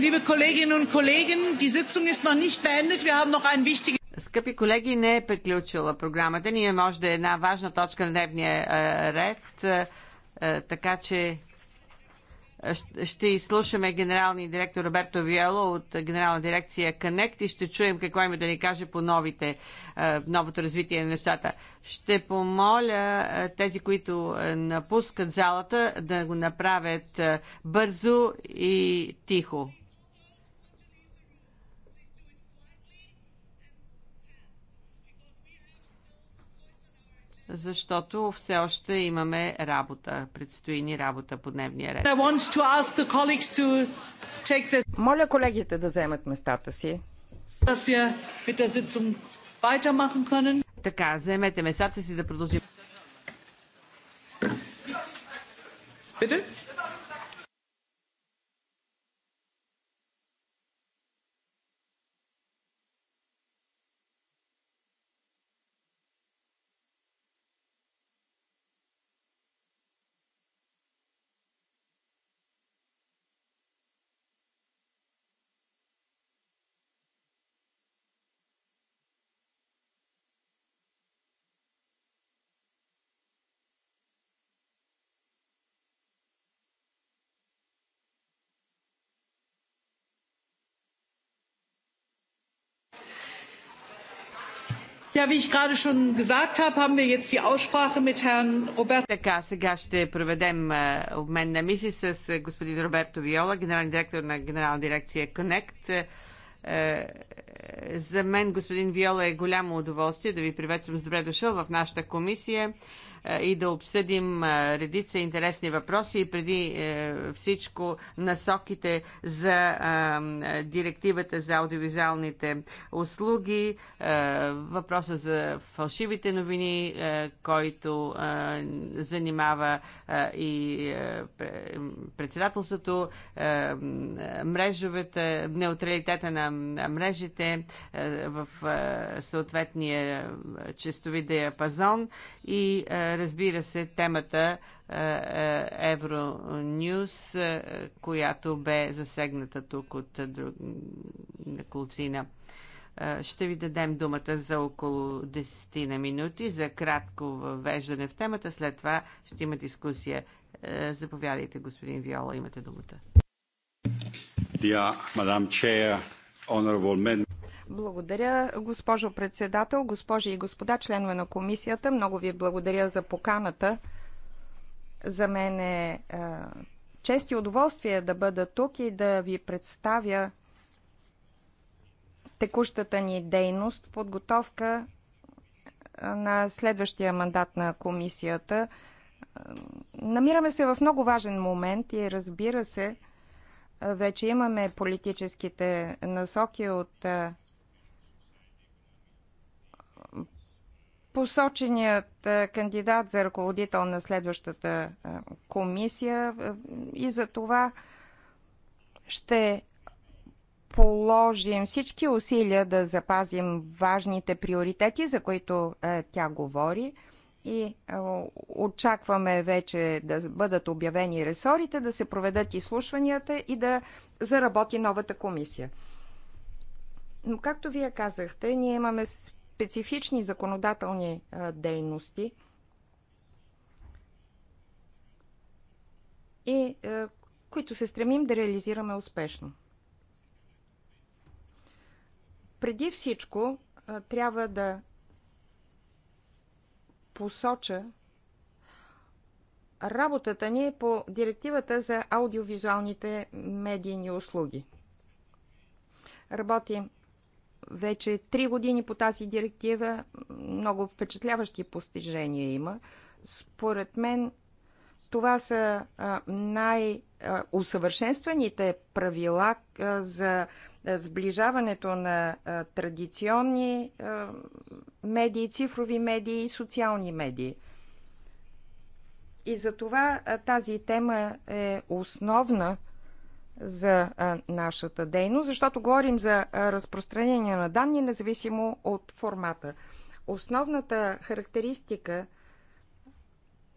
Liebe Kolleginnen und Kollegen, die Sitzung ist noch nicht beendet. Wir haben noch ein wichtiges Скъпи колеги, не е приключила програмата. Ние може да е една важна точка на дневния е, ред, е, е, така че ще изслушаме генералния директор Роберто Виело от генерална дирекция Connect и ще чуем какво има да ни каже по новите, новото развитие на нещата. Ще помоля тези, които напускат залата, да го направят бързо и тихо. защото все още имаме работа, предстои ни работа по дневния ред. Моля колегите да вземат местата си. Така, заемете местата си да продължим. Bitte? wie ich gerade schon gesagt habe, haben wir jetzt die Aussprache mit Herrn Roberto. Така, сега ще проведем е, обмен на мисли с е, господин Роберто Виола, генерален директор на генерална дирекция Connect. Е, за мен, господин Виола, е голямо удоволствие да ви приветствам с добре дошъл в нашата комисия. Е, и да обсъдим е, редица интересни въпроси и преди е, всичко насоките за директивата за аудиовизуалните услуги, въпроса за фалшивите новини, който занимава и председателството, мрежовете, неутралитета на мрежите в съответния честови диапазон и е, Разбира се, темата е, е, Евронюс, е, която бе засегната тук от друг... Колцина. Ще ви дадем думата за около 10 на минути за кратко въвеждане в темата. След това ще има дискусия. Заповядайте, господин Виола, имате думата. Dear Madam Chair, honorable men, благодаря, госпожо председател, госпожи и господа, членове на комисията. Много ви благодаря за поканата. За мен е, е чест и удоволствие да бъда тук и да ви представя текущата ни дейност, подготовка е, на следващия мандат на комисията. Е, намираме се в много важен момент и разбира се, вече имаме политическите насоки от посоченият е, кандидат за ръководител на следващата е, комисия е, и за това ще положим всички усилия да запазим важните приоритети, за които тя говори и очакваме вече да бъдат обявени ресорите, да се проведат изслушванията и да заработи новата комисия. Но както вие казахте, ние имаме специфични законодателни дейности и които се стремим да реализираме успешно. Преди всичко трябва да посоча работата ни е по директивата за аудиовизуалните медийни услуги. Работим вече три години по тази директива много впечатляващи постижения има. Според мен това са най-усъвършенстваните правила за сближаването на традиционни медии, цифрови медии и социални медии. И за това тази тема е основна за нашата дейност, защото говорим за разпространение на данни, независимо от формата. Основната характеристика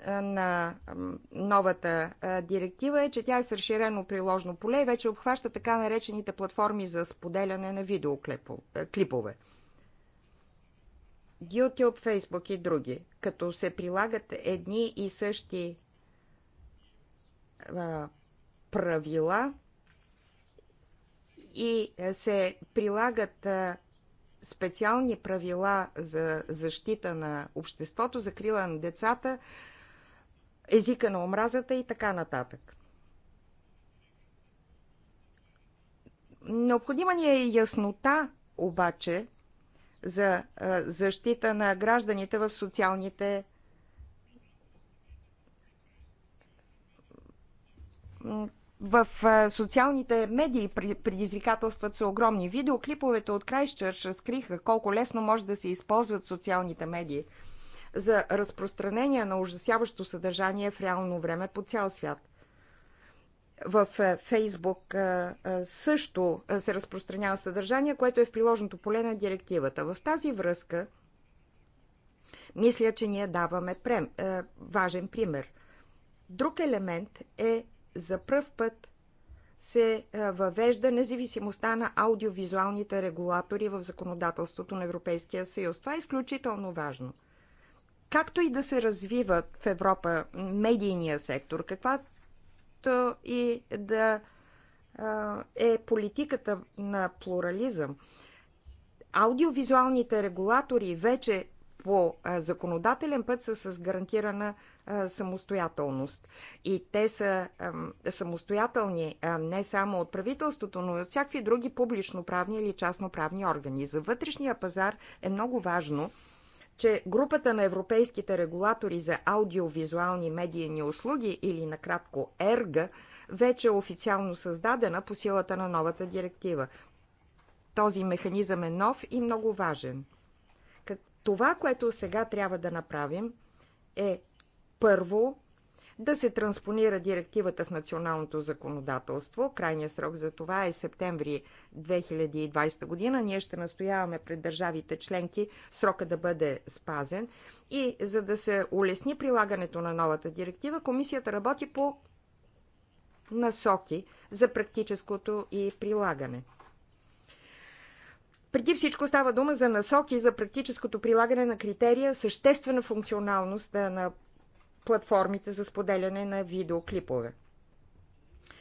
на новата директива е, че тя е с разширено приложно поле и вече обхваща така наречените платформи за споделяне на видеоклипове. YouTube, Facebook и други. Като се прилагат едни и същи правила и е, се прилагат е, специални правила за защита на обществото, закрила на децата, езика на омразата и така нататък. Необходима ни е яснота обаче за е, защита на гражданите в социалните в социалните медии предизвикателствата са огромни. Видеоклиповете от Крайщърш разкриха колко лесно може да се използват социалните медии за разпространение на ужасяващо съдържание в реално време по цял свят. В Фейсбук също се разпространява съдържание, което е в приложното поле на директивата. В тази връзка, мисля, че ние даваме важен пример. Друг елемент е за пръв път се е, въвежда независимостта на аудиовизуалните регулатори в законодателството на Европейския съюз. Това е изключително важно. Както и да се развива в Европа медийния сектор, каквато и да е политиката на плурализъм, аудиовизуалните регулатори вече по законодателен път са с гарантирана самостоятелност. И те са самостоятелни не само от правителството, но и от всякакви други публично-правни или частно-правни органи. За вътрешния пазар е много важно че групата на европейските регулатори за аудиовизуални медийни услуги или накратко ЕРГА вече е официално създадена по силата на новата директива. Този механизъм е нов и много важен. Това, което сега трябва да направим, е първо, да се транспонира директивата в националното законодателство. Крайният срок за това е септември 2020 година. Ние ще настояваме пред държавите членки срока да бъде спазен. И за да се улесни прилагането на новата директива, комисията работи по насоки за практическото и прилагане. Преди всичко става дума за насоки за практическото прилагане на критерия съществена функционалност на платформите за споделяне на видеоклипове.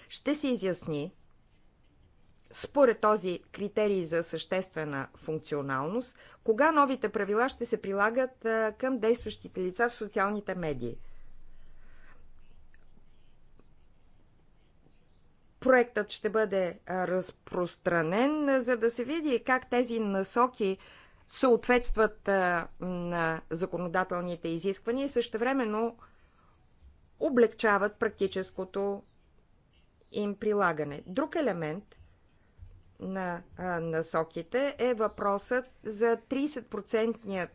Ще се изясни, според този критерий за съществена функционалност, кога новите правила ще се прилагат към действащите лица в социалните медии. Проектът ще бъде разпространен, за да се види как тези насоки съответстват на законодателните изисквания и същевременно времено облегчават практическото им прилагане. Друг елемент на насоките е въпросът за 30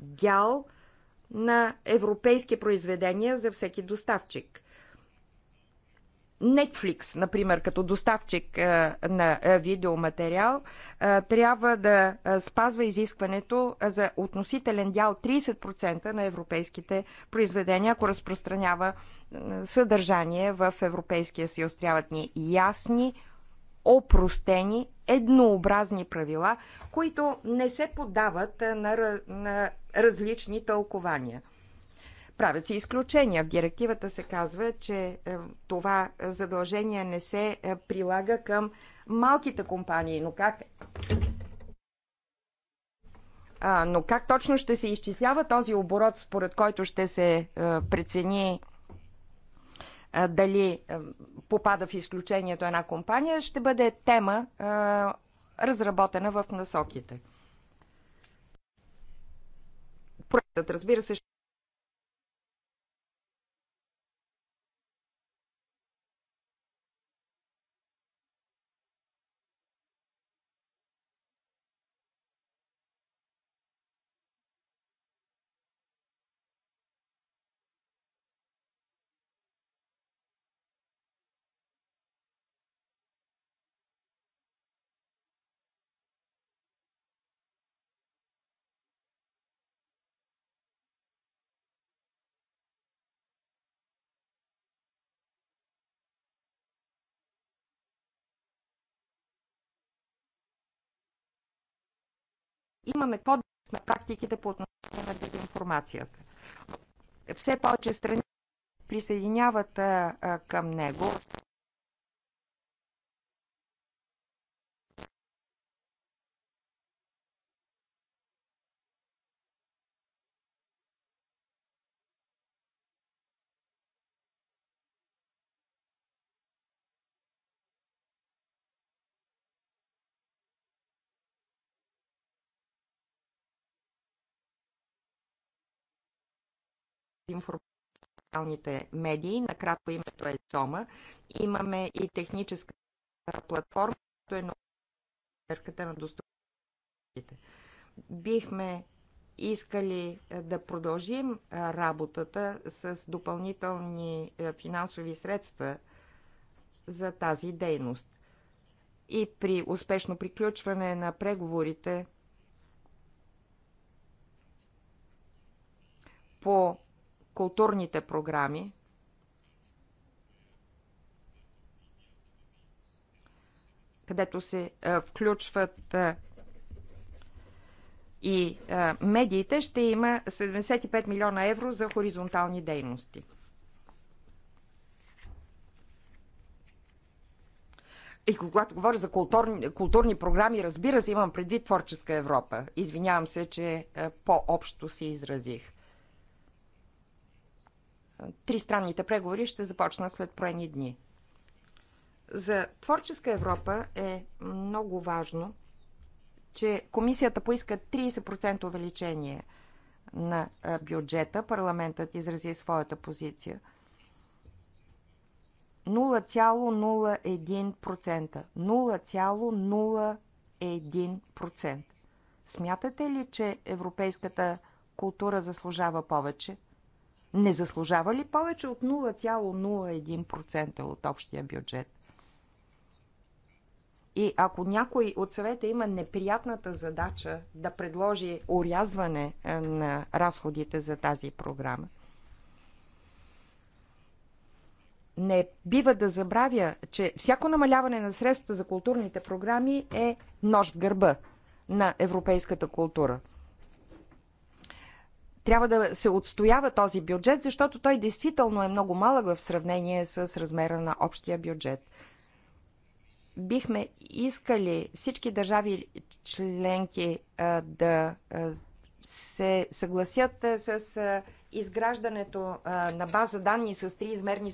дял на европейски произведения за всеки доставчик. Netflix, например, като доставчик на видеоматериал, трябва да спазва изискването за относителен дял 30% на европейските произведения, ако разпространява съдържание в Европейския съюз. Трябват ни ясни, опростени, еднообразни правила, които не се поддават на, на различни тълкования. Правят се изключения. В директивата се казва, че е, това задължение не се е, прилага към малките компании, но как но как точно ще се изчислява този оборот, според който ще се е, прецени дали попада в изключението една компания, ще бъде тема, разработена в насоките. Проектът, разбира се, ще имаме кодекс на практиките по отношение на дезинформацията. Все повече страни присъединяват към него информационните медии, накратко името е СОМА. Имаме и техническа платформа, която е на на достъпностите. Бихме искали е, да продължим е, работата с допълнителни е, финансови средства за тази дейност. И при успешно приключване на преговорите по културните програми. където се а, включват а, и а, медиите, ще има 75 милиона евро за хоризонтални дейности. И когато говоря за културни, културни програми, разбира се, имам предвид Творческа Европа. Извинявам се, че по-общо си изразих. Тристранните преговори ще започнат след проени дни. За творческа Европа е много важно, че комисията поиска 30% увеличение на бюджета. Парламентът изрази своята позиция. 0,01%. 0,01%. Смятате ли, че европейската култура заслужава повече? не заслужава ли повече от 0,01% от общия бюджет? И ако някой от съвета има неприятната задача да предложи орязване е, на разходите за тази програма, не бива да забравя, че всяко намаляване на средства за културните програми е нож в гърба на европейската култура – трябва да се отстоява този бюджет, защото той действително е много малък в сравнение с размера на общия бюджет. Бихме искали всички държави членки да се съгласят с изграждането на база данни с три измерни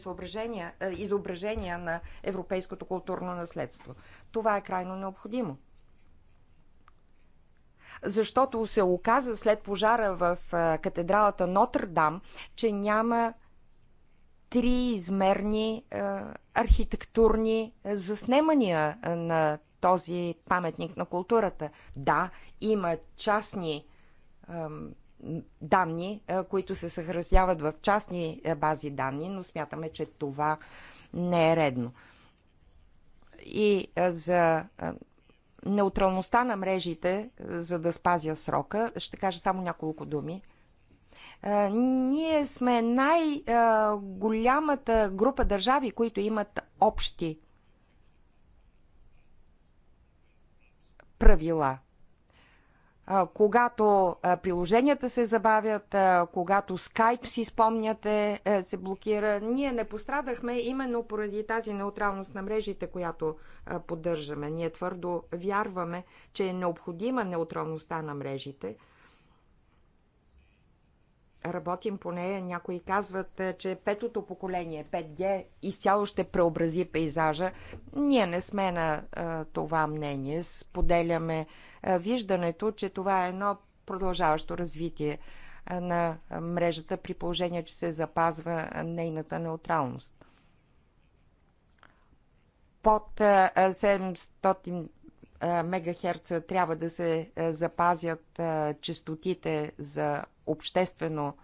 изображения на европейското културно наследство. Това е крайно необходимо защото се оказа след пожара в катедралата Нотр-Дам, че няма три измерни архитектурни заснемания на този паметник на културата. Да, има частни данни, които се съхразяват в частни бази данни, но смятаме, че това не е редно. И за неутралността на мрежите, за да спазя срока, ще кажа само няколко думи. Ние сме най-голямата група държави, които имат общи правила когато приложенията се забавят, когато Skype, си спомняте, е, се блокира. Ние не пострадахме именно поради тази неутралност на мрежите, която поддържаме. Ние твърдо вярваме, че е необходима неутралността на мрежите – работим по нея. Някои казват, е, че петото поколение, 5G, изцяло ще преобрази пейзажа. Ние не сме на а, е, това мнение. Споделяме а, е, виждането, че това е едно продължаващо развитие на мрежата при положение, че се запазва нейната неутралност. Под 700 мегахерца трябва да се запазят частотите за обществено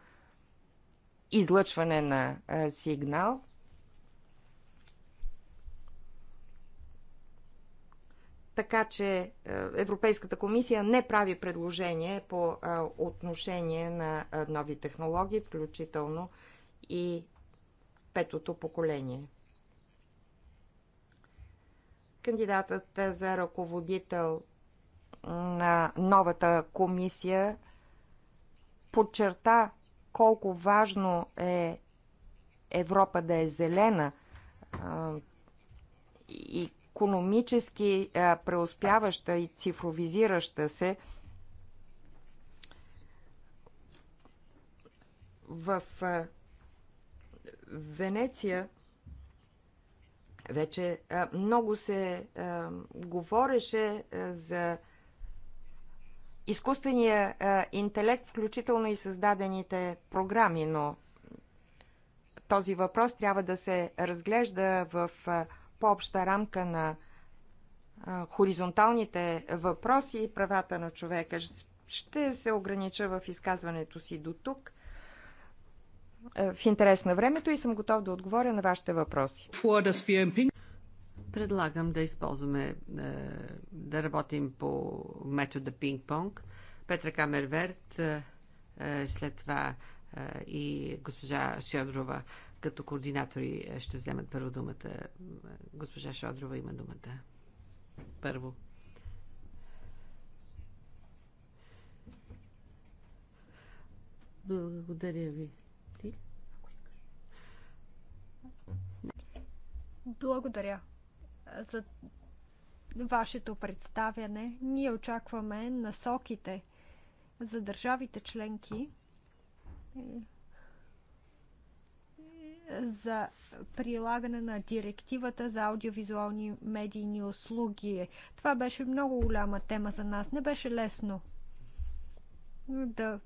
излъчване на сигнал. Така че Европейската комисия не прави предложение по отношение на нови технологии, включително и петото поколение. Кандидатът за ръководител на новата комисия подчерта колко важно е Европа да е зелена, економически преуспяваща и цифровизираща се. В Венеция вече а, много се а, говореше а, за изкуствения а, интелект, включително и създадените програми, но този въпрос трябва да се разглежда в а, по-обща рамка на а, хоризонталните въпроси и правата на човека. Ще се огранича в изказването си до тук. Е, в интерес на времето и съм готов да отговоря на вашите въпроси. Предлагам да използваме, е, да работим по метода пинг-понг. Петра Камерверт, е, след това и госпожа Шодрова като координатори ще вземат първо думата. Госпожа Шодрова има думата. Първо. Благодаря ви. Благодаря за вашето представяне. Ние очакваме насоките за държавите членки е, за прилагане на директивата за аудиовизуални медийни услуги. Това беше много голяма тема за нас. Не беше лесно да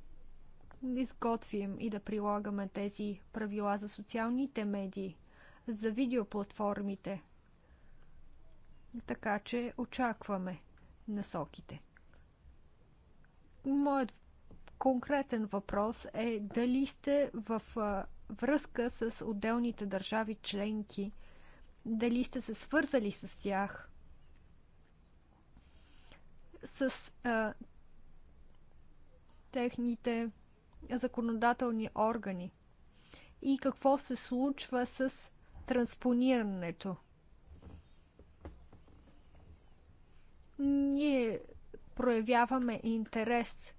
изготвим и да прилагаме тези правила за социалните медии за видеоплатформите. Така че очакваме насоките. Моят конкретен въпрос е дали сте в връзка с отделните държави членки, дали сте се свързали с тях, с а, техните законодателни органи и какво се случва с транспонирането. Ние проявяваме интерес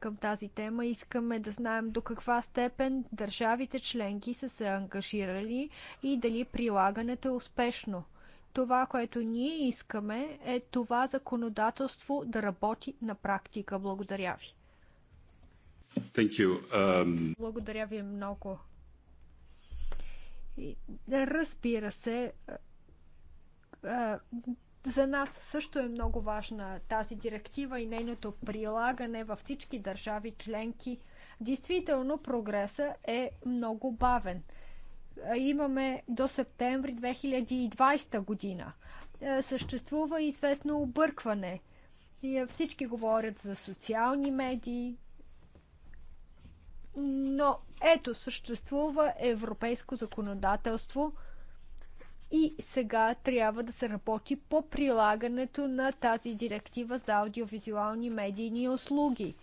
към тази тема. Искаме да знаем до каква степен държавите членки са се ангажирали и дали прилагането е успешно. Това, което ние искаме, е това законодателство да работи на практика. Благодаря ви. Um... Благодаря ви много. Разбира се, за нас също е много важна тази директива и нейното прилагане във всички държави членки. Действително прогреса е много бавен. Имаме до септември 2020 година. Съществува известно объркване. Всички говорят за социални медии, но ето, съществува европейско законодателство и сега трябва да се работи по прилагането на тази директива за аудиовизуални медийни услуги.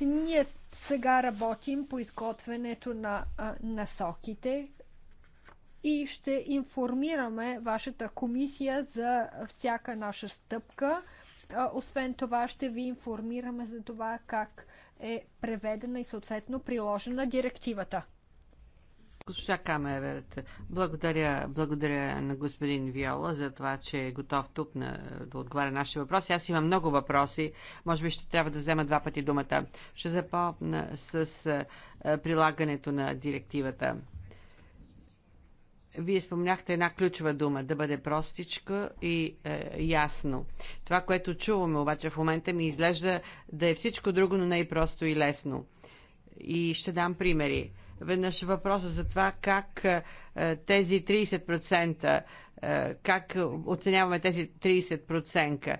Ние сега работим по изготвянето на а, насоките и ще информираме вашата комисия за всяка наша стъпка. А, освен това, ще ви информираме за това как е преведена и съответно приложена директивата. Госпожа Камеверт, благодаря, благодаря на господин Виола за това, че е готов тук на, да отговаря на нашите въпроси. Аз имам много въпроси. Може би ще трябва да взема два пъти думата. Ще започна с прилагането на директивата вие спомняхте една ключова дума да бъде простичка и е, ясно. Това, което чуваме обаче в момента ми изглежда да е всичко друго, но не и просто и лесно. И ще дам примери. Веднъж въпроса за това как е, тези 30% е, как оценяваме тези 30%?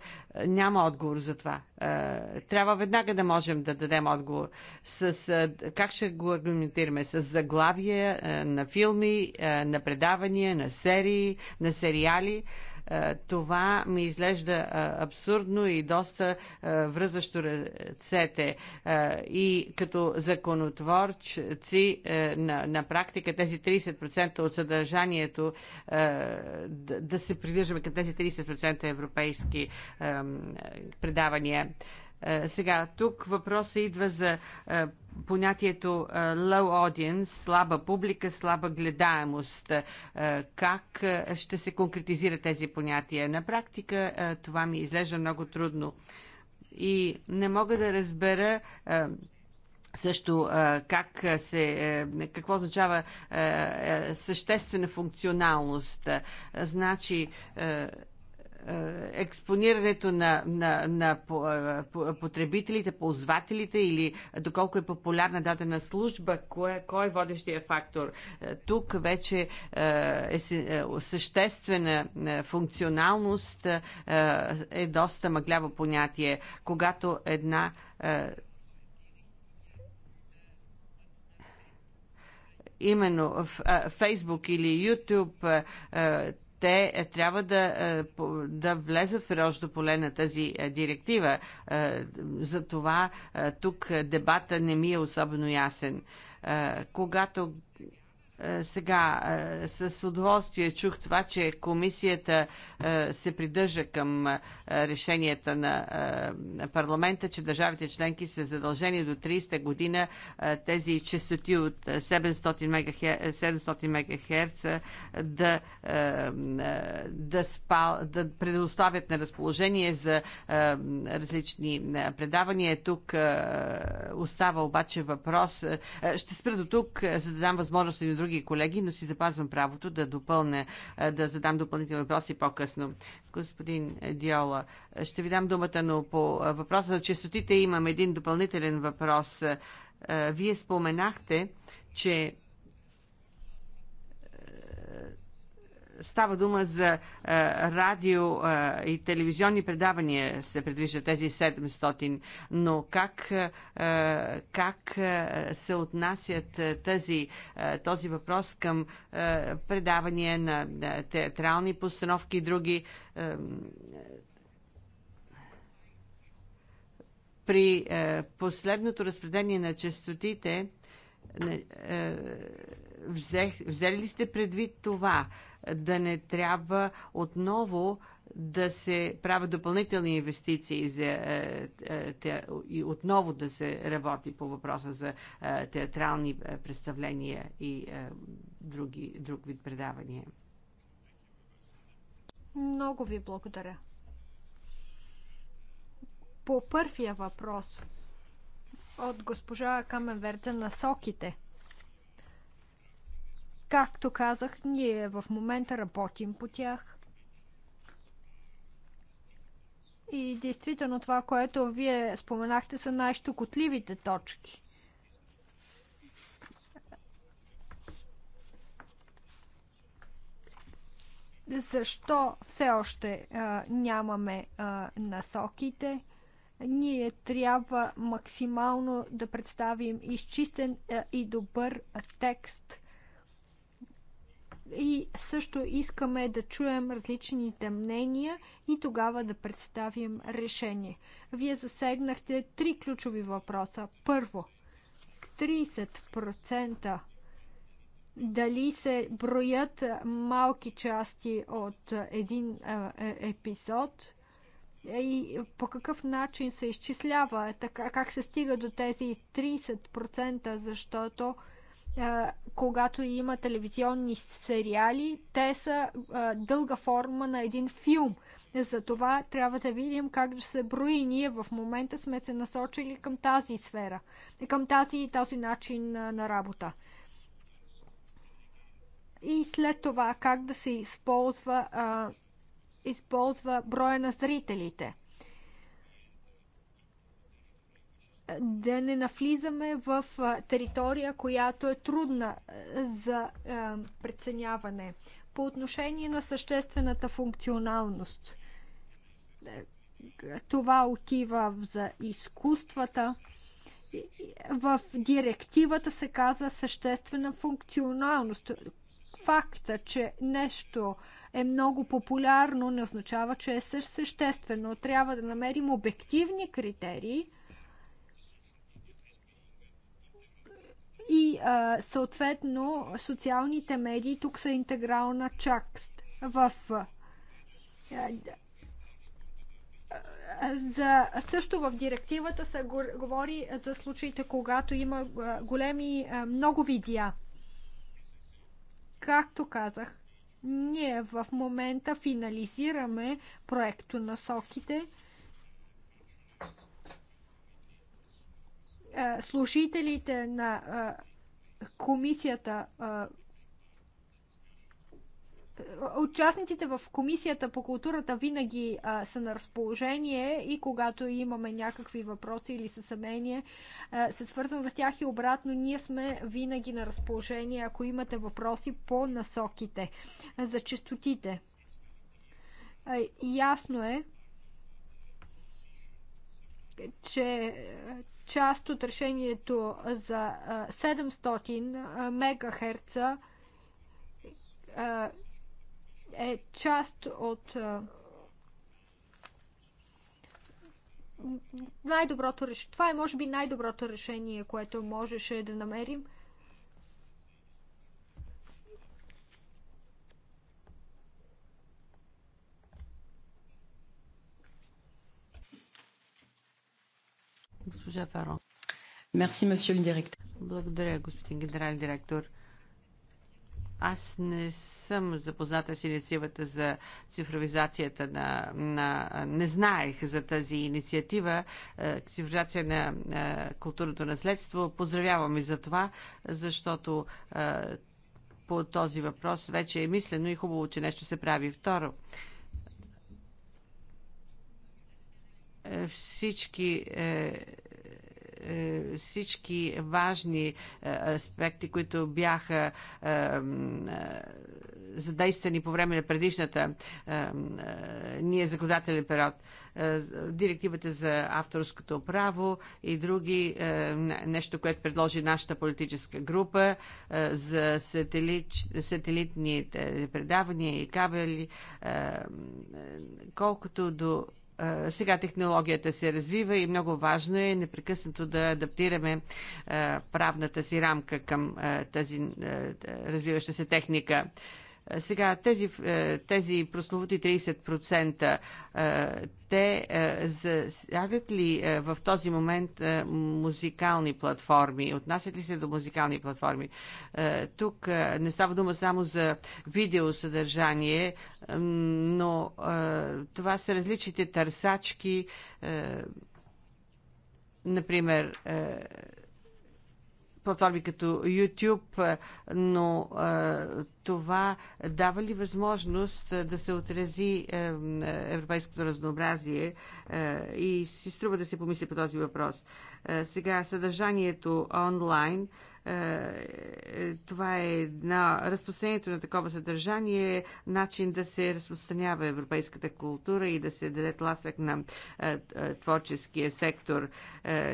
Няма отговор за това. Е, трябва веднага да можем да дадем отговор. С, е, как ще го аргументираме? С заглавия на филми, на предавания, на серии, на сериали – е, това ми изглежда е, абсурдно и доста е, връзващо ръцете. И като законотворци на, на практика тези 30% от съдържанието да се придържаме към тези 30% европейски предавания. Е, сега, тук въпросът идва за е, понятието е, low audience, слаба публика, слаба гледаемост. Как ще се конкретизира тези понятия? На практика това ми изглежда много трудно. И не мога да разбера също как се, какво означава съществена функционалност. Значи, е, експонирането на, на, на е, потребителите, ползвателите или доколко е популярна дадена служба, кое, кой е водещия фактор. Е, тук вече е, съществена функционалност е доста мъгляво понятие, когато една именно в Фейсбук или Ютуб те е, трябва да, е, да влезат в приложното поле на тази е, директива. Затова тук дебата не ми е особено ясен. Когато е, сега е, с удоволствие чух това, че комисията е, се придържа към решенията на парламента, че държавите членки са задължени до 30 година тези частоти от 700 МГц, да, да, да предоставят на разположение за различни предавания. Тук остава обаче въпрос. Ще спра до тук, за да дам възможност и на други други колеги, но си запазвам правото да допълня, е, да задам допълнителни въпроси по-късно. Господин Диола, ще ви дам думата, но по въпроса за честотите имам един допълнителен въпрос. Е, е, вие споменахте, че Става дума за е, радио е, и телевизионни предавания се предвижда тези 700, но как, е, как се отнасят тази, този въпрос към предавания на театрални постановки и други при а, последното разпределение на частотите, а, а, взех, взели ли сте предвид това? да не трябва отново да се правят допълнителни инвестиции за, е, е, те, и отново да се работи по въпроса за е, театрални представления и други, друг вид предавания. Много ви благодаря. По първия въпрос от госпожа Каменверде на соките – Както казах, ние в момента работим по тях. И действително това, което вие споменахте, са най-щукотливите точки. Защо все още а, нямаме а, насоките? ние трябва максимално да представим изчистен и добър текст и също искаме да чуем различните мнения и тогава да представим решение. Вие засегнахте три ключови въпроса. Първо, 30% дали се броят малки части от един е, епизод и по какъв начин се изчислява, така, как се стига до тези 30%, защото когато има телевизионни сериали, те са дълга форма на един филм. Затова трябва да видим как да се брои. Ние в момента сме се насочили към тази сфера, към тази и този начин на работа. И след това как да се използва, а, използва броя на зрителите – да не навлизаме в територия, която е трудна за преценяване. По отношение на съществената функционалност, е, това отива за изкуствата. В директивата се казва съществена функционалност. Факта, че нещо е много популярно, не означава, че е съществено. Трябва да намерим обективни критерии, И а, съответно социалните медии тук са интегрална част в за, също в директивата се говори за случаите, когато има големи, много видеа. Както казах, ние в момента финализираме проекто насоките. соките служителите на комисията участниците в комисията по културата винаги а, са на разположение и когато имаме някакви въпроси или със съмнение, се свързвам с тях и обратно. Ние сме винаги на разположение, ако имате въпроси по насоките за честотите. А, ясно е, че е, част от решението за 700 е, е, МГц е част от най-доброто решение. Това е, може би, най-доброто решение, което можеше да намерим – Госпожа Перо. Мерси, месье директор. Благодаря, господин генерал директор. Аз не съм запозната с инициативата за цифровизацията на, на... Не знаех за тази инициатива, е, цифровизация на е, културното наследство. Поздравявам и за това, защото е, по този въпрос вече е мислено и хубаво, че нещо се прави. Второ, Е, всички е, е, всички важни аспекти, които бяха задействани по време на предишната ние законодателен период. Директивата за авторското право и други, нещо, което предложи нашата политическа група за сателитните сателитни предавания и кабели, колкото до сега технологията се развива и много важно е непрекъснато да адаптираме правната си рамка към тази развиваща се техника. Е, сега тези, е, тези прословути 30%, е, те засягат ли в този момент музикални платформи? Отнасят ли се до музикални платформи? Тук не става дума само за видеосъдържание, но това са различните търсачки, например, платформи като YouTube, е, но е, това дава ли възможност е, да се отрази европейското разнообразие и си струва да се помисли по този въпрос. Сега съдържанието онлайн е, е, това е на Разпространението на такова съдържание е начин да се разпространява европейската култура и да се даде тласък на е, творческия сектор.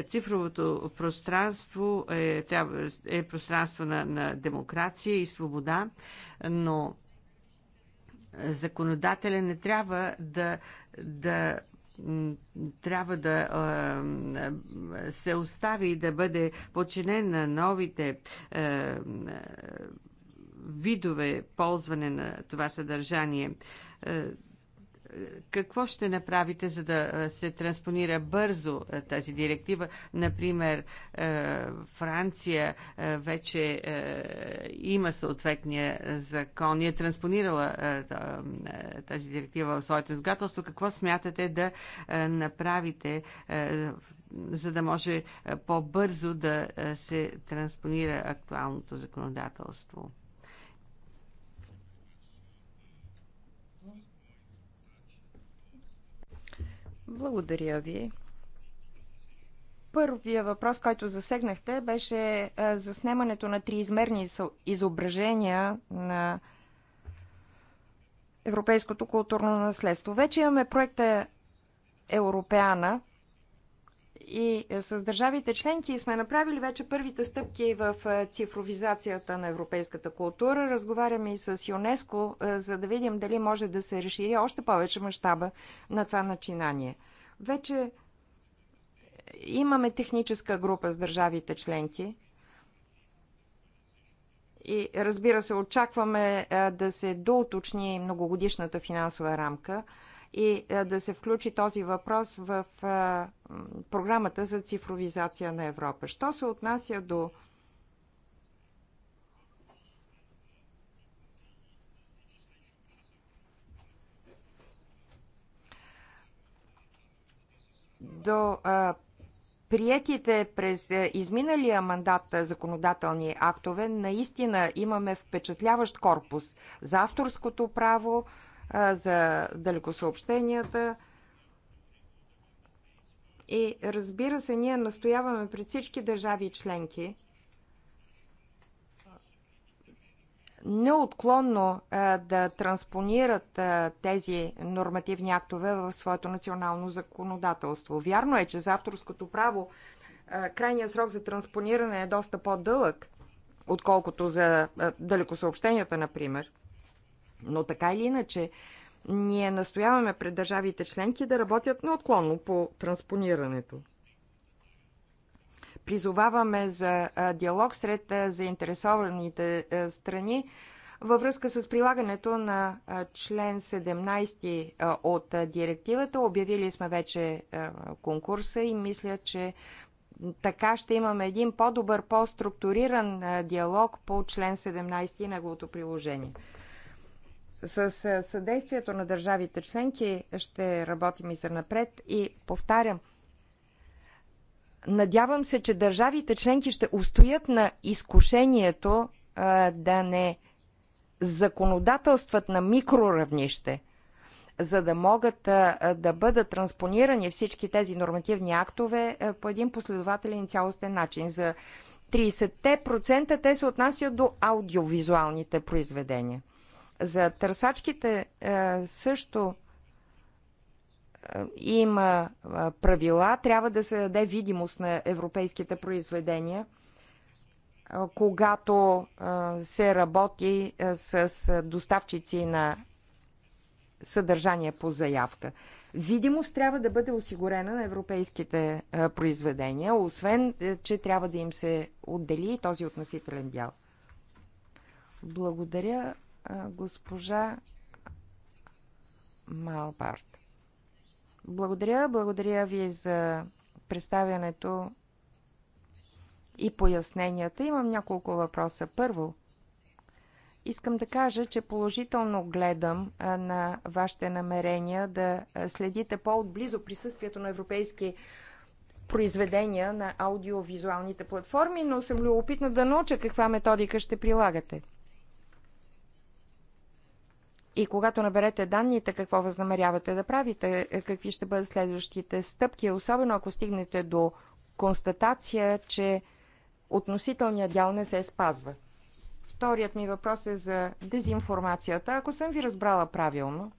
Цифровото пространство е, трябва, е пространство на, на демокрация и свобода, но законодателя не трябва да, да трябва да се остави да бъде подчинен на новите е, е, видове ползване на това съдържание е, какво ще направите, за да се транспонира бързо тази директива? Например, Франция вече има съответния закон и е транспонирала тази директива в своето изгателство. Какво смятате да направите, за да може по-бързо да се транспонира актуалното законодателство? Благодаря ви. Първия въпрос, който засегнахте, беше е, за снимането на триизмерни изображения на европейското културно наследство. Вече имаме проекта Европеана – и е, с държавите членки сме направили вече първите стъпки в е, цифровизацията на европейската култура. Разговаряме и с ЮНЕСКО, е, за да видим дали може да се разшири още повече мащаба на това начинание. Вече имаме техническа група с държавите членки и разбира се, очакваме да се доуточни многогодишната финансова рамка – и е, да се включи този въпрос в е, програмата за цифровизация на Европа. Що се отнася до до а, е, приетите през а, изминалия мандат законодателни актове, наистина имаме впечатляващ корпус за авторското право, за далекосъобщенията. И разбира се, ние настояваме пред всички държави и членки неотклонно да транспонират тези нормативни актове в своето национално законодателство. Вярно е, че за авторското право крайният срок за транспониране е доста по-дълъг, отколкото за далекосъобщенията, например. Но така или иначе, ние настояваме пред държавите членки да работят неотклонно по транспонирането. Призоваваме за диалог сред заинтересованите страни във връзка с прилагането на член 17 от директивата. Обявили сме вече конкурса и мисля, че така ще имаме един по-добър, по-структуриран диалог по член 17 и неговото приложение. С е, съдействието на държавите членки ще работим и за напред и повтарям, надявам се, че държавите членки ще устоят на изкушението а, е, да не законодателстват на микроравнище, за да могат а, е, да бъдат транспонирани всички тези нормативни актове а, по един последователен и цялостен начин. За 30% те се отнасят до аудиовизуалните произведения. За търсачките е, също е, има е, правила, трябва да се даде видимост на европейските произведения, когато се работи с доставчици на съдържание по заявка. Видимост трябва да бъде осигурена на европейските произведения, освен, че трябва да им се отдели този относителен дял. Благодаря госпожа Малбарт. Благодаря, благодаря ви за представянето и поясненията. Имам няколко въпроса. Първо, искам да кажа, че положително гледам на вашите намерения да следите по-отблизо присъствието на европейски произведения на аудиовизуалните платформи, но съм любопитна да науча каква методика ще прилагате. И когато наберете данните, какво възнамерявате да правите, какви ще бъдат следващите стъпки, особено ако стигнете до констатация, че относителният дял не се спазва. Вторият ми въпрос е за дезинформацията. Ако съм ви разбрала правилно,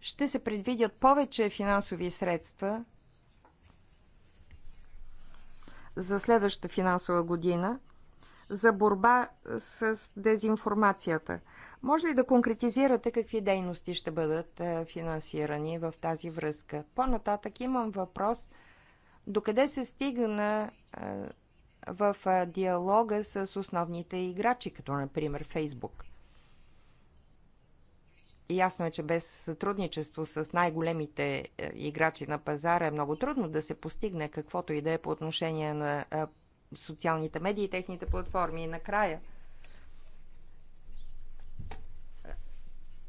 ще се предвидят повече финансови средства за следващата финансова година за борба с дезинформацията. Може ли да конкретизирате какви дейности ще бъдат е, финансирани в тази връзка? По-нататък имам въпрос. Докъде се стигна е, в е, диалога с основните играчи, като например Фейсбук? Ясно е, че без сътрудничество с най-големите играчи на пазара е много трудно да се постигне каквото и да е по отношение на социалните медии и техните платформи. И накрая –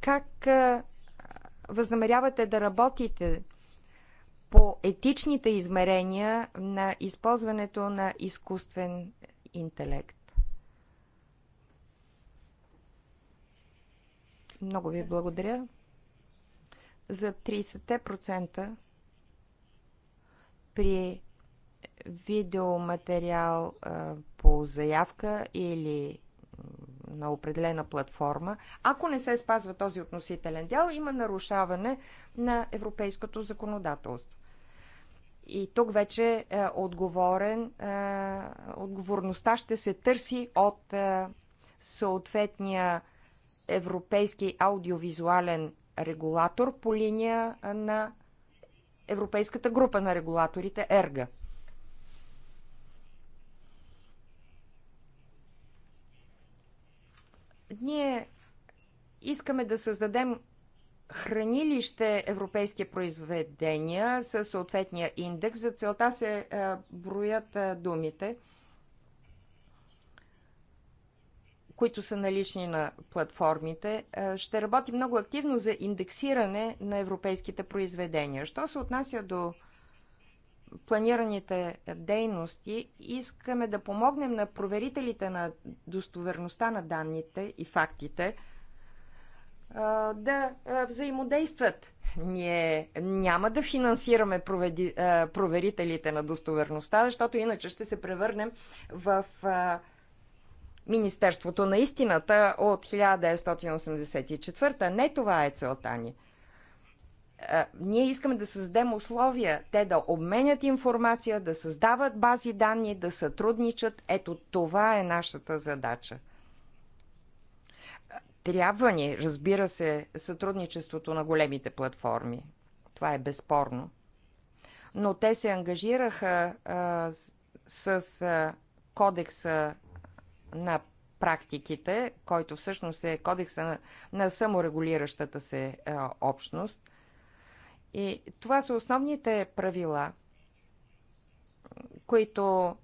Как възнамерявате да работите по етичните измерения на използването на изкуствен интелект? Много ви благодаря за 30% при видеоматериал по заявка или на определена платформа, ако не се спазва този относителен дял, има нарушаване на европейското законодателство. И тук вече е, отговорен, е, отговорността ще се търси от е, съответния европейски аудиовизуален регулатор по линия на Европейската група на регулаторите ЕРГА. Ние искаме да създадем хранилище европейски произведения със съответния индекс. За целта се е, броят е, думите, които са налични на платформите. Е, ще работи много активно за индексиране на европейските произведения. Що се отнася до планираните дейности, искаме да помогнем на проверителите на достоверността на данните и фактите да взаимодействат. Ние няма да финансираме проверителите на достоверността, защото иначе ще се превърнем в Министерството на истината от 1984. Не това е целта ни ние искаме да създадем условия те да обменят информация, да създават бази данни, да сътрудничат. Ето това е нашата задача. Трябва ни, разбира се, сътрудничеството на големите платформи. Това е безспорно. Но те се ангажираха а, с, с а, кодекса на практиките, който всъщност е кодекса на, на саморегулиращата се а, общност и това са основните правила, които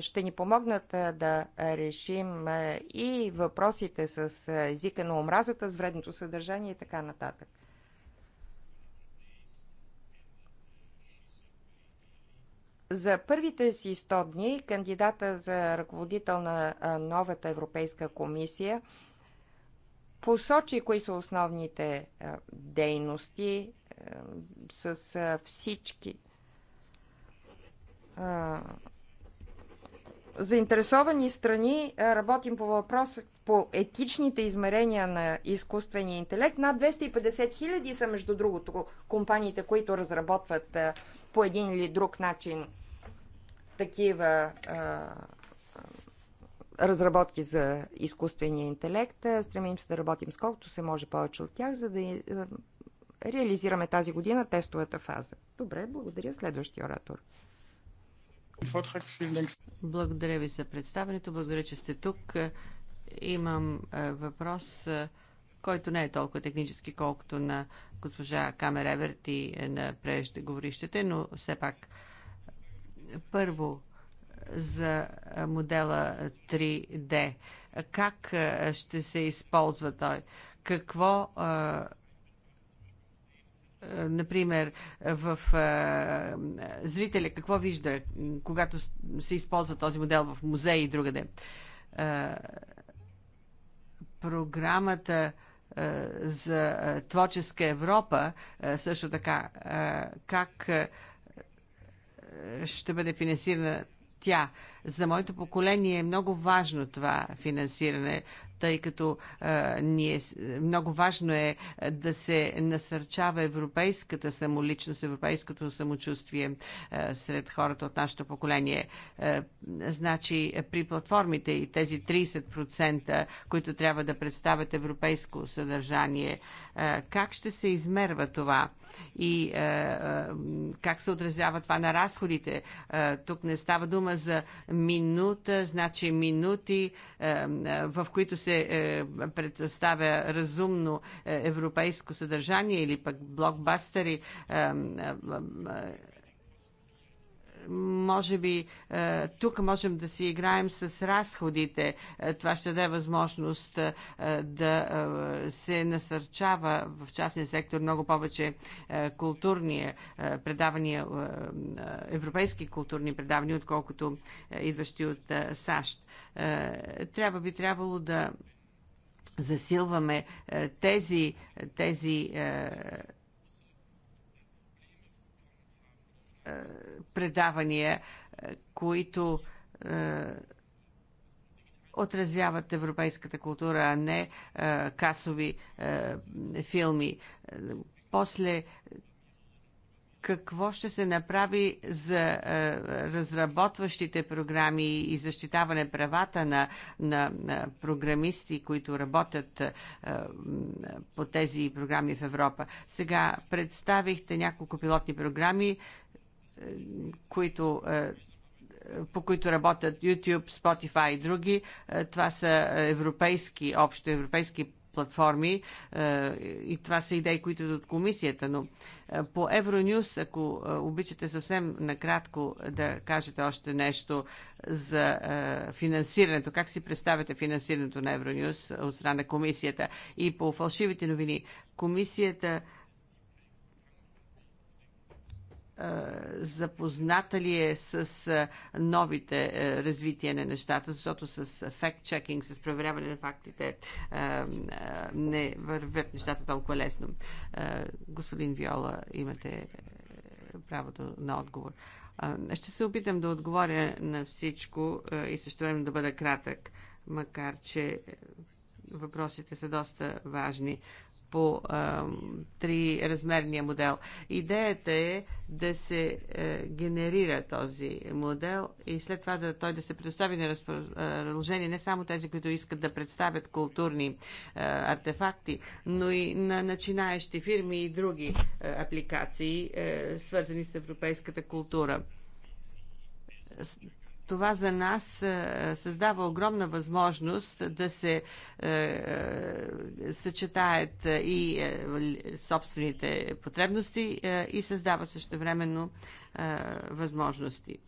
ще ни помогнат да решим и въпросите с езика на омразата, с вредното съдържание и така нататък. За първите си 100 дни кандидата за ръководител на новата Европейска комисия посочи кои са основните дейности, с всички заинтересовани страни работим по въпроса по етичните измерения на изкуствения интелект. Над 250 хиляди са, между другото, компаниите, които разработват по един или друг начин такива а, разработки за изкуствения интелект. Стремим се да работим с колкото се може повече от тях, за да реализираме тази година тестовата фаза. Добре, благодаря. Следващия оратор. Благодаря ви за представенето. Благодаря, че сте тук. Имам е, въпрос, е, който не е толкова технически, колкото на госпожа Камер Еверт и на преждеговорищите, но все пак първо за модела 3D. Как е, ще се използва той? Какво например, в зрителя какво вижда, когато се използва този модел в музеи и другаде. Програмата за творческа Европа също така как ще бъде финансирана тя. За моето поколение е много важно това финансиране тъй като а, ние, много важно е да се насърчава европейската самоличност, европейското самочувствие а, сред хората от нашето поколение. А, значи, при платформите и тези 30%, които трябва да представят европейско съдържание, е, как ще се измерва това и е, е, как се отразява това на разходите? Тук не става дума за минута, значи минути, в които се представя разумно европейско съдържание или пък блокбастери може би е, тук можем да си играем с разходите. Е, това ще даде възможност е, да се насърчава в частния сектор много повече културни предавания, европейски културни предавания, отколкото идващи от САЩ. Трябва би трябвало да засилваме тези, тези предавания, е, които е, отразяват европейската култура, а не е, касови филми. После какво ще се направи за разработващите програми и защитаване правата на, на, на програмисти, които работят по тези програми в Европа. Сега представихте няколко пилотни програми, които е, по които работят YouTube, Spotify и други. Е, това са европейски, общо европейски платформи е, и това са идеи, които идват от комисията, но по Евронюс, ако обичате съвсем накратко да кажете още нещо за финансирането, как си представяте финансирането на Евронюс от страна на комисията и по фалшивите новини. Комисията запозната ли е с новите развития на нещата, защото с факт-чекинг, с проверяване на фактите не вървят нещата толкова лесно. Господин Виола, имате правото на отговор. Ще се опитам да отговоря на всичко и също време да бъда кратък, макар че въпросите са доста важни по а, триразмерния модел. Идеята е да се а, е, генерира този модел и след това да, той да се предостави на разположение не само тези, които искат да представят културни а, е, артефакти, но и на начинаещи фирми и други а, е, апликации, а, свързани с европейската култура това за нас е, създава огромна възможност да се е, е, съчетаят и собствените потребности и създават същевременно възможности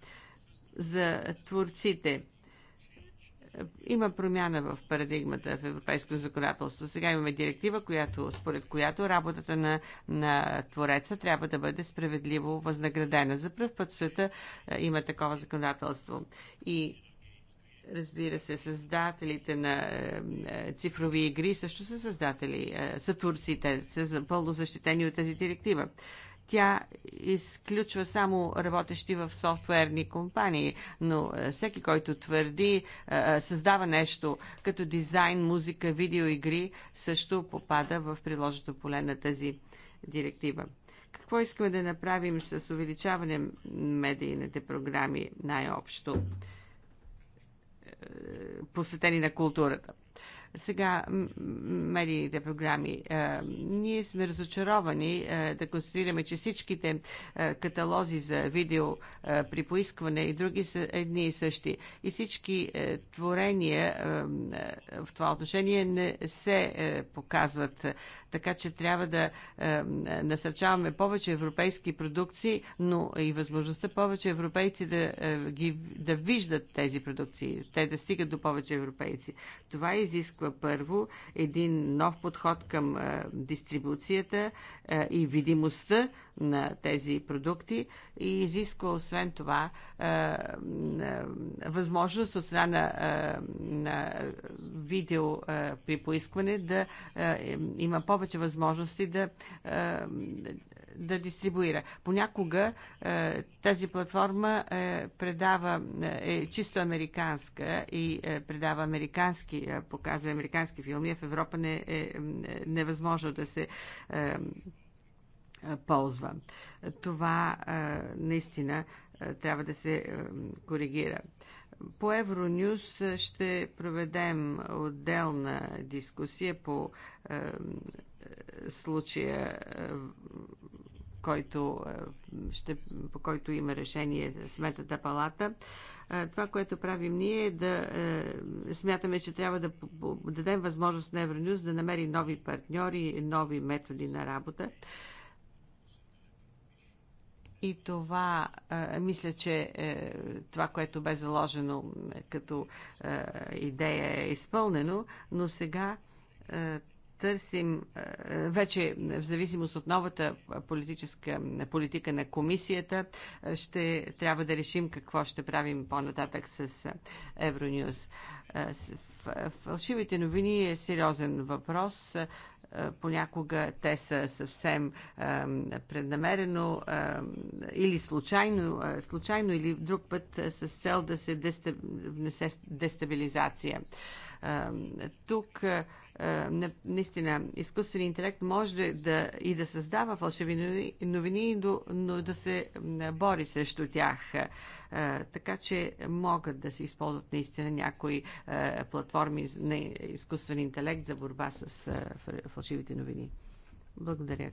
за творците има промяна в парадигмата в европейското законодателство. Сега имаме директива, която, според която работата на, на Твореца трябва да бъде справедливо възнаградена. За първ път в света е, има такова законодателство. И разбира се, създателите на е, е, цифрови игри също са създатели, са турците, са пълно защитени от тази директива. Тя изключва само работещи в софтуерни компании, но е, всеки, който твърди, е, е, създава нещо като дизайн, музика, видеоигри, също попада в приложното поле на тази директива. Какво искаме да направим с увеличаване медийните програми най-общо, посветени на културата? Сега медийните програми. Е, ние сме разочаровани е, да констатираме, че всичките е, каталози за видео при поискване и други са едни и същи. И всички творения в това отношение не се показват. Така че трябва да насърчаваме повече европейски продукции, но и възможността повече европейци да, ги, да виждат тези продукции, те да стигат до повече европейци. Това изисква изисква първо един нов подход към дистрибуцията и видимостта на тези продукти и изисква освен това възможност от страна на видео при поискване да има повече възможности да да дистрибуира. Понякога е, тази платформа е, предава, е, е чисто американска и е, предава американски, показва американски филми, в Европа не е, невъзможно да се ползва. Това наистина трябва да се коригира. По Евронюс ще проведем отделна дискусия по случая който, е, ще, по който има решение Сметата палата. Е, това, което правим ние е да е, смятаме, че трябва да дадем възможност на Евронюз да намери нови партньори, нови методи на работа. И това, мисля, че е, това, което бе заложено като е, идея е изпълнено, но сега е, търсим е, вече в зависимост от новата политическа политика на комисията, е, ще трябва да решим какво ще правим по-нататък с е, Евронюс. Фалшивите новини е сериозен въпрос. Понякога те са съвсем преднамерено или случайно, случайно или друг път с цел да се внесе дестабилизация. Тук наистина изкуственият интелект може да и да създава фалшиви новини, но да се бори срещу тях. Така че могат да се използват наистина някои платформи на изкуствен интелект за борба с фалшивите новини. Благодаря.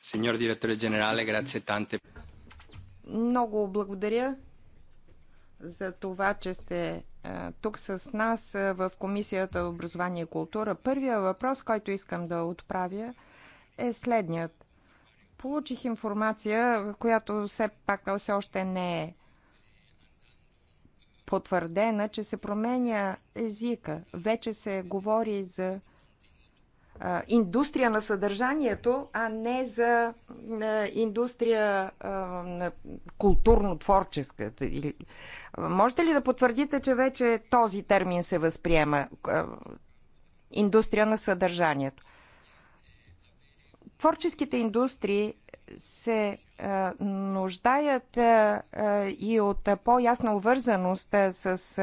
Сеньор директор Generale, грация Танте. Много благодаря за това, че сте тук с нас в Комисията образование и култура. Първия въпрос, който искам да отправя е следният. Получих информация, която все пак все още не е потвърдена, че се променя езика. Вече се говори за индустрия на съдържанието, а не за индустрия на културно-творческа. Можете ли да потвърдите, че вече този термин се възприема? Индустрия на съдържанието. Творческите индустрии се нуждаят и от по-ясна увързаност с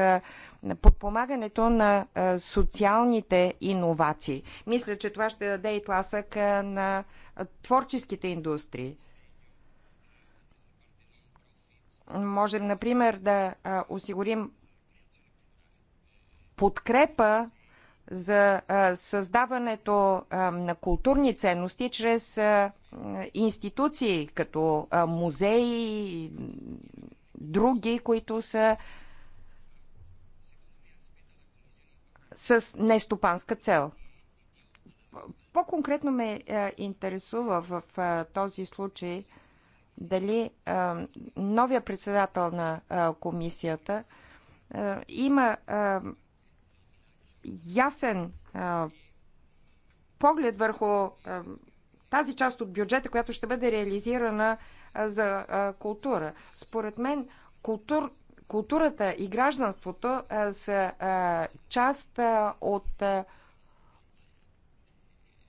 на подпомагането на социалните иновации. Мисля, че това ще даде и тласък на творческите индустрии. Можем, например, да осигурим подкрепа за създаването на културни ценности чрез институции като музеи и други, които са с нестопанска цел. По-конкретно ме е, интересува в е, този случай дали е, новия председател на комисията има ясен поглед върху тази част от бюджета, която ще бъде реализирана за култура. Според мен, култур, културата и гражданството са част от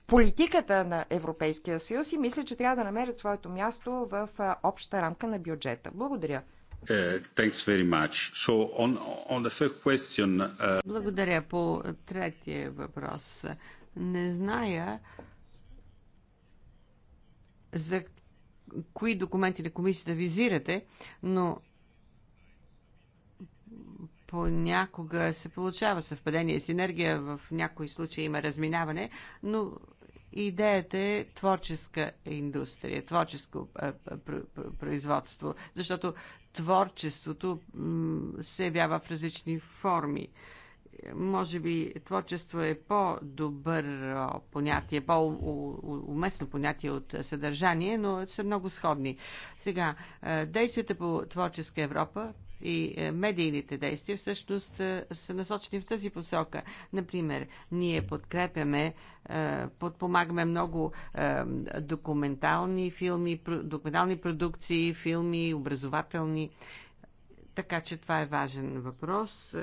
политиката на Европейския съюз и мисля, че трябва да намерят своето място в общата рамка на бюджета. Благодаря. Е, so on, on question, uh... Благодаря по третия въпрос. Не зная за кои документи на комисията визирате, но понякога се получава съвпадение, синергия, в някои случаи има разминаване, но идеята е творческа индустрия, творческо производство, защото творчеството се явява в различни форми. Може би творчество е по-добър понятие, по-уместно понятие от съдържание, но са много сходни. Сега, действията по Творческа Европа и е, медийните действия всъщност е, са насочени в тази посока. Например, ние подкрепяме, е, подпомагаме много документални филми, документални продукции, филми, образователни. Така че това е важен въпрос.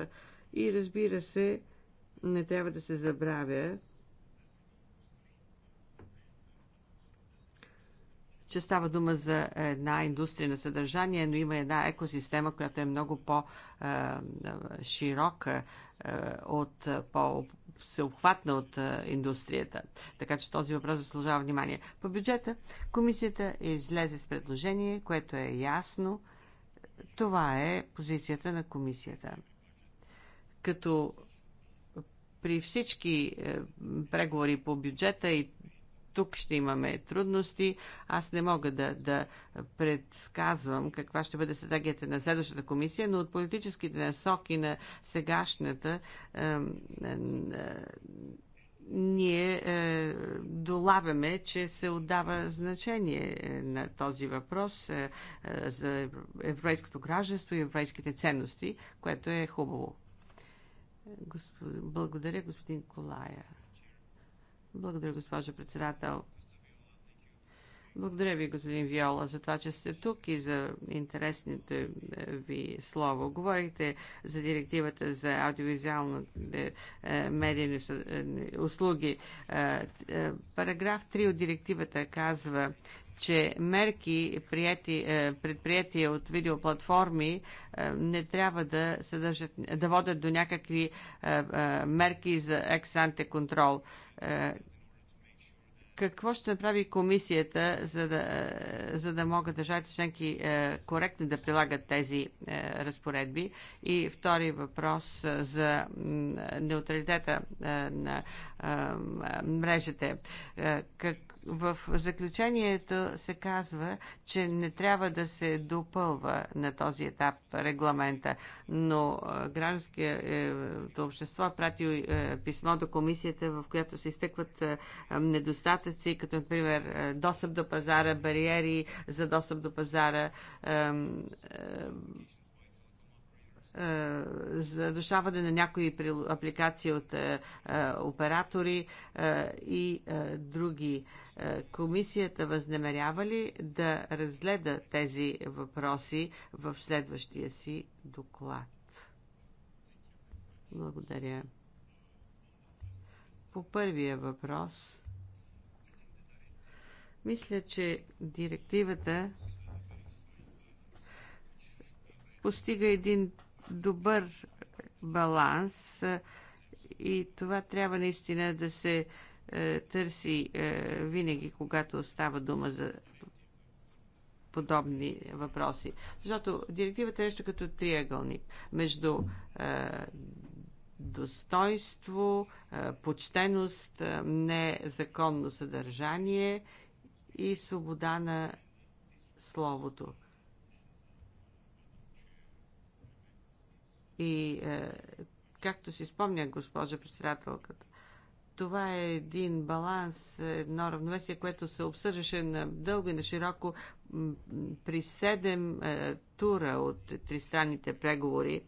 И разбира се, не трябва да се забравя, че става дума за една индустрия на съдържание, но има една екосистема, която е много по-широка е, е, от по всеобхватна от е, индустрията. Така че този въпрос заслужава внимание. По бюджета комисията излезе с предложение, което е ясно. Това е позицията на комисията. Като при всички преговори по бюджета и тук ще имаме трудности. Аз не мога да, да предсказвам каква ще бъде стратегията на следващата комисия, но от политическите насоки на сегашната е, е, е, ние е, долавяме, че се отдава значение е, на този въпрос е, е, за европейското гражданство и европейските ценности, което е хубаво. Господ... Благодаря, господин Колая. Благодаря, госпожо председател. Благодаря ви, господин Виола, за това, че сте тук и за интересното е, ви слово. Говорихте за директивата за аудиовизуално е, медийни е, услуги. Параграф 3 от директивата казва, че мерки, прияти, е, предприятия от видеоплатформи, е, не трябва да, съдържат, да водят до някакви е, мерки за ексанте контрол. Какво ще направи комисията, за да, за да могат държавите членки коректно да прилагат тези разпоредби? И втори въпрос за неутралитета на мрежите. Как в заключението се казва, че не трябва да се допълва на този етап регламента, но е, гражданското е, общество е прати писмо до комисията, в която се изтъкват недостатъци, като например достъп до пазара, бариери за достъп до пазара, задушаване на някои апликации от оператори и други е, комисията възнамерява ли да разгледа тези въпроси в следващия си доклад? Благодаря. По първия въпрос, мисля, че директивата постига един добър баланс е, и това трябва наистина да се е, търси е, винаги, когато става дума за подобни въпроси. Защото директивата е нещо като триъгълник между е, достойство, почтеност, незаконно съдържание и свобода на словото. И, както си спомня госпожа председателката, това е един баланс, едно равновесие, което се обсъждаше на дълго и на широко при седем е, тура от тристранните преговори,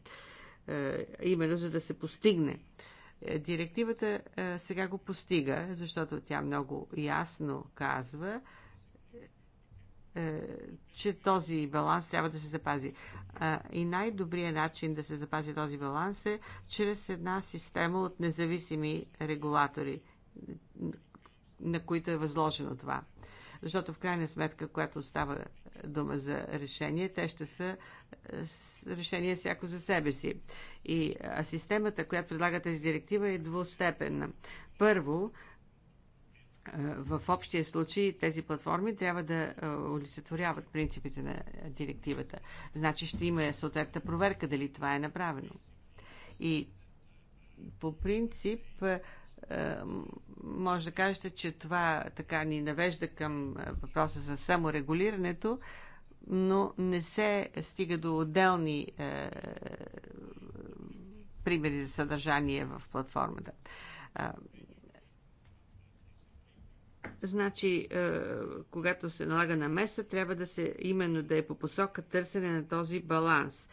е, именно за да се постигне. Е, директивата е, сега го постига, защото тя много ясно казва, е, че този баланс трябва да се запази. И най-добрият начин да се запази този баланс е чрез една система от независими регулатори, на които е възложено това. Защото в крайна сметка, която става дума за решение, те ще са е, решения всяко за себе си. И системата, която предлага тази директива е двустепенна. Първо, е, в общия случай тези платформи трябва да е, олицетворяват принципите на директивата. Значи ще има съответна проверка дали това е направено. И по принцип е, може да кажете, че това така ни навежда към въпроса за саморегулирането, но не се стига до отделни примери за съдържание в платформата. Значи, е, когато се налага на меса, трябва да се именно да е по посока търсене на този баланс,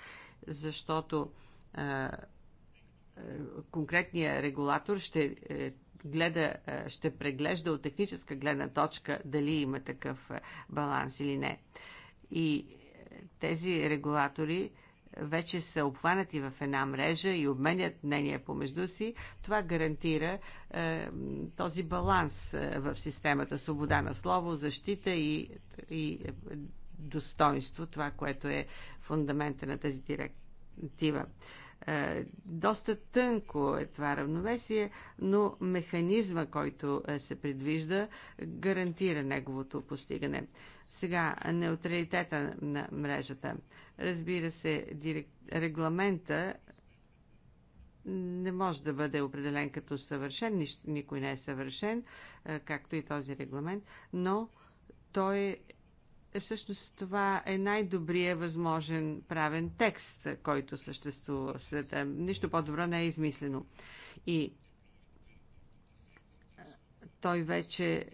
защото е, е, конкретният регулатор ще гледа, ще преглежда от техническа гледна точка дали има такъв баланс или не. И тези регулатори вече са обхванати в една мрежа и обменят мнения помежду си, това гарантира е, този баланс е, в системата свобода на слово, защита и, и достоинство, това, което е фундамента на тази директива. Е, доста тънко е това равновесие, но механизма, който е, се предвижда, гарантира неговото постигане. Сега, неутралитета на мрежата. Разбира се, директ... регламента не може да бъде определен като съвършен, никой не е съвършен, както и този регламент, но той е, всъщност това е най-добрият възможен правен текст, който съществува в света. Нищо по-добро не е измислено. И той вече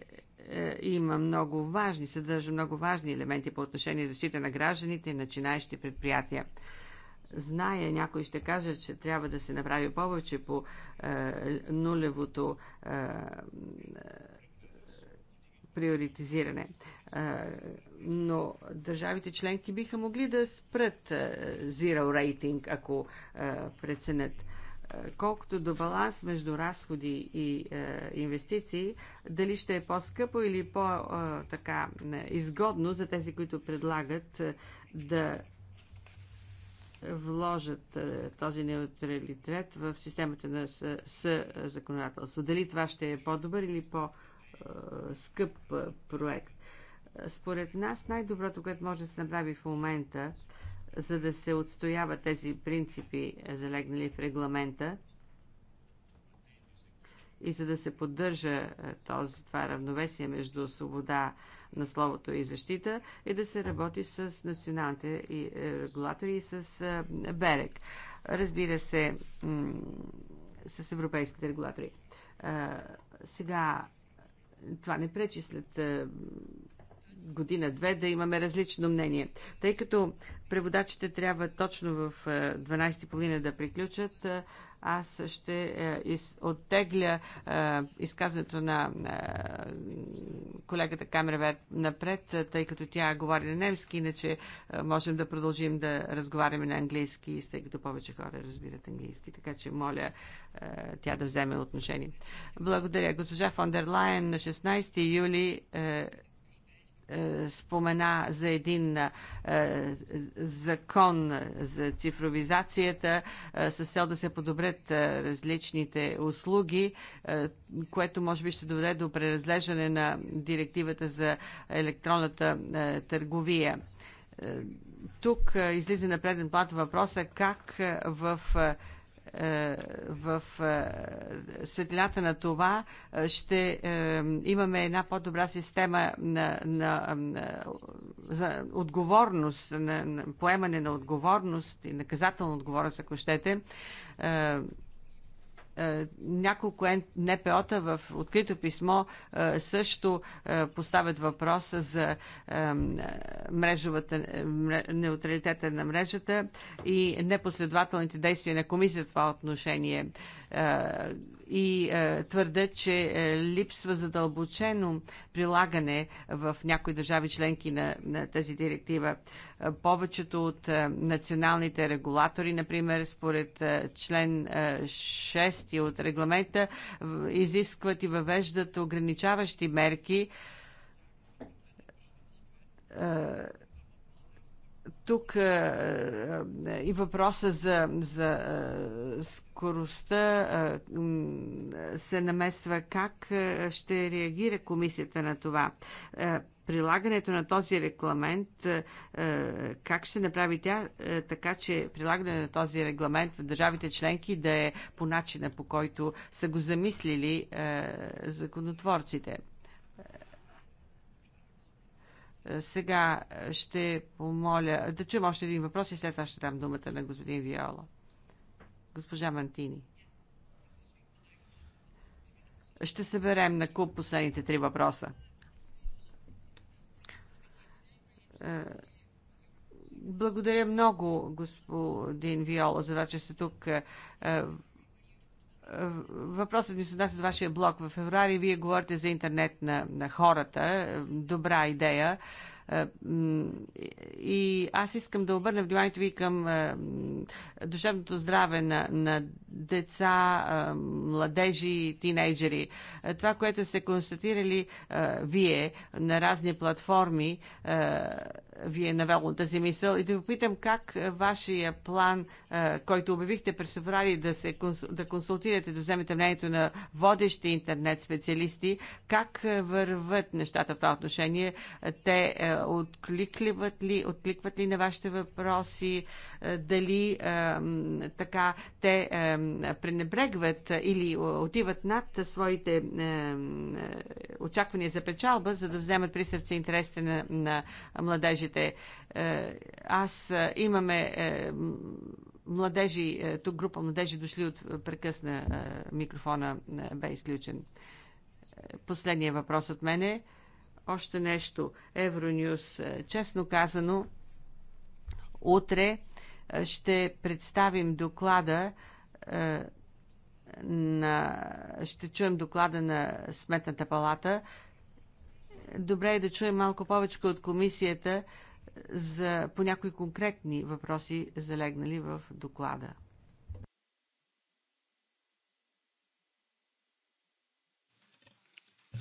е, има много важни, съдържа много важни елементи по отношение защита на гражданите и начинаещи предприятия. Зная, някой ще каже, че трябва да се направи повече по е, нулевото е, е, приоритизиране. Е, но държавите членки биха могли да спрат е, zero рейтинг, ако е, преценят. Е, колкото до баланс между разходи и е, инвестиции, дали ще е по-скъпо или по е, изгодно за тези, които предлагат е, да вложат е, този неутралитет в системата на с, с законодателство. Дали това ще е по-добър или по-скъп е, е, проект. Според нас най-доброто, което може да се направи в момента, е, за да се отстоява тези принципи, залегнали в регламента и за да се поддържа е, този, това равновесие между свобода на словото и защита, и да се работи с националните е, регулатори и с е, БЕРЕК. Разбира се, с европейските регулатори. Сега, това не пречи след година-две да имаме различно мнение. Тъй като преводачите трябва точно в 12 е, половина да приключат, е, аз ще е, оттегля изказването на колегата Камервер напред, тъй като тя говори на немски, иначе можем да продължим да разговаряме на английски, тъй като повече хора разбират английски, така че моля тя да вземе отношение. Благодаря. Госпожа Фондерлайн на 16 юли е, спомена за един е, закон за цифровизацията е, с цел да се подобрят различните услуги, което може би ще доведе до преразглеждане на директивата за електронната търговия тук излиза на преден план въпроса как в е, в е, светлината на това е, ще имаме една по-добра система на, на, на за отговорност, на, на поемане на отговорност и наказателна отговорност, ако щете е, няколко НПО-та в открито писмо е, също е, поставят въпроса за мрежовата, неутралитета на мрежата и непоследователните действия на комисията в това отношение и е, твърдят, че е, липсва задълбочено прилагане в някои държави членки на, на тази директива. Е, повечето от е, националните регулатори, например, според е, член е, 6 от регламента, е, изискват и въвеждат ограничаващи мерки. Е, тук е, е, и въпроса за, за е, скоростта се намесва как ще реагира комисията на това. Прилагането на този регламент, как ще направи тя така, че прилагане на този регламент в държавите членки да е по начина по който са го замислили законотворците. Сега е, ще помоля да чуем още един въпрос и след това ще дам думата на господин Виола. Госпожа Мантини. Ще съберем на куп последните три въпроса. Е, благодаря много, господин Виола, за това, че сте тук. Е, Въпросът ми се отнася до вашия блог. В феврари вие говорите за интернет на, на хората. Добра идея. Е, и аз искам да обърна вниманието ви към е, душевното здраве на, на деца, младежи, тинейджери. Това, което сте констатирали вие на разни платформи, вие е навело тази мисъл и да ви попитам как вашия план, който обявихте през феврали да, се, да консултирате, да вземете мнението на водещи интернет специалисти, как върват нещата в това отношение? Те откликват ли, откликват ли на вашите въпроси? Дали така те пренебрегват или отиват над своите е, очаквания за печалба, за да вземат при сърце интересите на, на младежите. Е, аз е, имаме младежи, тук група младежи дошли от прекъсна микрофона, бе изключен. Последният въпрос от мене. Още нещо. Евронюс. Честно казано, утре ще представим доклада е, на... ще чуем доклада на Сметната палата. Добре е да чуем малко повече от комисията за, по някои конкретни въпроси, залегнали в доклада.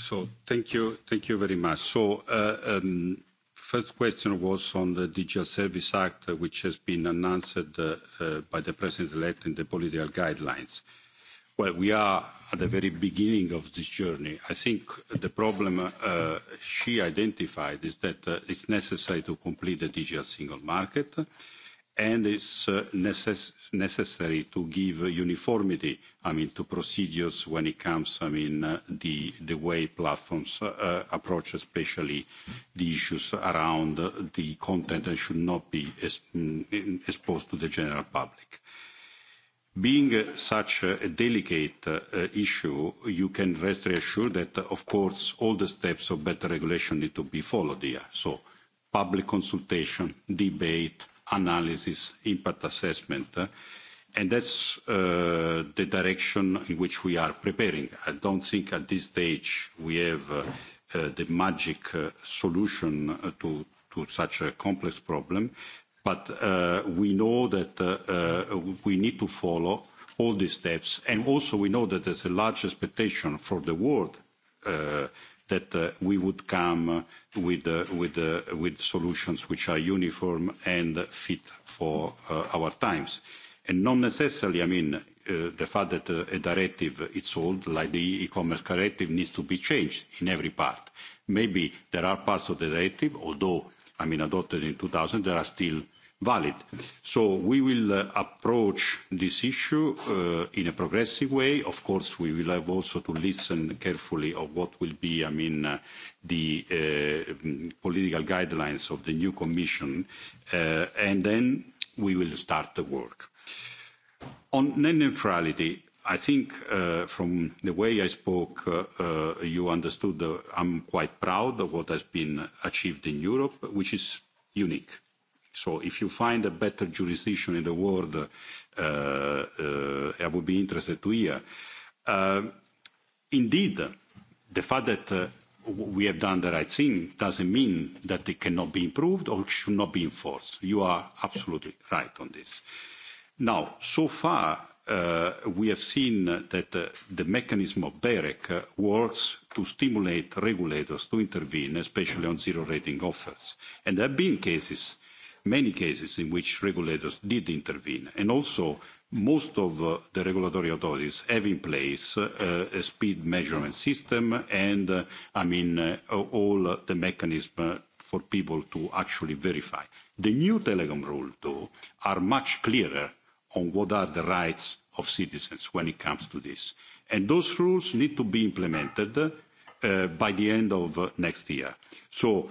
So, thank you, thank you very much. So, uh, um, first question was on the Digital Service Act, which has been announced by the President-elect in the political guidelines. Well, we are at the very beginning of this journey. I think the problem she identified is that it's necessary to complete the digital single market and it's necessary to give uniformity, I mean, to procedures when it comes, I mean, uh, the, the way platforms uh, approach, especially the issues around uh, the content that should not be exposed to the general public. Being uh, such a delicate uh, issue, you can rest reassured that, uh, of course, all the steps of better regulation need to be followed here. So public consultation, debate, analysis, impact assessment, and that's the direction in which we are preparing. I don't think at this stage we have the magic solution to such a complex problem, but we know that we need to follow all these steps. And also we know that there's a large expectation for the world that we would come with solutions which are uniform and fit for our times. And Not necessarily, I mean, the fact that a directive is old, like the e-commerce directive, needs to be changed in every part. Maybe there are parts of the directive, although, I mean, adopted in 2000, there are still valid. So we will uh, approach this issue uh, in a progressive way. Of course, we will have also to listen carefully of what will be, I mean, uh, the uh, political guidelines of the new Commission, uh, and then we will start the work. On net neutrality, I think uh, from the way I spoke, uh, uh, you understood that I'm quite proud of what has been achieved in Europe, which is unique So if you find a better jurisdiction in the world, uh, uh, I would be interested to hear. Uh, indeed, the fact that uh, we have done the right thing doesn't mean that it cannot be improved or should not be enforced. You are absolutely right on this. Now, so far, uh, we have seen that uh, the mechanism of BEREC uh, works to stimulate regulators to intervene, especially on zero rating offers. And there have been cases many cases in which regulators did intervene. And also, most of the regulatory authorities have in place a speed measurement system and, I mean, all the mechanism for people to actually verify. The new telecom rules, though, are much clearer on what are the rights of citizens when it comes to this. And those rules need to be implemented by the end of next year. So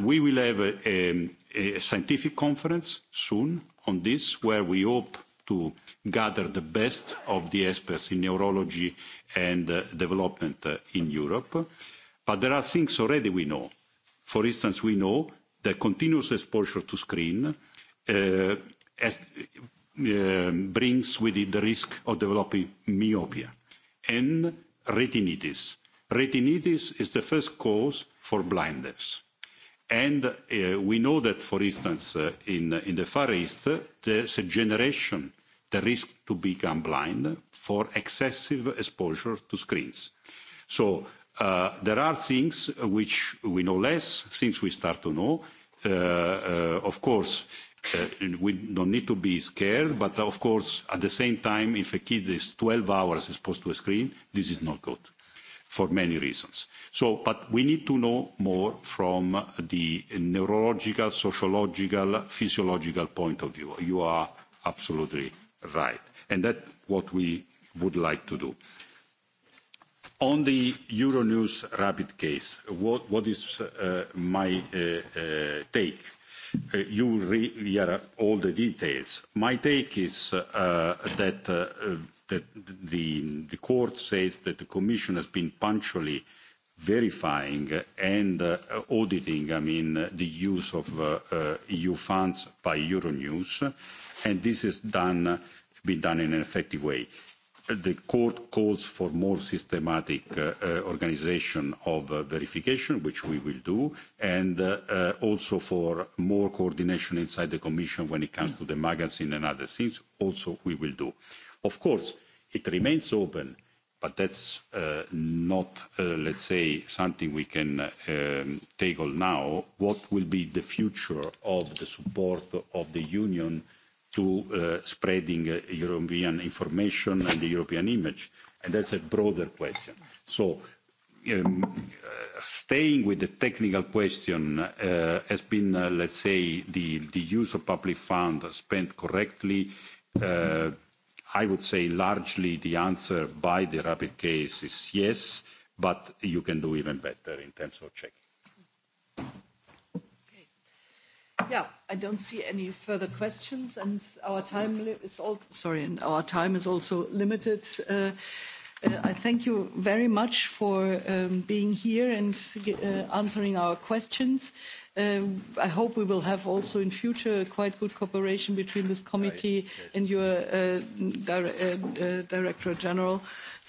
we will have a, scientific conference soon on this, where we hope to gather the best of the experts in neurology and development in Europe. But there are things already we know. For instance, we know that continuous exposure to screen brings with it the risk of developing myopia and retinitis. Retinitis is the first cause for blindness And we know that, for instance, in, in the Far East, there's a generation the risk to become blind for excessive exposure to screens. So uh, there are things which we know less, things we start to know. Uh, uh, of course, uh, we don't need to be scared, but of course, at the same time, if a kid is 12 hours exposed to a screen, this is not good for many reasons. So, but we need to know more from the neurological, sociological, physiological point of view. You are absolutely right. And that's what we would like to do. On the Euronews Rapid case, what, what is uh, my uh, uh, take? Uh, you will hear all the details. My take is uh, that uh, that the, the court says that the commission has been punctually verifying and uh, auditing, I mean, the use of uh, uh, EU funds by Euronews, and this has done, been done in an effective way. The court calls for more systematic uh, uh, organization of uh, verification, which we will do, and uh, uh, also for more coordination inside the Commission when it comes to the magazine and other things, also we will do Of course, it remains open, but that's uh, not, uh, let's say, something we can um, tackle now. What will be the future of the support of the Union to uh, spreading uh, European information and the European image? And that's a broader question. So um, staying with the technical question uh, has been, uh, let's say, the, the use of public funds spent correctly, uh, I would say largely the answer by the rapid case is yes, but you can do even better in terms of checking. Yeah, I don't see any further questions, and our time is all sorry, and our time is also limited. I thank you very much for being here and answering our questions. I hope we will have also in future quite good cooperation between this committee and your Director General